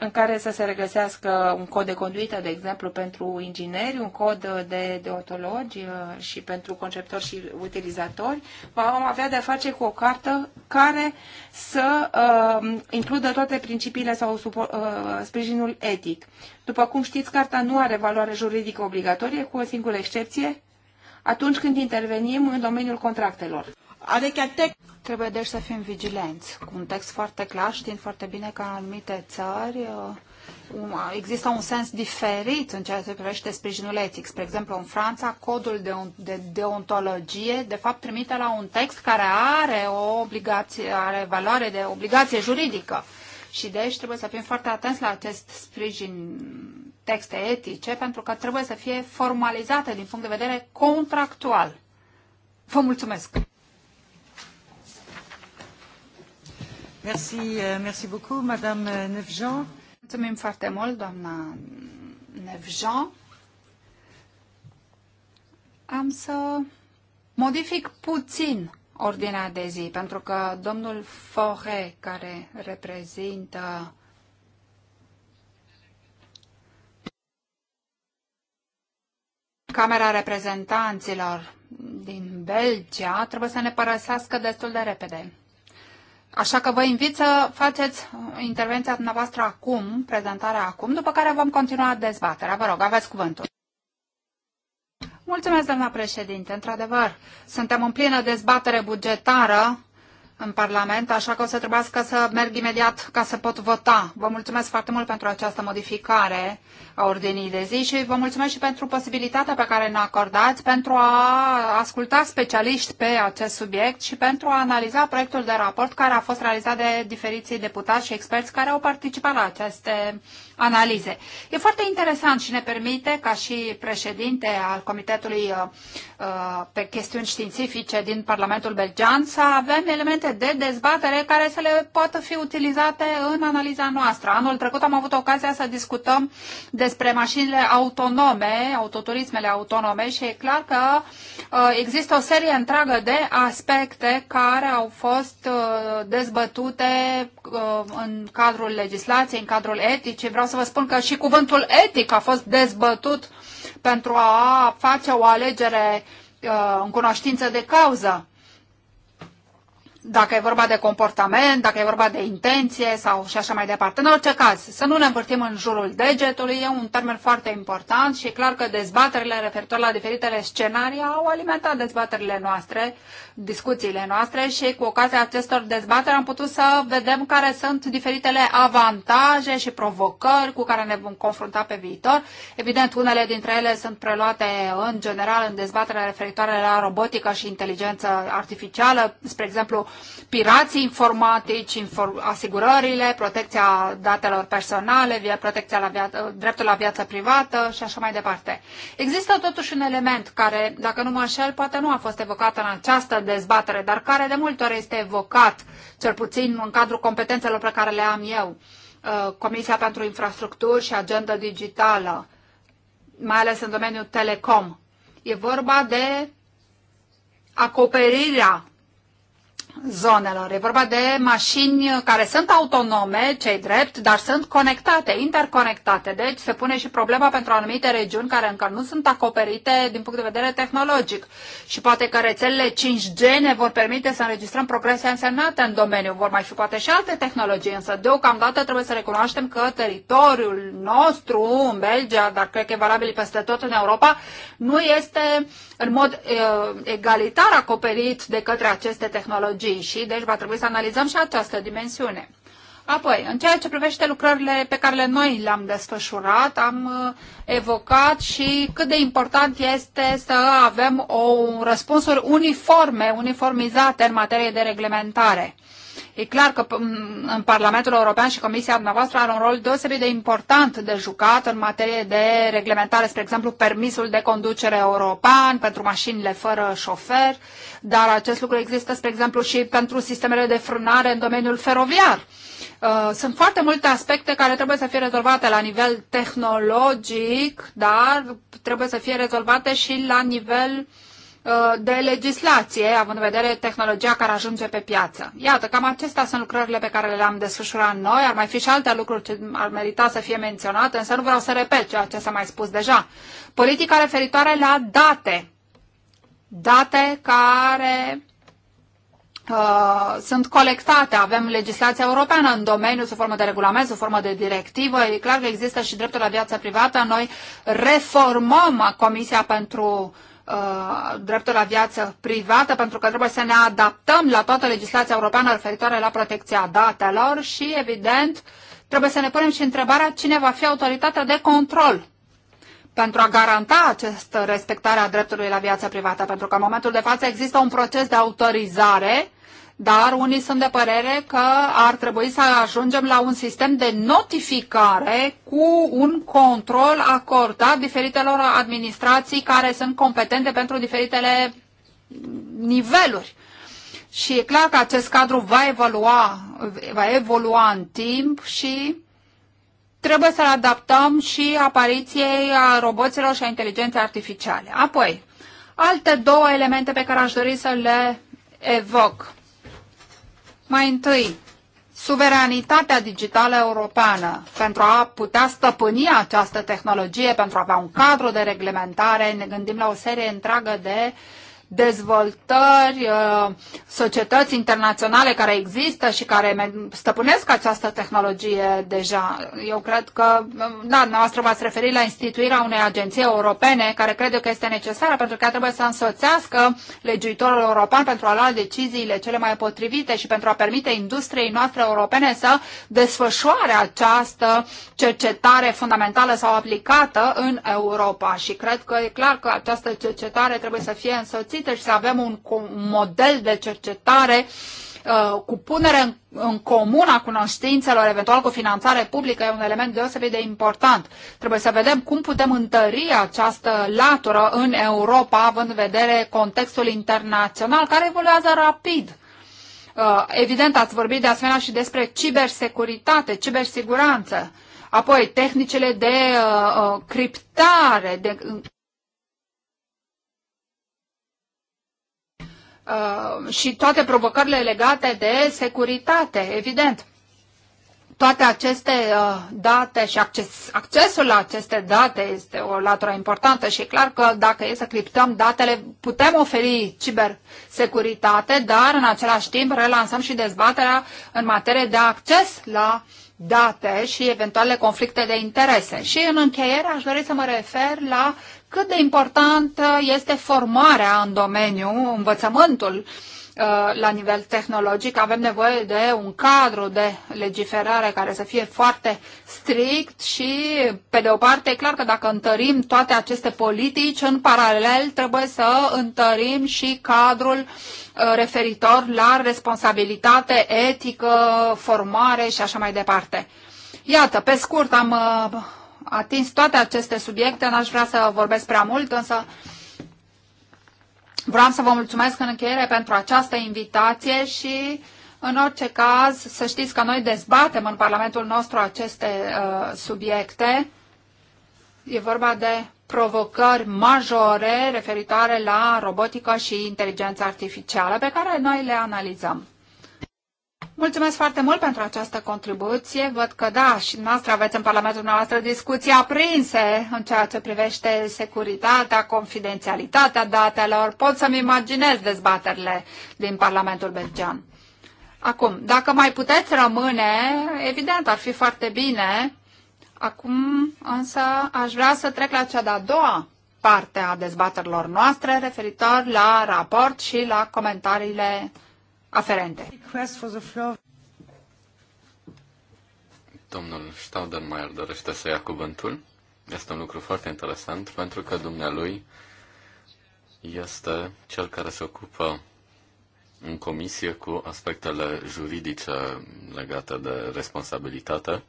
[SPEAKER 2] în care să se regăsească un cod de conduită, de exemplu, pentru ingineri, un cod de deontologi uh, și pentru conceptori și utilizatori. Vom avea de-a face cu o cartă care să uh, includă toate principiile sau uh, sprijinul etic. După cum știți, carta nu are valoare juridică obligatorie, cu o singură excepție, atunci când intervenim în domeniul contractelor. Adică Trebuie deci să
[SPEAKER 3] fim vigilenți. Cu un text foarte clar, știind foarte bine că în anumite țări uh, um, există un sens diferit în ceea ce privește sprijinul etic. Spre exemplu, în Franța, codul de, de deontologie, de fapt, trimite la un text care are o obligație, are valoare de obligație juridică. Și deci trebuie să fim foarte atenți la acest sprijin texte etice, pentru că trebuie să fie formalizate din punct de vedere contractual. Vă mulțumesc! Euh, euh, Mulțumim foarte mult, doamna Nevjean. Am să modific puțin ordinea de zi, pentru că domnul Fore, care reprezintă Camera Reprezentanților din Belgia, trebuie să ne părăsească destul de repede. Așa că vă invit să faceți intervenția dumneavoastră acum, prezentarea acum, după care vom continua dezbaterea. Vă rog, aveți cuvântul. Mulțumesc, doamna președinte. Într-adevăr, suntem în plină dezbatere bugetară în Parlament, așa că o să trebuiască să merg imediat ca să pot vota. Vă mulțumesc foarte mult pentru această modificare a ordinii de zi și vă mulțumesc și pentru posibilitatea pe care ne acordați pentru a asculta specialiști pe acest subiect și pentru a analiza proiectul de raport care a fost realizat de diferiții deputați și experți care au participat la aceste analize. E foarte interesant și ne permite, ca și președinte al Comitetului uh, uh, pe chestiuni științifice din Parlamentul Belgian, să avem elemente de dezbatere care să le poată fi utilizate în analiza noastră. Anul trecut am avut ocazia să discutăm despre mașinile autonome, autoturismele autonome și e clar că uh, există o serie întreagă de aspecte care au fost dezbătute în cadrul legislației, în cadrul eticii. Vreau să vă spun că și cuvântul etic a fost dezbătut pentru a face o alegere uh, în cunoștință de cauză. Dacă e vorba de comportament, dacă e vorba de intenție sau și așa mai departe. În orice caz, să nu ne învârtim în jurul degetului, e un termen foarte important și e clar că dezbaterile referitor la diferitele scenarii au alimentat dezbaterile noastre discuțiile noastre și cu ocazia acestor dezbateri am putut să vedem care sunt diferitele avantaje și provocări cu care ne vom confrunta pe viitor. Evident, unele dintre ele sunt preluate în general în dezbaterea referitoare la robotică și inteligență artificială, spre exemplu, pirații informatici, asigurările, protecția datelor personale, protecția la viață, dreptul la viață privată și așa mai departe. Există totuși un element care, dacă nu mă înșel, poate nu a fost evocat în această dezbatere, dar care de multe ori este evocat, cel puțin în cadrul competențelor pe care le am eu, uh, Comisia pentru Infrastructuri și Agenda Digitală, mai ales în domeniul telecom. E vorba de acoperirea zonelor. E vorba de mașini care sunt autonome, cei drept, dar sunt conectate, interconectate. Deci se pune și problema pentru anumite regiuni care încă nu sunt acoperite din punct de vedere tehnologic. Și poate că rețelele 5G ne vor permite să înregistrăm progrese însemnate în domeniu. Vor mai fi poate și alte tehnologii, însă deocamdată trebuie să recunoaștem că teritoriul nostru în Belgia, dar cred că e valabil peste tot în Europa, nu este în mod uh, egalitar acoperit de către aceste tehnologii și deci va trebui să analizăm și această dimensiune. Apoi, în ceea ce privește lucrările pe care noi le-am desfășurat, am uh, evocat și cât de important este să avem o răspunsuri uniforme, uniformizate în materie de reglementare. E clar că mm, în Parlamentul European și Comisia dumneavoastră are un rol deosebit de important de jucat în materie de reglementare, spre exemplu, permisul de conducere european pentru mașinile fără șofer, dar acest lucru există, spre exemplu, și pentru sistemele de frânare în domeniul feroviar. Uh, sunt foarte multe aspecte care trebuie să fie rezolvate la nivel tehnologic, dar trebuie să fie rezolvate și la nivel uh, Uh, de legislație, având în vedere tehnologia care ajunge pe piață. Iată, cam acestea sunt lucrările pe care le-am desfășurat noi. Ar mai fi și alte lucruri ce ar merita să fie menționate, însă nu vreau să repet ceea ce s-a mai spus deja. Politica referitoare la date. Date care Uh, sunt colectate. Avem legislația europeană în domeniu, sub formă de regulament, sub formă de directivă. E clar că există și dreptul la viața privată. Noi reformăm Comisia pentru Uh, dreptul la viață privată, pentru că trebuie să ne adaptăm la toată legislația europeană referitoare la protecția datelor și, evident, trebuie să ne punem și întrebarea cine va fi autoritatea de control pentru a garanta această respectare a dreptului la viață privată, pentru că în momentul de față există un proces de autorizare dar unii sunt de părere că ar trebui să ajungem la un sistem de notificare cu un control acordat diferitelor administrații care sunt competente pentru diferitele niveluri. Și e clar că acest cadru va evolua, va evolua în timp și trebuie să-l adaptăm și apariției a roboților și a inteligenței artificiale. Apoi, alte două elemente pe care aș dori să le evoc. Mai întâi, suveranitatea digitală europeană pentru a putea stăpâni această tehnologie, pentru a avea un cadru de reglementare. Ne gândim la o serie întreagă de uh, dezvoltări, uh, societăți internaționale care există și care stăpânesc această tehnologie deja. Eu cred că, uh, da, noastră v-ați referit la instituirea unei agenții europene care cred eu că este necesară pentru că trebuie să însoțească legiuitorul european pentru a lua deciziile cele mai potrivite și pentru a permite industriei noastre europene să desfășoare această cercetare fundamentală sau aplicată în Europa. Și cred că e clar că această cercetare trebuie să fie însoțită folosite și să avem un model de cercetare uh, cu punere în, în comun a cunoștințelor, eventual cu finanțare publică, e un element deosebit de important. Trebuie să vedem cum putem întări această latură în Europa, având în vedere contextul internațional care evoluează rapid. Uh, evident, ați vorbit de asemenea și despre cibersecuritate, cibersiguranță, apoi tehnicile de uh, criptare, de Uh, și toate provocările legate de securitate, evident. Toate aceste uh, date și acces, accesul la aceste date este o latură importantă și e clar că dacă e să criptăm datele, putem oferi cibersecuritate, dar în același timp relansăm și dezbaterea în materie de acces la date și eventuale conflicte de interese. Și în încheiere aș dori să mă refer la cât de importantă este formarea în domeniu, învățământul uh, la nivel tehnologic. Avem nevoie de un cadru de legiferare care să fie foarte strict și, pe de o parte, e clar că dacă întărim toate aceste politici, în paralel trebuie să întărim și cadrul uh, referitor la responsabilitate etică, formare și așa mai departe. Iată, pe scurt am uh, atins toate aceste subiecte, n-aș vrea să vorbesc prea mult, însă vreau să vă mulțumesc în încheiere pentru această invitație și în orice caz, să știți că noi dezbatem în Parlamentul nostru aceste uh, subiecte. E vorba de provocări majore referitoare la robotică și inteligența artificială pe care noi le analizăm. Mulțumesc foarte mult pentru această contribuție. Văd că da, și noastră aveți în Parlamentul noastră discuții aprinse în ceea ce privește securitatea, confidențialitatea datelor. Pot să-mi imaginez dezbaterile din Parlamentul belgian. Acum, dacă mai puteți rămâne, evident, ar fi foarte bine. Acum însă aș vrea să trec la cea de-a doua parte a dezbaterilor noastre referitor la raport și la comentariile aferente.
[SPEAKER 1] Domnul Staudenmayer dorește să ia cuvântul. Este un lucru foarte interesant pentru că dumnealui este cel care se ocupă în comisie cu aspectele juridice legate de responsabilitate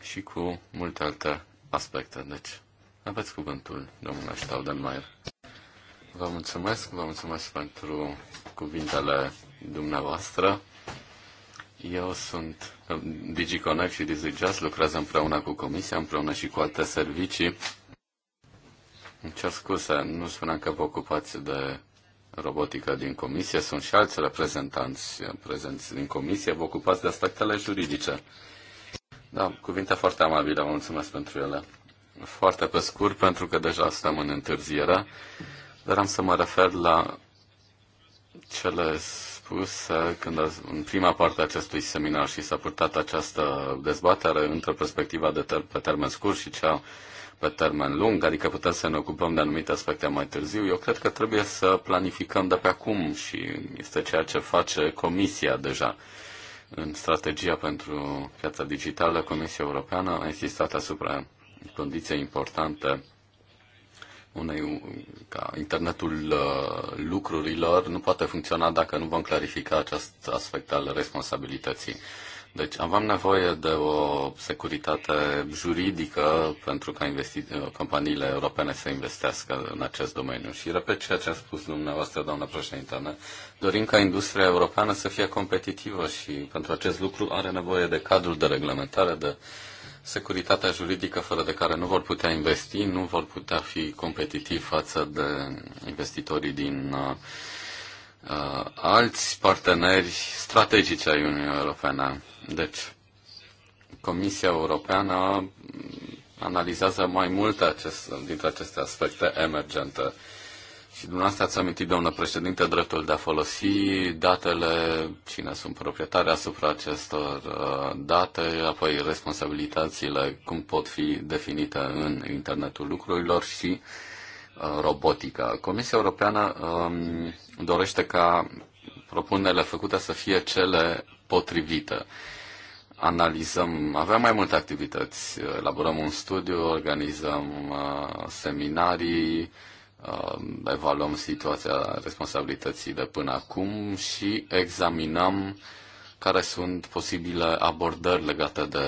[SPEAKER 1] și cu multe alte aspecte. Deci, aveți cuvântul, domnule Staudenmayer. Vă mulțumesc, vă mulțumesc pentru cuvintele dumneavoastră. Eu sunt DigiConnect și DigiJust, lucrez împreună cu Comisia, împreună și cu alte servicii. Îmi cer scuze, nu spuneam că vă ocupați de robotică din Comisie, sunt și alți reprezentanți prezenți din Comisie, vă ocupați de aspectele juridice. Da, cuvinte foarte amabile, vă mulțumesc pentru ele. Foarte pe scurt, pentru că deja stăm în întârziere. Doream să mă refer la cele spuse când în prima parte a acestui seminar și s-a purtat această dezbatere între perspectiva de ter- pe termen scurt și cea pe termen lung, adică putem să ne ocupăm de anumite aspecte mai târziu. Eu cred că trebuie să planificăm de pe acum și este ceea ce face Comisia deja. În strategia pentru piața digitală, Comisia Europeană a insistat asupra condiției importante unei, ca internetul uh, lucrurilor nu poate funcționa dacă nu vom clarifica acest aspect al responsabilității. Deci avem nevoie de o securitate juridică pentru ca investi- uh, companiile europene să investească în acest domeniu. Și repet ceea ce a spus dumneavoastră, doamna președintă. dorim ca industria europeană să fie competitivă și pentru acest lucru are nevoie de cadrul de reglementare, de uh, securitatea juridică fără de care nu vor putea investi, nu vor putea fi competitivi față de investitorii din uh, uh alți parteneri strategici ai Uniunii Europene. Deci, Comisia Europeană analizează mai multe acest, dintre aceste aspecte emergente. Și dumneavoastră ați amintit, doamnă președinte, dreptul de a folosi datele, cine sunt proprietari asupra acestor uh, date, apoi responsabilitățile, cum pot fi definite în internetul lucrurilor și uh, robotica. Comisia Europeană um, dorește ca propunerile făcute să fie cele potrivite analizăm, avem mai multe activități, elaborăm un studiu, organizăm uh, seminarii, Um, evaluăm situația responsabilității de până acum și examinăm care sunt posibile abordări legate de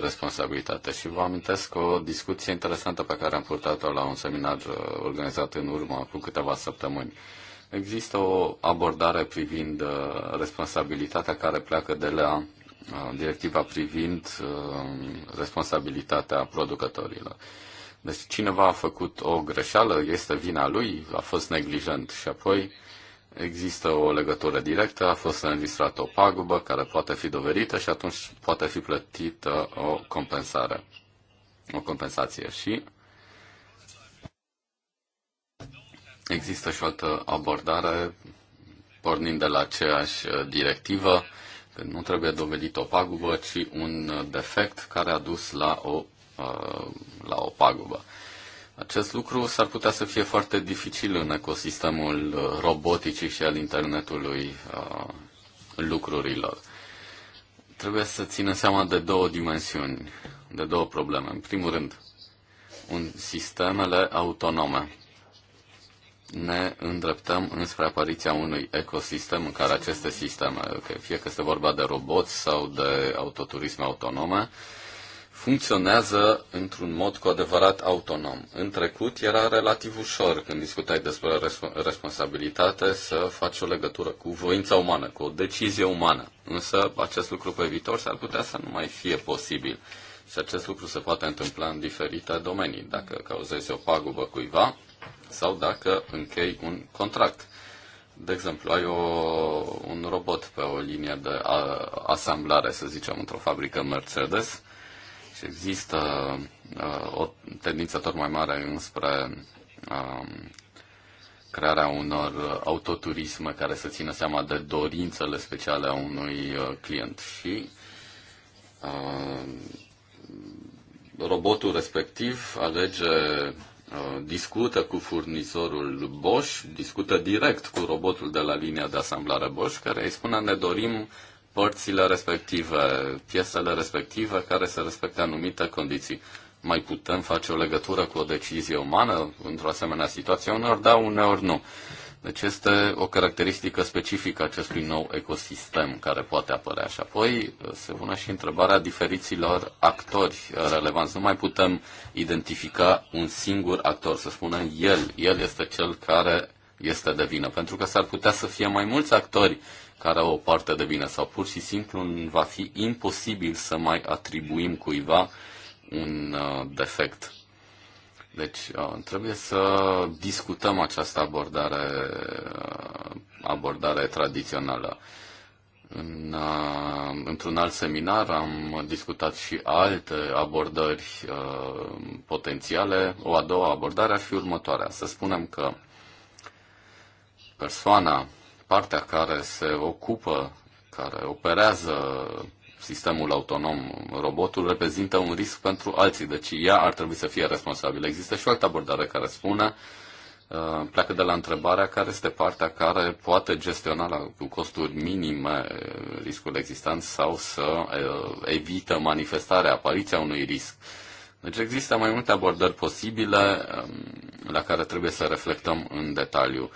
[SPEAKER 1] responsabilitate. Și vă amintesc o discuție interesantă pe care am purtat-o la un seminar organizat în urmă cu câteva săptămâni. Există o abordare privind uh, responsabilitatea care pleacă de la uh, directiva privind uh, responsabilitatea producătorilor. Deci cineva a făcut o greșeală, este vina lui, a fost neglijent și apoi există o legătură directă, a fost înregistrată o pagubă care poate fi dovedită și atunci poate fi plătită o compensare, o compensație. Și există și o altă abordare pornind de la aceeași uh, directivă, că nu trebuie dovedit o pagubă, ci un uh, defect care a dus la o Uh, la o pagubă. Acest lucru s-ar putea să fie foarte dificil în ecosistemul uh, roboticii și al internetului uh, lucrurilor. Trebuie să țină seama de două dimensiuni, de două probleme. În primul rând, un sistemele autonome. Ne îndreptăm înspre apariția unui ecosistem în care aceste sisteme, fie că este vorba de roboți sau de autoturisme autonome, funcționează într-un mod cu adevărat autonom. În trecut era relativ ușor când discutai despre responsabilitate să faci o legătură cu voința umană, cu o decizie umană. Însă acest lucru pe viitor s-ar putea să nu mai fie posibil. Și acest lucru se poate întâmpla în diferite domenii, dacă cauzezi o pagubă cuiva sau dacă închei un contract. De exemplu, ai o, un robot pe o linie de a, asamblare, să zicem, într-o fabrică Mercedes, există uh, o tendință tot mai mare înspre uh, crearea unor autoturisme care să țină seama de dorințele speciale a unui uh, client și uh, robotul respectiv alege uh, discută cu furnizorul Bosch, discută direct cu robotul de la linia de asamblare Bosch, care îi spune ne dorim părțile respective, piesele respective care să respecte anumite condiții. Mai putem face o legătură cu o decizie umană într-o asemenea situație? Uneori da, uneori nu. Deci este o caracteristică specifică acestui nou ecosistem care poate apărea. Și apoi uh, se pune și întrebarea diferiților actori relevanți. Nu mai putem identifica un singur actor, să spunem el. El este cel care este de vină. Pentru că s-ar putea să fie mai mulți actori uh, care au o parte de bine sau pur și simplu va fi imposibil să mai atribuim cuiva un uh, defect. Deci uh, trebuie să discutăm această abordare, uh, abordare tradițională. În, într-un alt seminar am discutat și alte abordări uh, potențiale. O a doua abordare ar fi următoarea. Să spunem că persoana partea care se ocupă, care operează sistemul autonom, robotul, reprezintă un risc pentru alții, deci ea ar trebui să fie responsabilă. Există și o altă abordare care spune, uh, pleacă de la întrebarea care este partea care poate gestiona la, cu costuri minime uh, riscul existent sau să uh, evită manifestarea, apariția unui risc. Deci există mai multe abordări posibile um, la care trebuie să reflectăm în detaliu.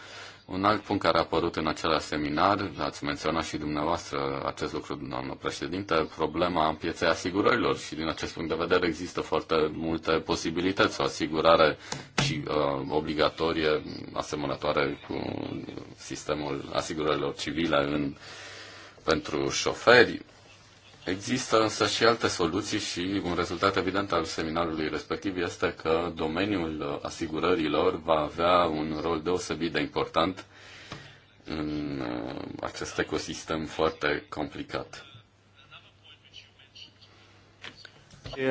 [SPEAKER 1] Un alt punct care a apărut în același seminar, ați menționat și dumneavoastră acest lucru, doamnă președinte, problema pieței asigurărilor și din acest punct de vedere există foarte multe posibilități, o asigurare și uh, obligatorie asemănătoare cu sistemul asigurărilor civile în, pentru șoferi, Există însă și alte soluții și un rezultat evident al seminarului respectiv este că domeniul asigurărilor va avea un rol deosebit de important în uh, acest ecosistem foarte complicat.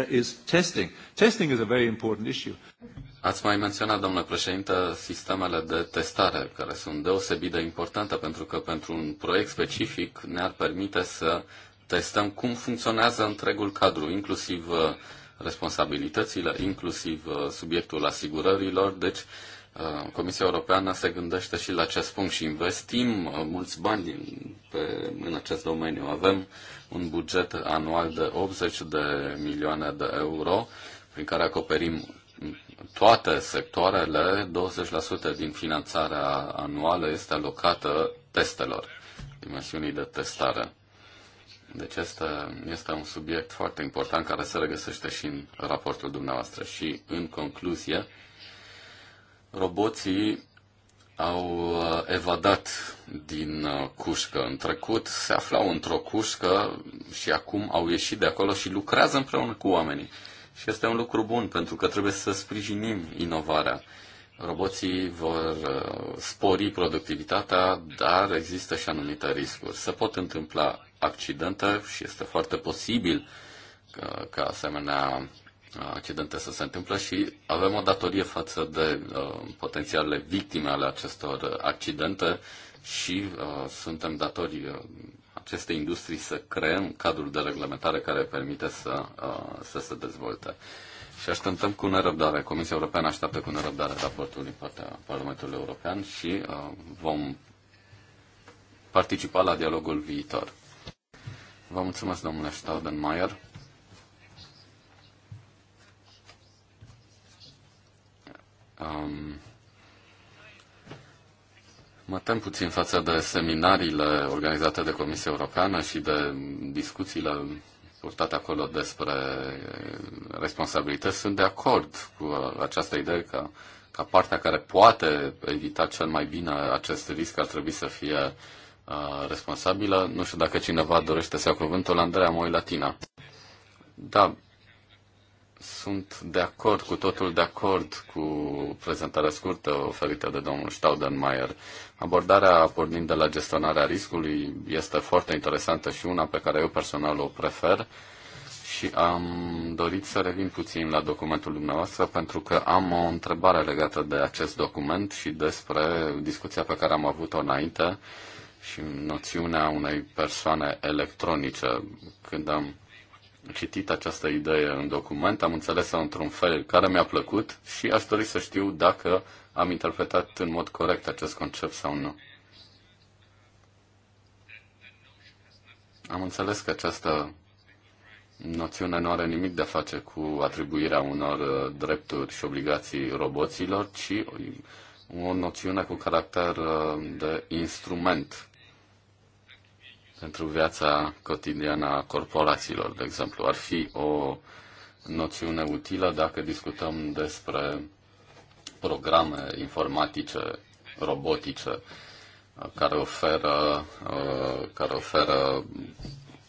[SPEAKER 2] Is testing. Testing is a very important issue.
[SPEAKER 1] Ați mai menționat, domnule președinte, sistemele de testare, care sunt deosebit de importante pentru că pentru un proiect specific ne-ar permite să uh, testăm cum funcționează întregul cadru, inclusiv uh, responsabilitățile, inclusiv uh, subiectul asigurărilor. Deci, uh, Comisia Europeană se gândește și la acest punct și investim mulți bani pe, în acest domeniu. Avem un buget anual de 80 de milioane de euro, prin care acoperim toate sectoarele, 20% din finanțarea anuală este alocată testelor, dimensiunii de testare. Deci este, este un subiect foarte important care se regăsește și în raportul dumneavoastră. Și în concluzie, roboții au uh, evadat din uh, cușcă. În trecut se aflau într-o cușcă și acum au ieșit de acolo și lucrează împreună cu oamenii. Și este un lucru bun pentru că trebuie să sprijinim inovarea. Roboții vor uh, spori productivitatea, dar există și anumite riscuri. Se pot întâmpla accidente și este foarte posibil ca, asemenea uh, accidente să se întâmple și avem o datorie față de uh, potențialele victime ale acestor accidente și uh, suntem datori uh, acestei industrii să creăm cadrul de reglementare care permite să, uh, să se dezvolte. Și așteptăm cu nerăbdare, Comisia Europeană așteaptă cu nerăbdare raportul din partea Parlamentului European și uh, vom participa la dialogul viitor. Vă mulțumesc, domnule Staudenmayer. Um, mă tem puțin față de seminariile organizate de Comisia Europeană și de discuțiile purtate acolo despre responsabilități. Sunt de acord cu această idee că ca partea care poate evita cel mai bine acest risc ar trebui să fie responsabilă. Nu știu dacă cineva dorește să ia cuvântul. Andreea Moilatina. Da, sunt de acord, cu totul de acord cu prezentarea scurtă oferită de domnul Staudenmayer. Abordarea pornind de la gestionarea riscului este foarte interesantă și una pe care eu personal o prefer și am dorit să revin puțin la documentul dumneavoastră pentru că am o întrebare legată de acest document și despre discuția pe care am avut-o înainte și noțiunea unei persoane electronice. Când am citit această idee în document, am înțeles-o într-un fel care mi-a plăcut și aș dori să știu dacă am interpretat în mod corect acest concept sau nu. Am înțeles că această noțiune nu are nimic de a face cu atribuirea unor uh, drepturi și obligații roboților, ci o noțiune cu caracter uh, de instrument pentru viața cotidiană a corporațiilor, de exemplu. Ar fi o noțiune utilă dacă discutăm despre programe informatice, robotice, care oferă, uh, care oferă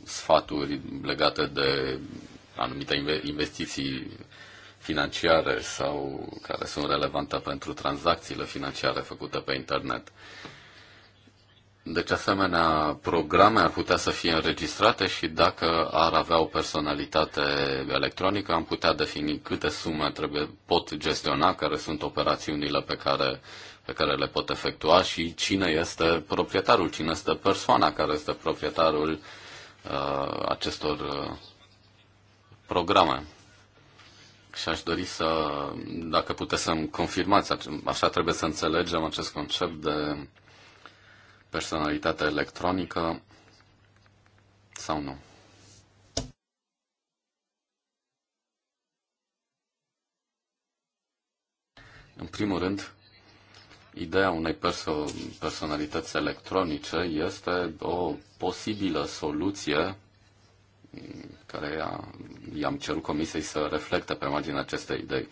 [SPEAKER 1] sfaturi legate de anumite investiții financiare sau care sunt relevante pentru tranzacțiile financiare făcute pe internet. Deci asemenea programe ar putea să fie înregistrate și dacă ar avea o personalitate electronică am putea defini câte sume trebuie, pot gestiona, care sunt operațiunile pe care, pe care le pot efectua și cine este proprietarul, cine este persoana care este proprietarul uh, acestor uh, programe. Și aș dori să, dacă puteți să-mi confirmați, așa trebuie să înțelegem acest concept de personalitate electronică sau nu. În primul rând, ideea unei perso- personalități electronice este o posibilă soluție care i-am cerut comisiei să reflecte pe marginea acestei idei.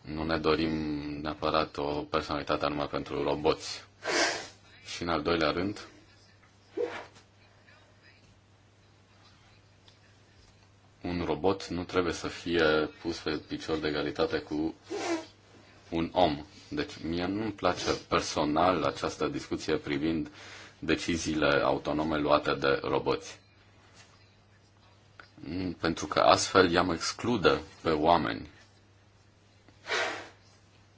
[SPEAKER 1] Nu ne dorim neapărat o personalitate anume pentru roboți. Și în al doilea rând, un robot nu trebuie să fie pus pe picior de egalitate cu un om. Deci mie nu-mi place personal această discuție privind deciziile autonome luate de roboți. Pentru că astfel i-am exclude pe oameni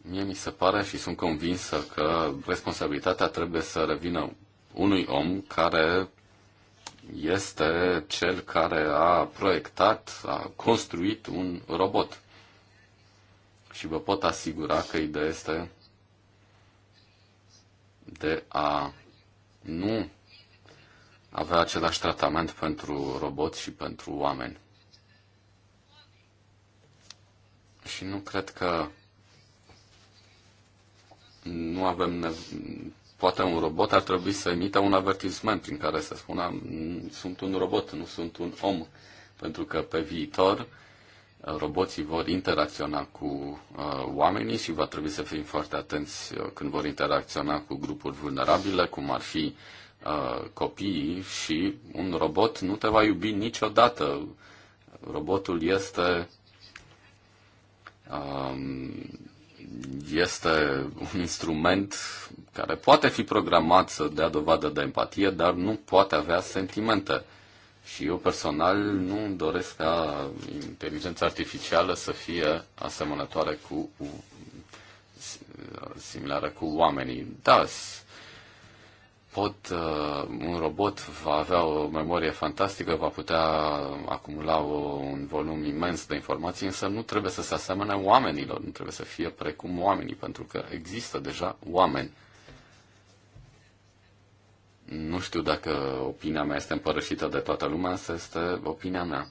[SPEAKER 1] Mie mi se pare și sunt convinsă că responsabilitatea trebuie să revină unui om care este cel care a proiectat, a construit un robot. Și vă pot asigura că ideea este de a nu avea același tratament pentru roboți și pentru oameni. Și nu cred că nu avem nev- poate un robot ar trebui să emită un avertisment prin care să spună sunt un robot, nu sunt un om, pentru că pe viitor uh, roboții vor interacționa cu uh, oamenii și va trebui să fim foarte atenți uh, când vor interacționa cu grupuri vulnerabile, cum ar fi uh, copiii și un robot nu te va iubi niciodată. Robotul este um, este un instrument care poate fi programat să dea dovadă de empatie, dar nu poate avea sentimente. Și eu personal nu doresc ca inteligența artificială să fie asemănătoare cu similară cu oamenii. Da, pot, uh, un robot va avea o memorie fantastică, va putea acumula un volum imens de informații, însă nu trebuie să se asemene oamenilor, nu trebuie să fie precum oamenii, pentru că există deja oameni. Nu știu dacă opinia mea este împărășită de toată lumea, însă este opinia mea.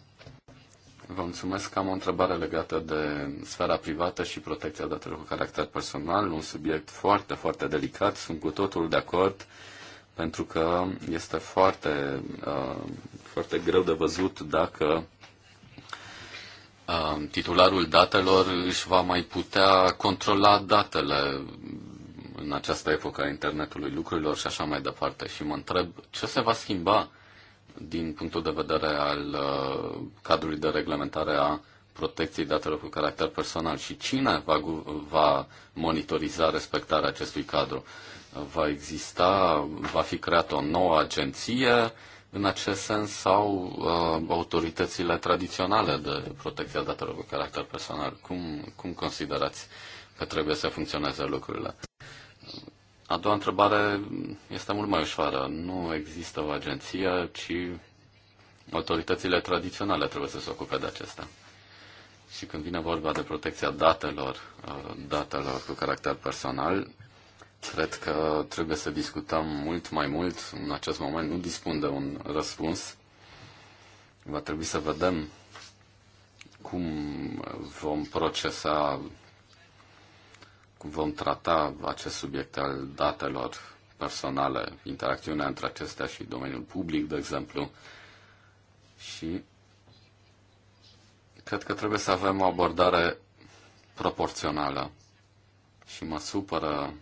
[SPEAKER 1] Vă mulțumesc că am o întrebare legată de sfera privată și protecția datelor cu caracter personal, un subiect foarte, foarte delicat. Sunt cu totul de acord pentru că este foarte, uh, foarte greu de văzut dacă uh, titularul datelor își va mai putea controla datele în această epocă a internetului lucrurilor și așa mai departe. Și mă întreb ce se va schimba din punctul de vedere al uh, cadrului de reglementare a protecției datelor cu caracter personal și cine va, va monitoriza respectarea acestui cadru. Uh, va exista, va fi creată o nouă agenție în acest sens sau uh, autoritățile tradiționale de protecție a datelor cu caracter personal? Cum, cum considerați că trebuie să funcționeze lucrurile? A doua întrebare este mult mai ușoară. Nu există o agenție, ci autoritățile tradiționale trebuie să se ocupe de acestea. Și când vine vorba de protecția datelor, uh, datelor cu caracter personal, Cred că trebuie să discutăm mult mai mult. În acest moment nu dispun de un răspuns. Va trebui să vedem cum vom procesa, cum vom trata acest subiect al datelor personale, interacțiunea între acestea și domeniul public, de exemplu. Și cred că trebuie să avem o abordare proporțională. Și mă supără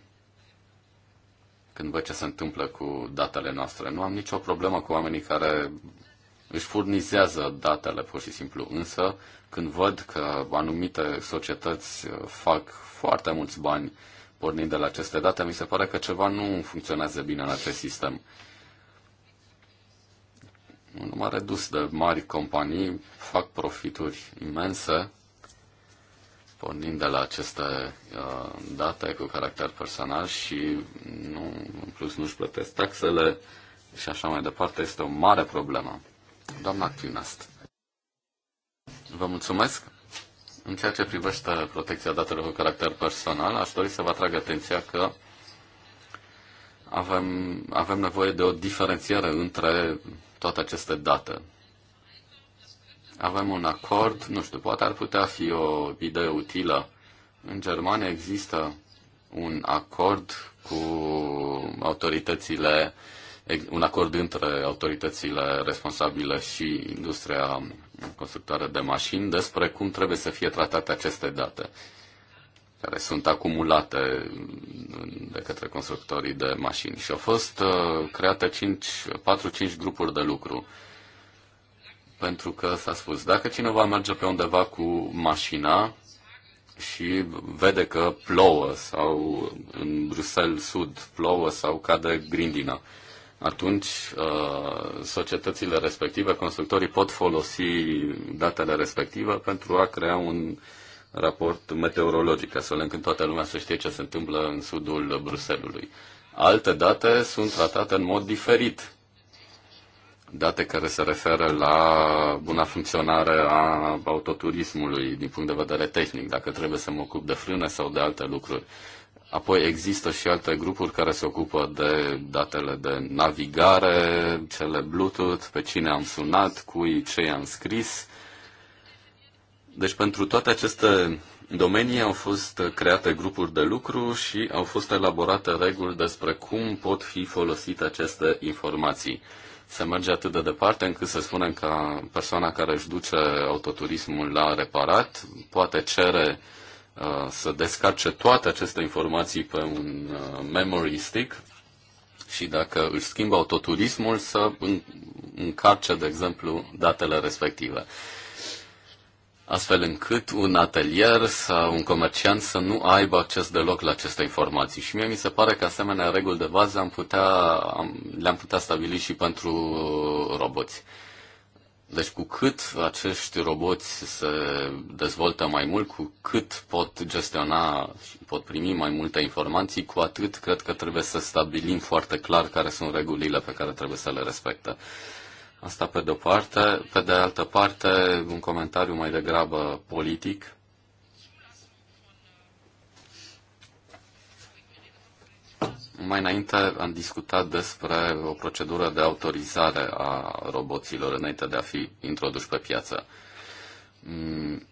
[SPEAKER 1] când văd ce se întâmplă cu datele noastre. Nu am nicio problemă cu oamenii care își furnizează datele pur și simplu, însă când văd că anumite societăți uh, fac foarte mulți bani pornind de la aceste date, mi se pare că ceva nu funcționează bine în acest sistem. Un număr redus de mari companii fac profituri imense pornind de la aceste uh, date cu caracter personal și nu, în plus nu-și plătesc taxele și așa mai departe, este o mare problemă. Doamna Clinast, vă mulțumesc. În ceea ce privește protecția datelor cu caracter personal, aș dori să vă atrag atenția că avem, avem nevoie de o diferențiere între toate aceste date avem un acord, nu știu, poate ar putea fi o idee utilă. În Germania există un acord cu autoritățile, un acord între autoritățile responsabile și industria constructoare de mașini despre cum trebuie să fie tratate aceste date care sunt acumulate de către constructorii de mașini. Și au fost uh, create 4-5 grupuri de lucru pentru că s-a spus, dacă cineva merge pe undeva cu mașina și vede că plouă sau în Bruxelles Sud plouă sau cade grindina, atunci uh, societățile respective, constructorii pot folosi datele respective pentru a crea un raport meteorologic, astfel încât toată lumea să știe ce se întâmplă în sudul Bruselului. Alte date sunt tratate în mod diferit date care se referă la buna funcționare a autoturismului din punct de vedere tehnic, dacă trebuie să mă ocup de frâne sau de alte lucruri. Apoi există și alte grupuri care se ocupă de datele de navigare, cele Bluetooth, pe cine am sunat, cui ce i-am scris. Deci pentru toate aceste domenii au fost create grupuri de lucru și au fost elaborate reguli despre cum pot fi folosite aceste informații se merge atât de departe încât să spunem că persoana care își duce autoturismul la reparat poate cere uh, să descarce toate aceste informații pe un uh, memory stick și dacă își schimbă autoturismul să încarce, de exemplu, datele respective astfel încât un atelier sau un comerciant să nu aibă acces deloc la aceste informații. Și mie mi se pare că asemenea reguli de bază am putea, am, le-am putea stabili și pentru roboți. Deci cu cât acești roboți se dezvoltă mai mult, cu cât pot gestiona și pot primi mai multe informații, cu atât cred că trebuie să stabilim foarte clar care sunt regulile pe care trebuie să le respectă. Asta pe de-o parte. Pe de altă parte, un comentariu mai degrabă politic. Mai înainte am discutat despre o procedură de autorizare a roboților înainte de a fi introduși pe piață. Mm,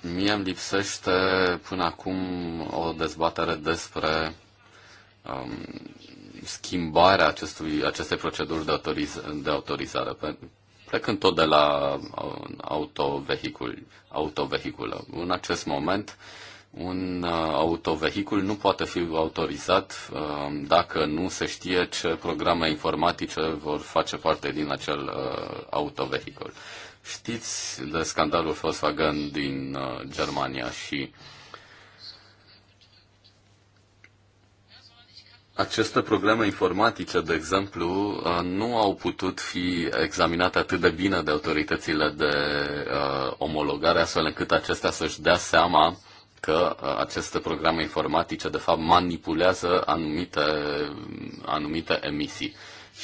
[SPEAKER 1] mie îmi lipsește până acum o dezbatere despre um, schimbarea acestui, acestei proceduri de, autoriz, de autorizare, plecând tot de la autovehicul, autovehiculă. În acest moment, un uh, autovehicul nu poate fi autorizat uh, dacă nu se știe ce programe informatice vor face parte din acel uh, autovehicul. Știți de scandalul Volkswagen din Germania și uh, aceste programe informatice, de exemplu, uh, nu au putut fi examinate atât de bine de autoritățile de uh, omologare, astfel încât acestea să-și dea seama că uh, aceste programe informatice, de fapt, manipulează anumite, anumite emisii.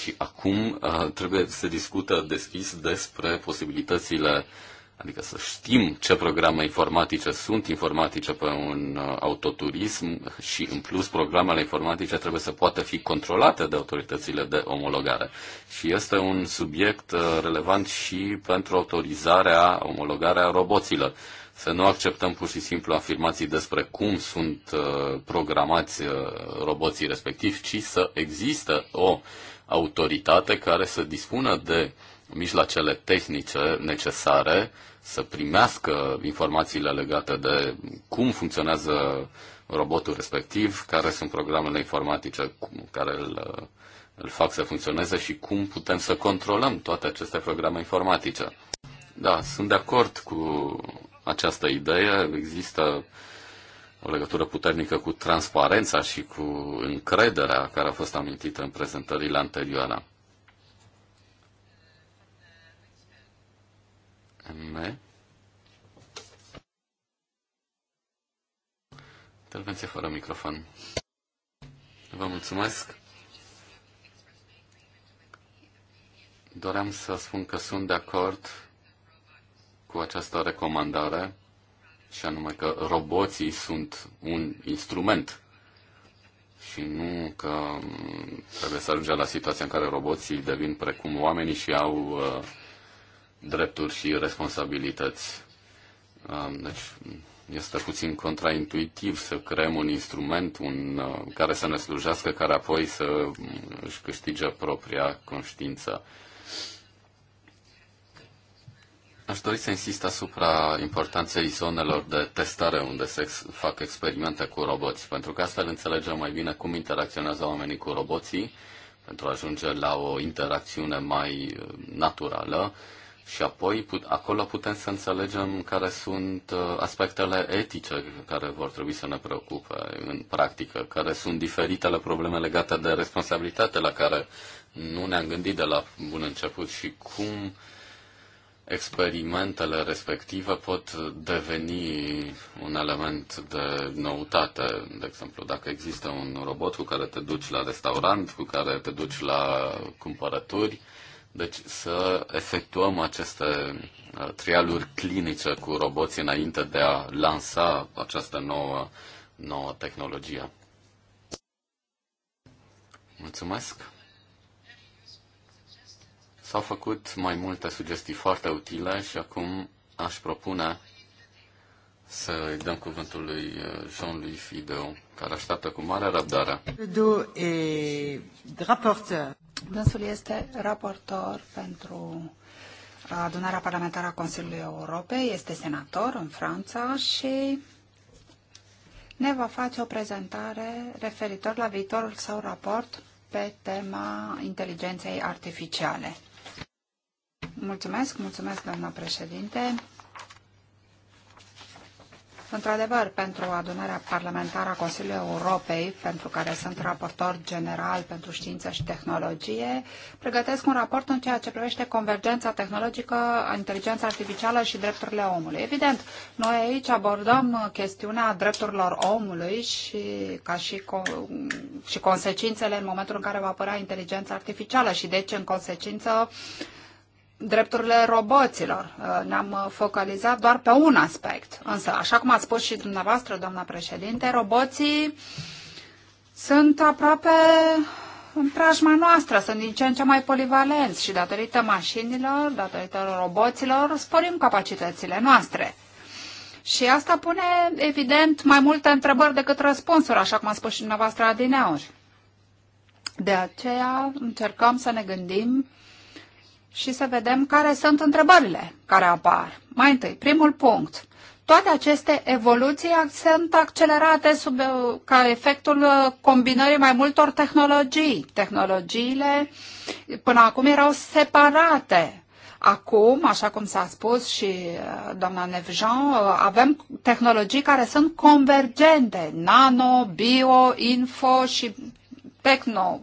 [SPEAKER 1] Și acum uh, trebuie să discută deschis despre posibilitățile uh, adică să știm ce programe informatice sunt informatice pe un uh, autoturism și, în plus, programele informatice trebuie să poată fi controlate de autoritățile de omologare. Și este un subiect uh, relevant și pentru autorizarea, omologarea roboților. Să nu acceptăm pur și simplu afirmații despre cum sunt uh, programați roboții respectiv, ci să există o autoritate care să dispună de uh, mijloacele tehnice necesare să primească informațiile legate de cum funcționează robotul respectiv, care sunt programele informatice care îl, îl fac să funcționeze și cum putem să controlăm toate aceste programe informatice. Da, sunt de acord cu această idee. Există o legătură puternică cu transparența și cu încrederea care a fost amintită în prezentările anterioare. M. Intervenție fără microfon. Vă mulțumesc. Doream să spun că sunt de acord cu această recomandare și anume că roboții sunt un instrument și nu că trebuie să ajungem la situația în care roboții devin precum oamenii și au uh, drepturi și responsabilități. Deci este puțin contraintuitiv să creăm un instrument un, uh, care să ne slujească, care apoi să mm, își câștige propria conștiință. Aș dori să insist asupra importanței zonelor de testare unde se ex- fac experimente cu roboți, pentru că astfel înțelegem mai bine cum interacționează oamenii cu roboții, pentru a ajunge la o interacțiune mai uh, naturală și apoi put, acolo putem să înțelegem care sunt uh, aspectele etice care vor trebui să ne preocupe în practică, care sunt diferitele probleme legate de responsabilitate la care nu ne-am gândit de la bun început și cum experimentele respective pot deveni un element de noutate. De exemplu, dacă există un robot cu care te duci la restaurant, cu care te duci la cumpărături, deci să efectuăm aceste uh, trialuri clinice cu roboții înainte de a lansa această nouă, nouă tehnologie. Mulțumesc! S-au făcut mai multe sugestii foarte utile și acum aș propune să îi dăm cuvântul lui uh, Jean-Louis Fideu, care așteaptă cu mare răbdare.
[SPEAKER 3] Fideu e raportor. Dânsul este raportor pentru adunarea parlamentară a Consiliului Europei, este senator în Franța și ne va face o prezentare referitor la viitorul său raport pe tema inteligenței artificiale. Mulțumesc, mulțumesc, doamna președinte. Într-adevăr, pentru adunarea parlamentară a Consiliului Europei, pentru care sunt raportor general pentru știință și tehnologie, pregătesc un raport în ceea ce privește convergența tehnologică, inteligența artificială și drepturile omului. Evident, noi aici abordăm chestiunea drepturilor omului și ca și, co- și consecințele în momentul în care va apărea inteligența artificială și deci în consecință uh, drepturile roboților. Uh, ne-am uh, focalizat doar pe un aspect. Însă, așa cum a spus și dumneavoastră, doamna președinte, roboții sunt aproape în preajma noastră, sunt din ce în ce mai polivalenți și datorită mașinilor, datorită roboților, sporim capacitățile noastre. Și asta pune, evident, mai multe întrebări decât răspunsuri, așa cum a spus și dumneavoastră adineori. De aceea încercăm să ne gândim și să vedem care sunt întrebările care apar. Mai întâi, primul punct. Toate aceste evoluții sunt accelerate sub, uh, ca efectul uh, combinării mai multor tehnologii. Tehnologiile până acum erau separate. Acum, așa cum s-a spus și uh, doamna Nevjean, avem tehnologii care sunt convergente, nano, bio, info și techno,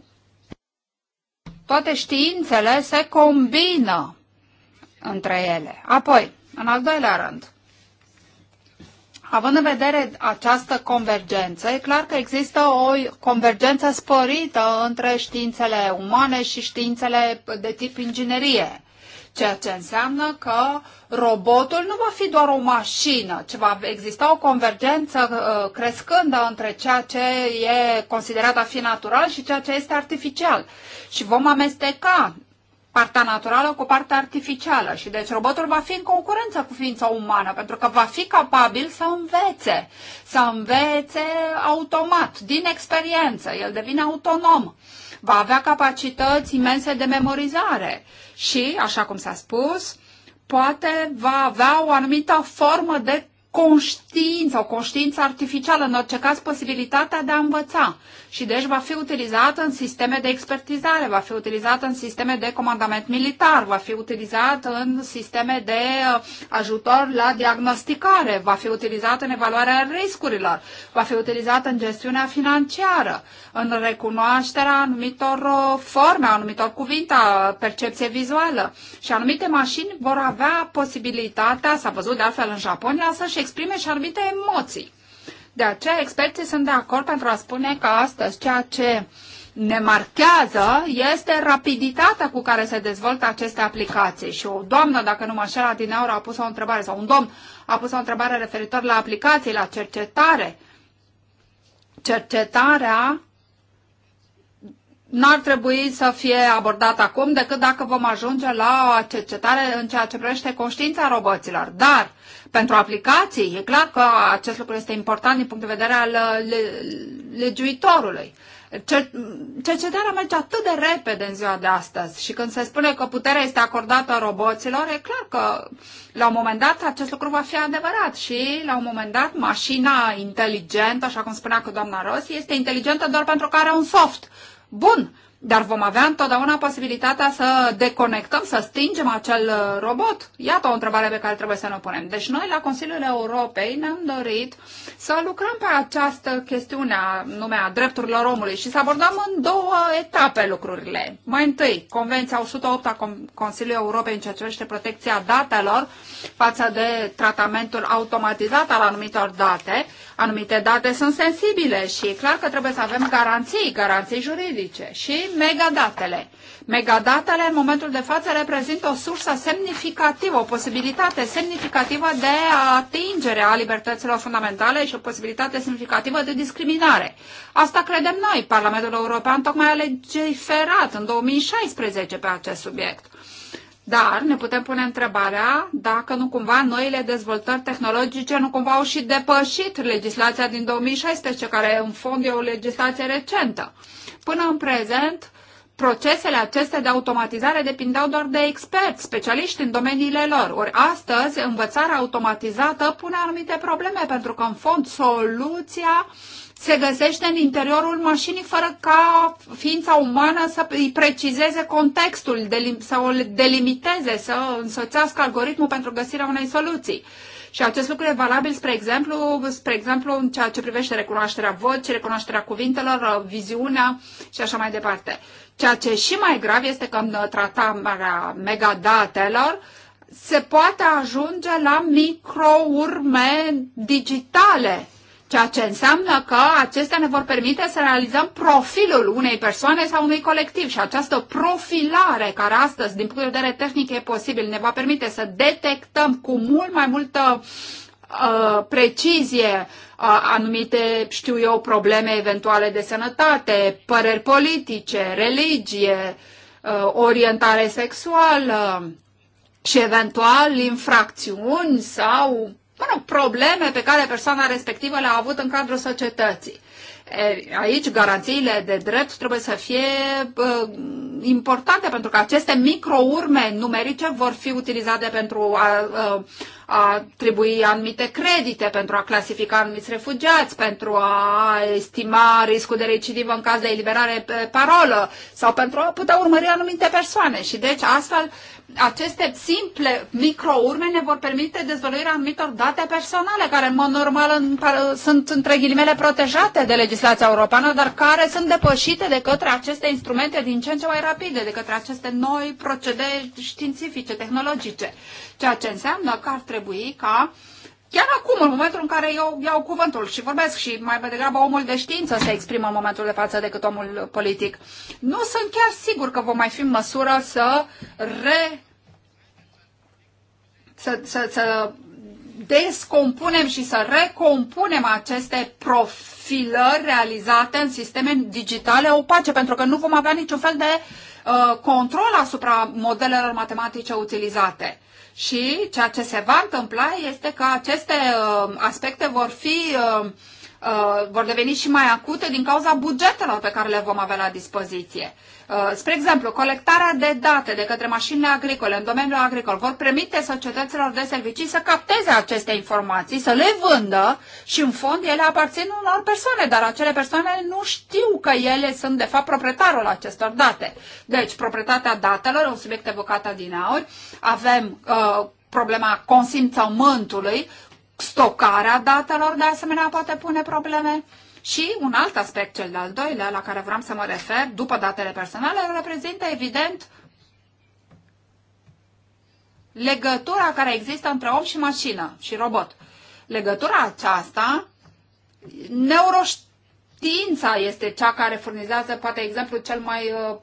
[SPEAKER 3] toate științele se combină între ele. Apoi, în al doilea rând, Având în vedere această convergență, e clar că există o convergență sporită între științele umane și științele de tip inginerie. Ceea ce înseamnă că robotul nu va fi doar o mașină, ci va exista o convergență uh, crescândă între ceea ce e considerat a fi natural și ceea ce este artificial. Și vom amesteca partea naturală cu partea artificială și deci robotul va fi în concurență cu ființa umană pentru că va fi capabil să învețe, să învețe automat, din experiență, el devine autonom va avea capacități imense de memorizare și, așa cum s-a spus, poate va avea o anumită formă de conștiință, o conștiință artificială, în orice caz posibilitatea de a învăța și deci va fi utilizată în sisteme de expertizare, va fi utilizată în sisteme de comandament militar, va fi utilizată în sisteme de uh, ajutor la diagnosticare, va fi utilizată în evaluarea riscurilor, va fi utilizată în gestiunea financiară, în recunoașterea anumitor uh, forme, anumitor cuvinte, percepție vizuală și anumite mașini vor avea posibilitatea, s-a văzut de altfel în Japonia, să-și exprime și anumite emoții. De aceea, experții sunt de acord pentru a spune că astăzi ceea ce ne marchează este rapiditatea cu care se dezvoltă aceste aplicații. Și o doamnă, dacă nu mă din adineaură a pus o întrebare, sau un domn a pus o întrebare referitor la aplicații, la cercetare. Cercetarea n-ar trebui să fie abordat acum decât dacă vom ajunge la o cercetare în ceea ce privește conștiința roboților. Dar pentru aplicații, e clar că acest lucru este important din punct de vedere al legiuitorului. Cercetarea merge atât de repede în ziua de astăzi și când se spune că puterea este acordată roboților, e clar că la un moment dat acest lucru va fi adevărat și la un moment dat mașina inteligentă, așa cum spunea că doamna Rossi, este inteligentă doar pentru că are un soft Bun, dar vom avea întotdeauna posibilitatea să deconectăm, să stingem acel uh, robot? Iată o întrebare pe care trebuie să ne punem. Deci noi la Consiliul Europei ne-am dorit să lucrăm pe această chestiune a numea drepturilor omului și să abordăm în două etape lucrurile. Mai întâi, Convenția 108 a Consiliului Europei în ceea ce privește protecția datelor față de tratamentul automatizat al anumitor date. Anumite date sunt sensibile și e clar că trebuie să avem garanții, garanții juridice și megadatele. Megadatele în momentul de față reprezintă o sursă semnificativă, o posibilitate semnificativă de atingere a libertăților fundamentale și o posibilitate semnificativă de discriminare. Asta credem noi. Parlamentul European tocmai a legiferat în 2016 pe acest subiect. Dar ne putem pune întrebarea dacă nu cumva noile dezvoltări tehnologice nu cumva au și depășit legislația din 2016, care în fond e o legislație recentă. Până în prezent, procesele acestea de automatizare depindeau doar de experți, specialiști în domeniile lor. Ori astăzi, învățarea automatizată pune anumite probleme, pentru că în fond soluția uh, se găsește în interiorul mașinii fără ca ființa umană să îi precizeze contextul, să o delimiteze, să însoțească algoritmul pentru găsirea unei soluții. Și acest lucru e valabil, spre exemplu, spre exemplu, în ceea ce privește recunoașterea vocii, recunoașterea cuvintelor, uh, viziunea și așa mai departe. Ceea ce e și mai grav este că în uh, tratarea megadatelor se poate ajunge la microurme digitale Ceea ce înseamnă că acestea ne vor permite să realizăm profilul unei persoane sau unui colectiv și această profilare care astăzi, din punct de vedere tehnic, e posibil, ne va permite să detectăm cu mult mai multă uh, precizie uh, anumite, știu eu, probleme eventuale de sănătate, păreri politice, religie, uh, orientare sexuală și eventual infracțiuni sau mă rog, probleme pe care persoana respectivă le-a avut în cadrul societății. Aici garanțiile de drept trebuie să fie uh, importante pentru că aceste microurme numerice vor fi utilizate pentru a, uh, trebui anumite credite, pentru a clasifica anumiți refugiați, pentru a estima riscul de recidivă în caz de eliberare pe parolă sau pentru a putea urmări anumite persoane. Și deci astfel aceste simple microurme ne vor permite dezvăluirea anumitor date personale care în mod normal în, sunt între ghilimele protejate de legislația europeană, dar care sunt depășite de către aceste instrumente din ce în ce mai rapide, de către aceste noi procedee științifice, tehnologice. Ceea ce înseamnă că ar trebui trebui ca Chiar acum, în momentul în care eu iau cuvântul și vorbesc și mai degrabă omul de știință se exprimă în momentul de față decât omul politic, nu sunt chiar sigur că vom mai fi în măsură să re... să, să, să descompunem și să recompunem aceste profilări realizate în sisteme digitale opace, pentru că nu vom avea niciun fel de Uh, control asupra modelelor matematice utilizate. Și ceea ce se va întâmpla este că aceste uh, aspecte vor fi uh, Uh, vor deveni și mai acute din cauza bugetelor pe care le vom avea la dispoziție. Uh, spre exemplu, colectarea de date de către mașinile agricole în domeniul agricol vor permite societăților de servicii să capteze aceste informații, să le vândă și în fond ele aparțin unor persoane, dar acele persoane nu știu că ele sunt de fapt proprietarul acestor date. Deci, proprietatea datelor, un subiect evocat din aur, avem uh, problema consimțământului, stocarea datelor, de asemenea, poate pune probleme. Și un alt aspect, cel de-al doilea, la care vreau să mă refer, după datele personale, reprezintă, evident, legătura care există între om și mașină și robot. Legătura aceasta, neuroștiința este cea care furnizează, poate, exemplu cel mai uh,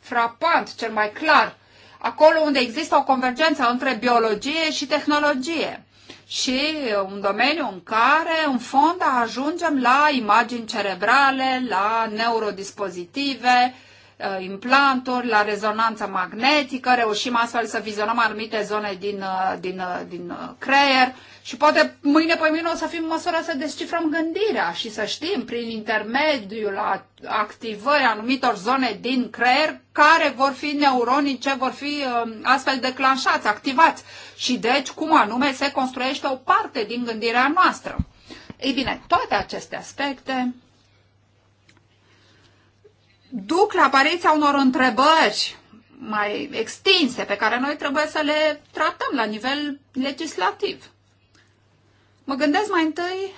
[SPEAKER 3] frapant, cel mai clar, acolo unde există o convergență între biologie și tehnologie și un domeniu în care, în fond, ajungem la imagini cerebrale, la neurodispozitive, uh, implanturi, la rezonanță magnetică, reușim astfel să vizionăm anumite zone din, uh, din, uh, din creier și poate mâine, pe mine o să fim în măsură să descifrăm gândirea și să știm prin intermediul activării anumitor zone din creier care vor fi neuronii, ce vor fi um, astfel declanșați, activați. Și deci cum anume se construiește o parte din gândirea noastră. Ei bine, toate aceste aspecte duc la apariția unor întrebări mai extinse pe care noi trebuie să le tratăm la nivel legislativ. Mă gândesc mai întâi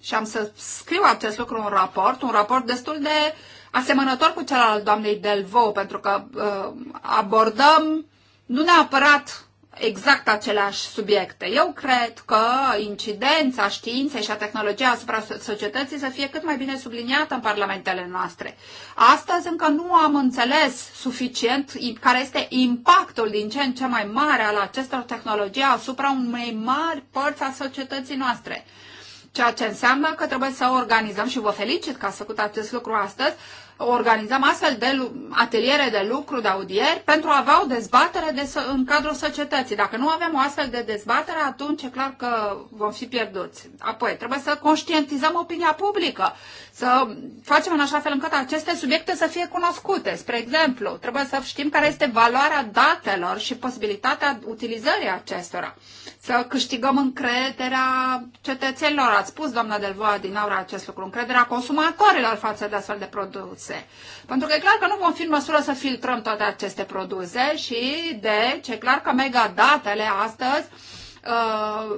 [SPEAKER 3] și am să scriu acest lucru un raport, un raport destul de asemănător cu cel al doamnei Delvaux, pentru că uh, abordăm nu neapărat exact aceleași subiecte. Eu cred că incidența științei și a tehnologiei asupra societății să fie cât mai bine subliniată în parlamentele noastre. Astăzi încă nu am înțeles suficient care este impactul din ce în ce mai mare al acestor tehnologii asupra unei mari părți a societății noastre. Ceea ce înseamnă că trebuie să organizăm și vă felicit că ați făcut acest lucru astăzi, organizăm astfel de ateliere de lucru, de audieri, pentru a avea o dezbatere de, în cadrul societății. Dacă nu avem o astfel de dezbatere, atunci e clar că vom fi pierduți. Apoi, trebuie să conștientizăm opinia publică, să facem în așa fel încât aceste subiecte să fie cunoscute. Spre exemplu, trebuie să știm care este valoarea datelor și posibilitatea utilizării acestora să câștigăm încrederea cetățenilor. Ați spus, doamna Delvoa, din aura acest lucru, încrederea consumatorilor față de astfel de produse. Pentru că e clar că nu vom fi în măsură să filtrăm toate aceste produse și, deci, e clar că megadatele astăzi uh,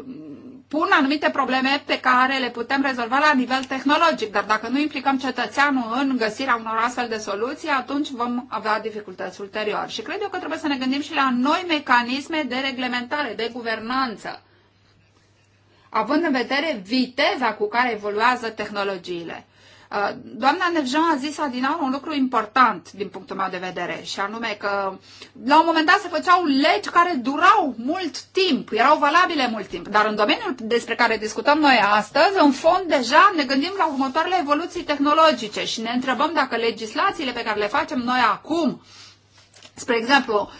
[SPEAKER 3] pun anumite probleme pe care le putem rezolva la nivel tehnologic, dar dacă nu implicăm cetățeanul în găsirea unor astfel de soluții, atunci vom avea dificultăți ulterior. Și cred eu că trebuie să ne gândim și la noi mecanisme de reglementare, de guvernanță, având în vedere viteza cu care evoluează tehnologiile. Uh, doamna Nevjean a zis adinaur un lucru important din punctul meu de vedere și anume că la un moment dat se făceau legi care durau mult timp, erau valabile mult timp, dar în domeniul despre care discutăm noi astăzi, în fond deja ne gândim la următoarele evoluții tehnologice și ne întrebăm dacă legislațiile pe care le facem noi acum, spre exemplu,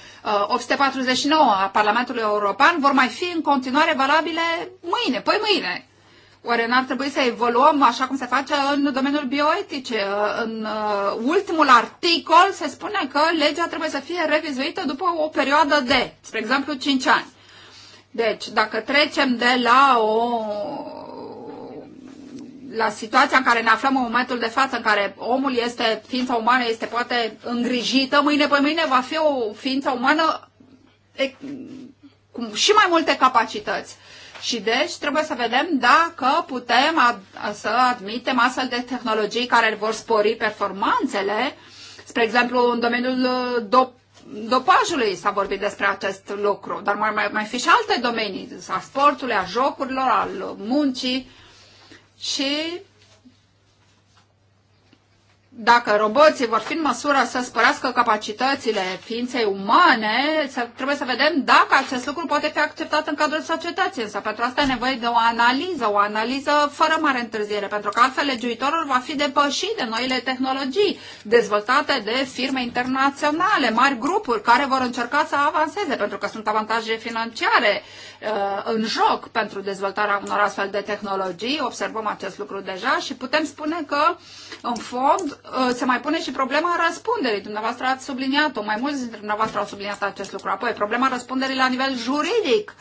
[SPEAKER 3] 849 uh, a Parlamentului European vor mai fi în continuare valabile mâine, păi mâine. Oare n-ar trebui să evoluăm așa cum se face în domeniul bioetice? În uh, ultimul articol se spune că legea trebuie să fie revizuită după o perioadă de, spre exemplu, 5 ani. Deci, dacă trecem de la o la situația în care ne aflăm în momentul de față, în care omul este, ființa umană este poate îngrijită, mâine pe mâine va fi o ființă umană cu și mai multe capacități. Și deci trebuie să vedem dacă putem ad- să admitem astfel de tehnologii care vor spori performanțele. Spre exemplu, în domeniul uh, dop- dopajului s-a vorbit despre acest lucru, dar mai, mai, mai fi și alte domenii, a sportului, a jocurilor, al muncii și dacă roboții vor fi în măsură să spărească capacitățile ființei umane, trebuie să vedem dacă acest lucru poate fi acceptat în cadrul societății. Însă pentru asta e nevoie de o analiză, o analiză fără mare întârziere, pentru că altfel legiuitorul va fi depășit de noile tehnologii dezvoltate de firme internaționale, mari grupuri care vor încerca să avanseze, pentru că sunt avantaje financiare uh, în joc pentru dezvoltarea unor astfel de tehnologii. Observăm acest lucru deja și putem spune că, în fond, Uh, se mai pune și problema răspunderii. Dumneavoastră ați subliniat-o, mai mulți dintre dumneavoastră au subliniat acest lucru. Apoi, problema răspunderii la nivel juridic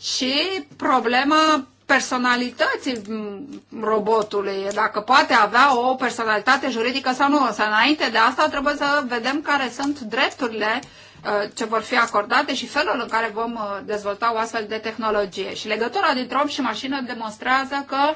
[SPEAKER 3] și problema personalității robotului, dacă poate avea o personalitate juridică sau nu. Însă înainte de asta trebuie să vedem care sunt drepturile uh, ce vor fi acordate și felul în care vom uh, dezvolta o astfel de tehnologie. Și legătura dintre om și mașină demonstrează că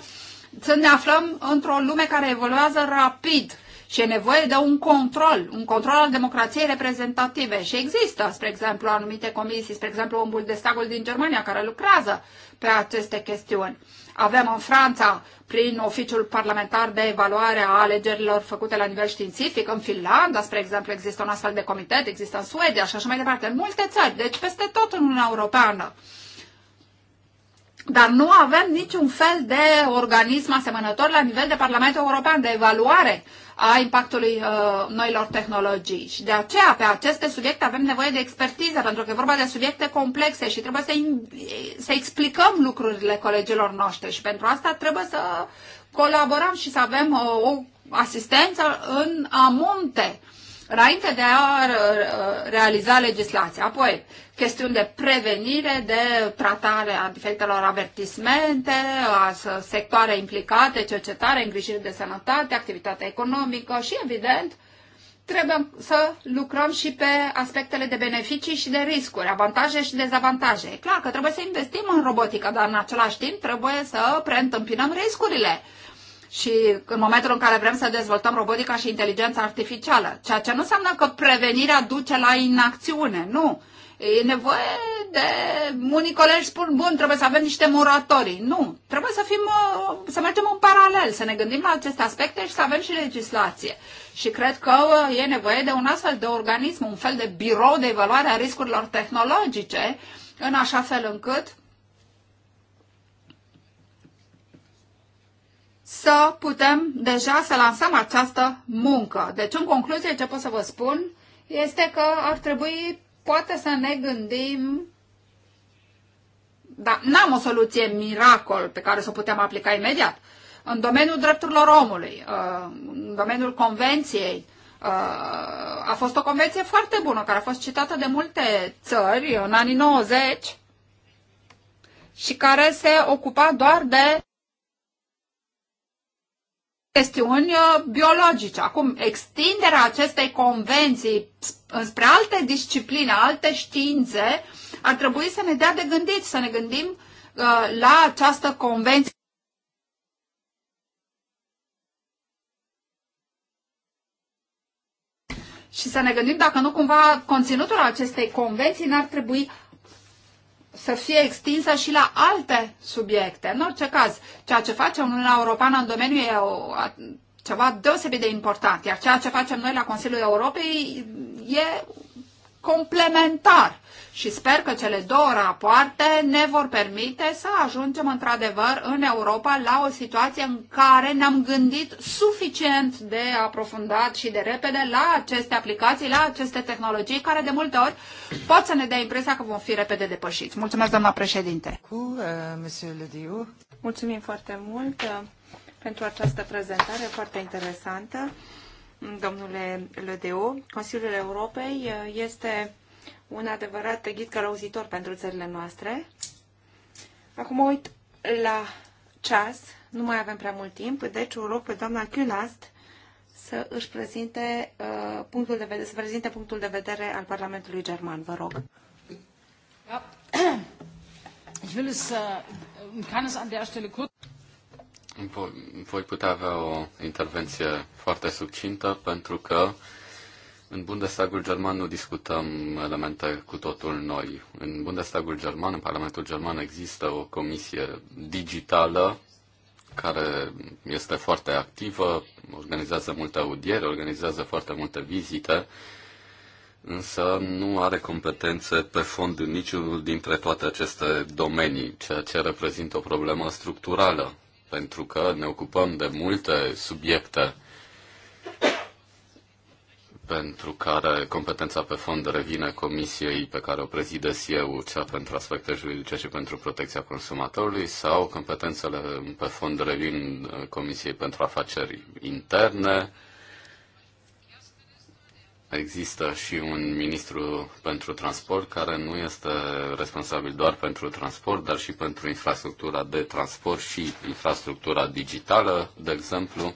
[SPEAKER 3] ne aflăm într-o lume care evoluează rapid și e nevoie de un control, un control al democrației reprezentative. Și există, spre exemplu, anumite comisii, spre exemplu, un Bundestagul din Germania care lucrează pe aceste chestiuni. Avem în Franța, prin oficiul parlamentar de evaluare a alegerilor făcute la nivel științific, în Finlanda, spre exemplu, există un astfel de comitet, există în Suedia și așa mai departe, în multe țări, deci peste tot în Uniunea Europeană. Dar nu avem niciun fel de organism asemănător la nivel de Parlamentul European de evaluare a impactului uh, noilor tehnologii. Și de aceea, pe aceste subiecte avem nevoie de expertiză, pentru că e vorba de subiecte complexe și trebuie să, să explicăm lucrurile colegilor noștri. Și pentru asta trebuie să colaborăm și să avem uh, o asistență în amonte. Uh, înainte de a uh, realiza legislația. Apoi, chestiuni de prevenire, de tratare a diferitelor avertismente, a sectoare implicate, cercetare, îngrijire de sănătate, activitatea economică și, evident, trebuie să lucrăm și pe aspectele de beneficii și de riscuri, avantaje și dezavantaje. E clar că trebuie să investim în robotică, dar în același timp trebuie să preîntâmpinăm riscurile și în momentul în care vrem să dezvoltăm robotica și inteligența artificială. Ceea ce nu înseamnă că prevenirea duce la inacțiune, nu. E nevoie de... Unii colegi spun, bun, trebuie să avem niște moratorii. Nu, trebuie să, fim, uh, să mergem în paralel, să ne gândim la aceste aspecte și să avem și legislație. Și cred că uh, e nevoie de un astfel de organism, un fel de birou de evaluare a riscurilor tehnologice, în așa fel încât să putem deja să lansăm această muncă. Deci, în concluzie, ce pot să vă spun este că ar trebui poate să ne gândim dar n-am o soluție miracol pe care să o putem aplica imediat. În domeniul drepturilor omului, uh, în domeniul convenției, uh, a fost o convenție foarte bună care a fost citată de multe țări în anii 90 și care se ocupa doar de chestiuni uh, biologice. Acum, extinderea acestei convenții spre alte discipline, alte științe, ar trebui să ne dea de gândit, să ne gândim uh, la această convenție. Și să ne gândim dacă nu cumva conținutul acestei convenții n-ar trebui să fie extinsă și la alte subiecte. În orice caz, ceea ce face Uniunea Europeană în domeniu e o, a, ceva deosebit de important, iar ceea ce facem noi la Consiliul Europei e complementar. Și sper că cele două rapoarte ne vor permite să ajungem într-adevăr în Europa la o situație în care ne-am gândit suficient de aprofundat și de repede la aceste aplicații, la aceste tehnologii care de multe ori pot să ne dea impresia că vom fi repede depășiți. Mulțumesc, doamna președinte. Cu,
[SPEAKER 2] uh, Mulțumim foarte mult uh, pentru această prezentare foarte interesantă. Domnule Lădeu, Consiliul Europei uh, este un adevărat ghid călăuzitor pentru țările noastre. Acum mă uit la ceas, nu mai avem prea mult timp, deci o rog pe doamna Cunast să își prezinte, uh, punctul de vedere, să prezinte punctul de vedere al Parlamentului German. Vă rog. Ich will es, äh,
[SPEAKER 3] kann es an der Stelle kurz...
[SPEAKER 1] Voi putea avea o intervenție foarte succintă pentru că în Bundestagul german nu discutăm elemente cu totul noi. În Bundestagul german, în Parlamentul german, există o comisie digitală care este foarte activă, organizează multe audiere, organizează foarte multe vizite, însă nu are competențe pe fond în niciunul dintre toate aceste domenii, ceea ce reprezintă o problemă structurală, pentru că ne ocupăm de multe subiecte pentru care competența pe fond revine comisiei pe care o prezidez eu, cea pentru aspecte juridice și pentru protecția consumatorului, sau competențele pe fond revin uh, comisiei pentru afaceri interne. Există și un ministru pentru transport care nu este responsabil doar pentru transport, dar și pentru infrastructura de transport și infrastructura digitală, de exemplu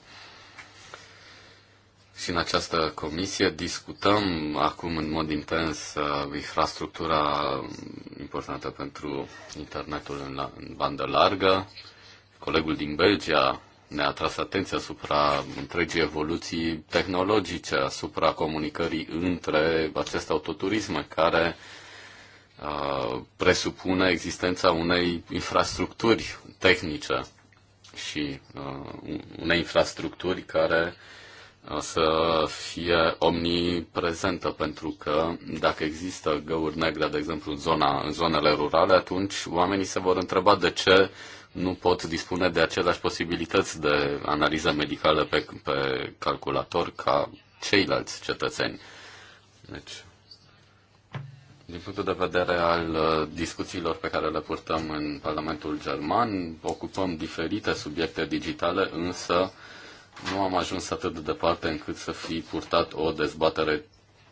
[SPEAKER 1] și în această comisie discutăm acum în mod intens uh, infrastructura importantă pentru internetul în, la, în bandă largă. Colegul din Belgia ne-a tras atenția asupra întregii evoluții tehnologice, asupra comunicării între aceste autoturisme care uh, presupune existența unei infrastructuri tehnice și uh, unei infrastructuri care uh, să fie omniprezentă, pentru că dacă există găuri negre, de exemplu, în, zona, în zonele rurale, atunci oamenii se vor întreba de ce nu pot dispune de aceleași posibilități de analiză medicală pe, pe calculator ca ceilalți cetățeni. Deci, din punctul de vedere al uh, discuțiilor pe care le purtăm în Parlamentul German, ocupăm diferite subiecte digitale, însă nu am ajuns atât de departe încât să fi purtat o dezbatere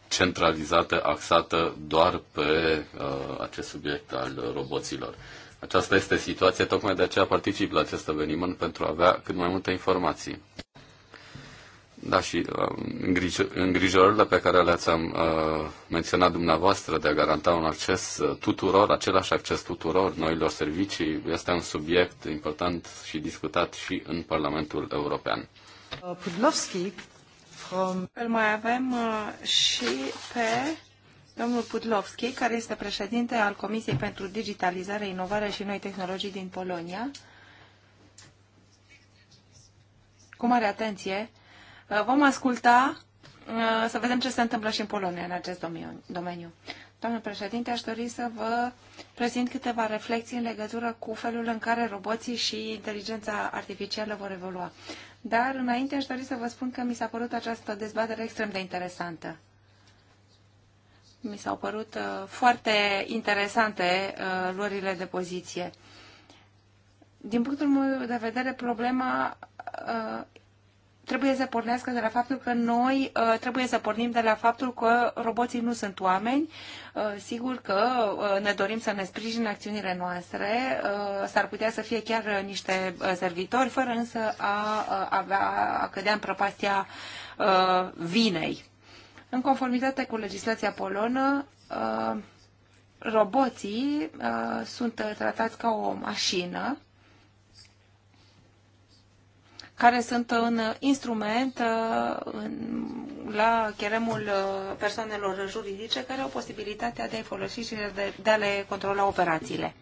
[SPEAKER 1] centralizată, axată doar pe uh, acest subiect al roboților. Aceasta este situația, tocmai de aceea particip la acest eveniment pentru a avea cât mai multe informații. Da, și uh, îngrijorările pe care le-ați uh, menționat dumneavoastră de a garanta un acces uh, tuturor, același acces tuturor noilor servicii, este un subiect important și discutat și în Parlamentul European.
[SPEAKER 2] Uh, Pudlovski from... Îl mai avem uh, și pe domnul Pudlovski, care este președinte al Comisiei pentru Digitalizare, Inovare și Noi Tehnologii din Polonia. Cu mare atenție, uh, vom asculta să vedem ce se întâmplă și în Polonia în acest domeniu. Doamnă președinte, aș dori să vă prezint câteva reflexii în legătură cu felul în care roboții și inteligența artificială vor evolua dar înainte aș dori să vă spun că mi s-a părut această dezbatere extrem de interesantă. Mi s-au părut uh, foarte interesante uh, luările de poziție. Din punctul meu de vedere, problema uh, trebuie să pornească de la faptul că noi uh, trebuie să pornim de la faptul că roboții nu sunt oameni. Uh, sigur că uh, ne dorim să ne sprijin acțiunile noastre, uh, s-ar putea să fie chiar uh, niște uh, servitori, fără însă a, uh, avea, a cădea în prăpastia uh, vinei. În conformitate cu legislația polonă, uh, roboții uh, sunt tratați ca o mașină, care sunt un instrument uh, în, la cheremul uh, persoanelor juridice care au posibilitatea de a-i folosi și de, de a le controla operațiile.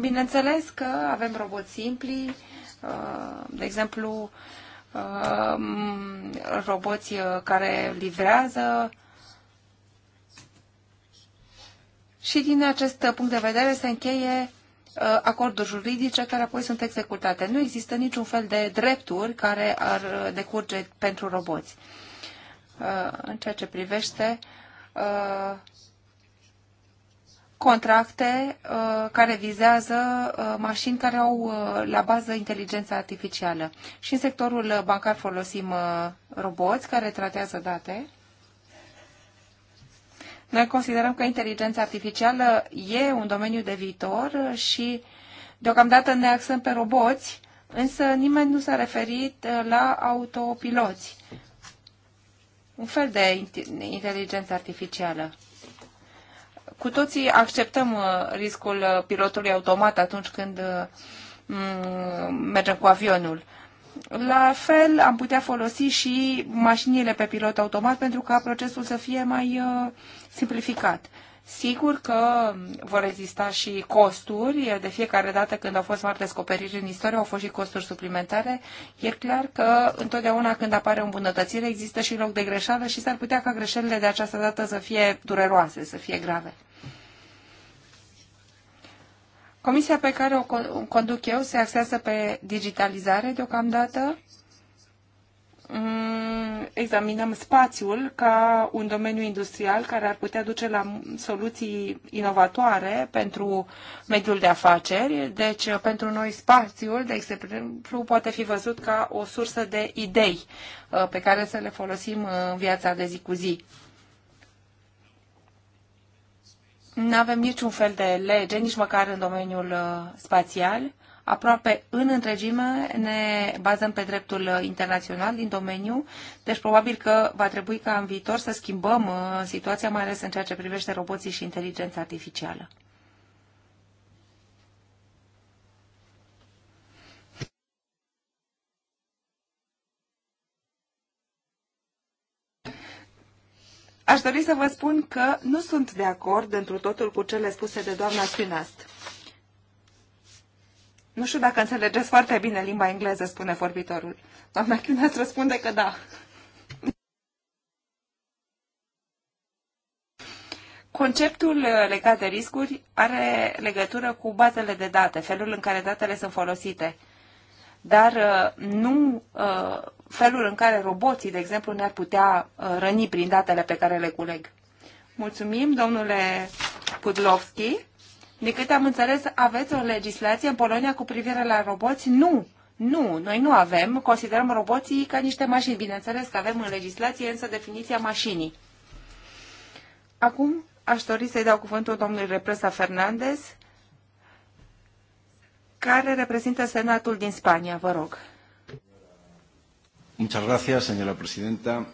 [SPEAKER 2] Bineînțeles că avem roboți simpli, uh, de exemplu, roboți care livrează și din acest punct de vedere se încheie Uh, acorduri juridice care apoi sunt executate. Nu există niciun fel de drepturi care ar uh, decurge pentru roboți. Uh, în ceea ce privește contracte care vizează mașini care au la bază inteligența artificială. Și în sectorul bancar folosim roboți care tratează date noi considerăm că inteligența artificială e un domeniu de viitor și deocamdată ne axăm pe roboți, însă nimeni nu s-a referit uh, la autopiloți. Un fel de inteligență artificială. Cu toții acceptăm uh, riscul uh, pilotului automat atunci când mergem cu avionul. La fel, am putea folosi și mașinile pe pilot automat pentru ca procesul să fie mai simplificat. Sigur că vor exista și costuri. De fiecare dată când au fost mari descoperiri în istorie, au fost și costuri suplimentare. E clar că întotdeauna când apare o îmbunătățire, există și loc de greșeală și s-ar putea ca greșelile de această dată să fie dureroase, să fie grave. Comisia pe care o conduc eu se axează pe digitalizare deocamdată Mm, examinăm spațiul ca un domeniu industrial care ar putea duce la soluții inovatoare pentru mediul de afaceri. Deci, pentru noi, spațiul, de exemplu, poate fi văzut ca o sursă de idei uh, pe care să le folosim uh, în viața de zi cu zi. Nu avem niciun fel de lege, nici măcar în domeniul uh, spațial aproape în întregime ne bazăm pe dreptul internațional din domeniu, deci probabil că va trebui ca în viitor să schimbăm uh, situația, mai ales în ceea ce privește roboții și inteligența artificială. Aș dori să vă spun că nu sunt de acord întru totul cu cele spuse de doamna Sfinast. Nu știu dacă înțelegeți foarte bine limba engleză, spune vorbitorul. Doamna Chiunaț răspunde că da. Conceptul uh, legat de riscuri are legătură cu bazele de date, felul în care datele sunt folosite, dar uh, nu uh, felul în care roboții, de exemplu, ne-ar putea răni prin datele pe care le culeg. Mulțumim, domnule Pudlovski. De câte am înțeles, aveți o legislație în Polonia cu privire la roboți? Nu! Nu, noi nu avem, considerăm roboții ca niște mașini. Bineînțeles că avem în legislație însă definiția mașinii. Acum aș dori să-i dau cuvântul domnului Represa Fernandez, care reprezintă Senatul din Spania. Vă rog. Muchas gracias, señora presidenta.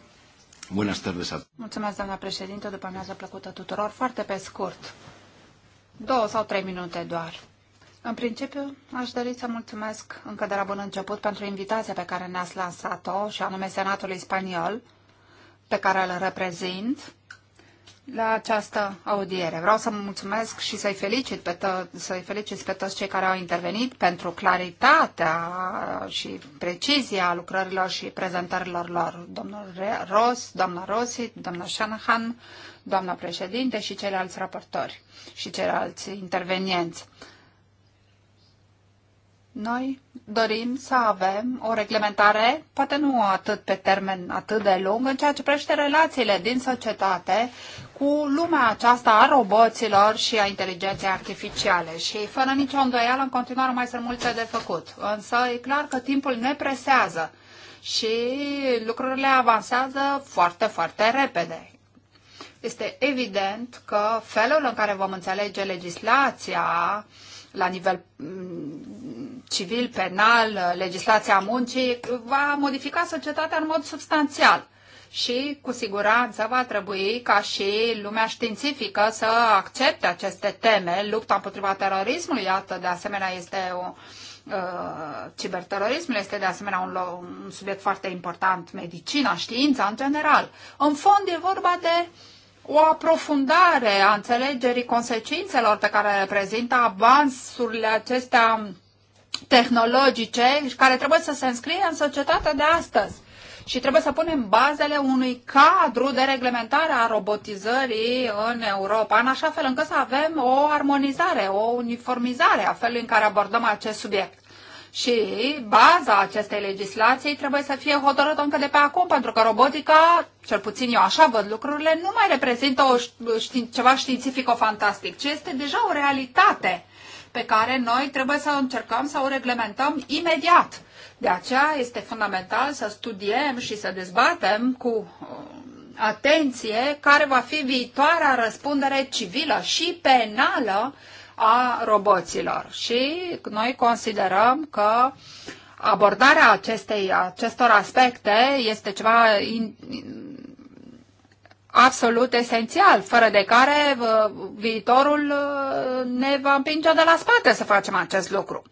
[SPEAKER 2] Buenas tardes a... Mulțumesc, doamna președintă, după amiază plăcută tuturor. Foarte pe
[SPEAKER 3] scurt. Două sau trei minute doar. În principiu, aș dori să mulțumesc încă de la bun început pentru invitația pe care ne-ați lansat-o, și anume Senatului Spaniol, pe care îl reprezint la această audiere. Vreau să mulțumesc și să-i felicit pe, to- să felicit pe toți cei care au intervenit pentru claritatea și precizia lucrărilor și prezentărilor lor. Domnul Ros, doamna Rossi, doamna Shanahan, doamna președinte și ceilalți raportori și ceilalți intervenienți. Noi dorim să avem o reglementare, poate nu atât pe termen atât de lung, în ceea ce privește relațiile din societate cu lumea aceasta a roboților și a inteligenței artificiale și fără nicio îndoială în continuare mai sunt multe de făcut. Însă e clar că timpul ne presează și lucrurile avansează foarte, foarte repede. Este evident că felul în care vom înțelege legislația la nivel mm, civil, penal, legislația muncii va modifica societatea în mod substanțial și cu siguranță va trebui ca și lumea științifică să accepte aceste teme. Lupta împotriva terorismului, iată, de asemenea, este o, uh, ciberterorismul este de asemenea un, un subiect foarte important, medicina, știința în general. În fond e vorba de o aprofundare a înțelegerii consecințelor pe care reprezintă avansurile acestea tehnologice care trebuie să se înscrie în societatea de astăzi și trebuie să punem bazele unui cadru de reglementare a robotizării în Europa, în așa fel încât să avem o armonizare, o uniformizare a felului în care abordăm acest subiect. Și baza acestei legislații trebuie să fie hotărâtă încă de pe acum, pentru că robotica, cel puțin eu așa văd lucrurile, nu mai reprezintă o ști- ceva științifico-fantastic, ci este deja o realitate pe care noi trebuie să încercăm să o reglementăm imediat. De aceea este fundamental să studiem și să dezbatem cu uh, atenție care va fi viitoarea răspundere civilă și penală a roboților. Și noi considerăm că abordarea acestei, acestor aspecte este ceva in, in, absolut esențial, fără de care uh, viitorul uh, ne va împinge de la spate să facem acest lucru.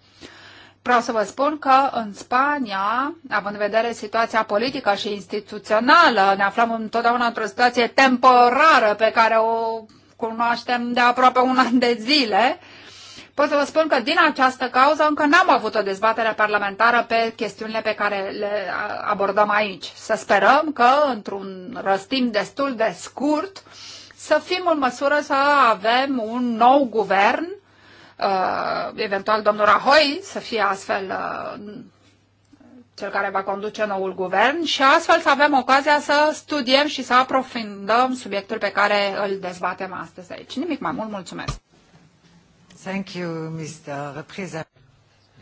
[SPEAKER 3] Vreau să vă spun că în Spania, având în vedere situația politică și instituțională, ne aflăm întotdeauna într-o situație temporară pe care o cunoaștem de aproape un an de zile. Pot să vă spun că din această cauză încă n-am avut o dezbatere parlamentară pe chestiunile pe care le abordăm aici. Să sperăm că, într-un răstim destul de scurt, să fim în măsură să avem un nou guvern Uh, eventual domnul Rahoi să fie astfel uh, cel care va conduce noul guvern și astfel să avem ocazia să studiem și să aprofundăm subiectul pe care îl dezbatem astăzi aici. Nimic mai mult, mulțumesc!
[SPEAKER 2] Thank you, Mr.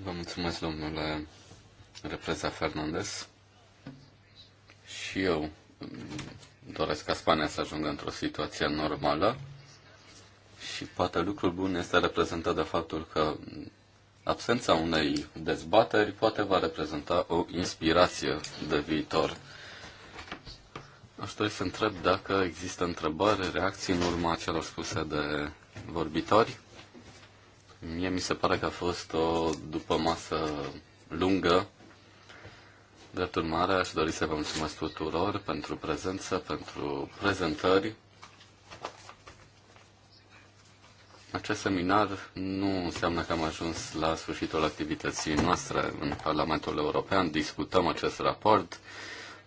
[SPEAKER 2] Vă
[SPEAKER 1] mulțumesc, domnule Repreza Fernandez. Și eu mm, doresc ca Spania să ajungă într-o situație normală. Și poate lucrul bun este reprezentat de faptul că absența unei dezbateri poate va reprezenta o inspirație de viitor. Aș dori să întreb dacă există întrebări, reacții în urma celor spuse de vorbitori. Mie mi se pare că a fost o după masă lungă. Drept urmare, aș dori să vă mulțumesc tuturor pentru prezență, pentru prezentări. Acest seminar nu înseamnă că am ajuns la sfârșitul activității noastre în Parlamentul European. Discutăm acest raport,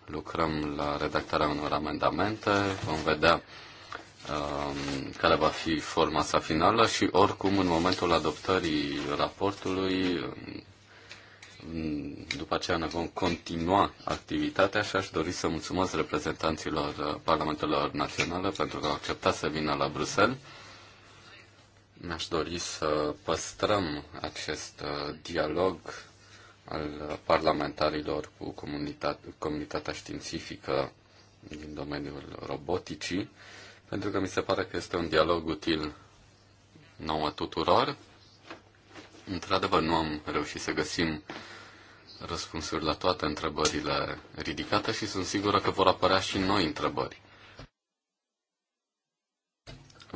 [SPEAKER 1] lucrăm la redactarea unor amendamente, vom vedea um, care va fi forma sa finală și oricum în momentul adoptării raportului um, după aceea ne vom continua activitatea și aș dori să mulțumesc reprezentanților Parlamentelor Naționale pentru că au acceptat să vină la Bruxelles mi-aș dori să păstrăm acest uh, dialog al parlamentarilor cu comunitatea, comunitatea științifică din domeniul roboticii, pentru că mi se pare că este un dialog util nouă tuturor. Într-adevăr, nu am reușit să găsim răspunsuri la toate întrebările ridicate și sunt sigură că vor apărea și noi întrebări.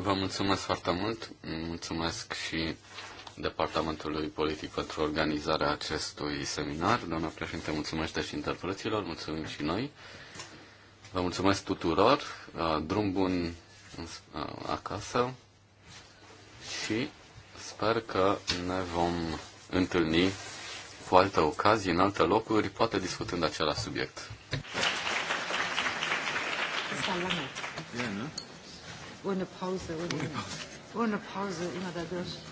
[SPEAKER 1] Vă mulțumesc foarte mult. Mulțumesc și Departamentului Politic pentru organizarea acestui seminar. Doamna președinte, mulțumesc și interpreților, mulțumim și noi. Vă mulțumesc tuturor, uh, drum bun uh, acasă și sper că ne vom întâlni cu altă ocazie în alte locuri, poate discutând același subiect.
[SPEAKER 2] Salut. Yeah, no? ohne Pause. Ohne,
[SPEAKER 3] ohne Pause, immer dadurch.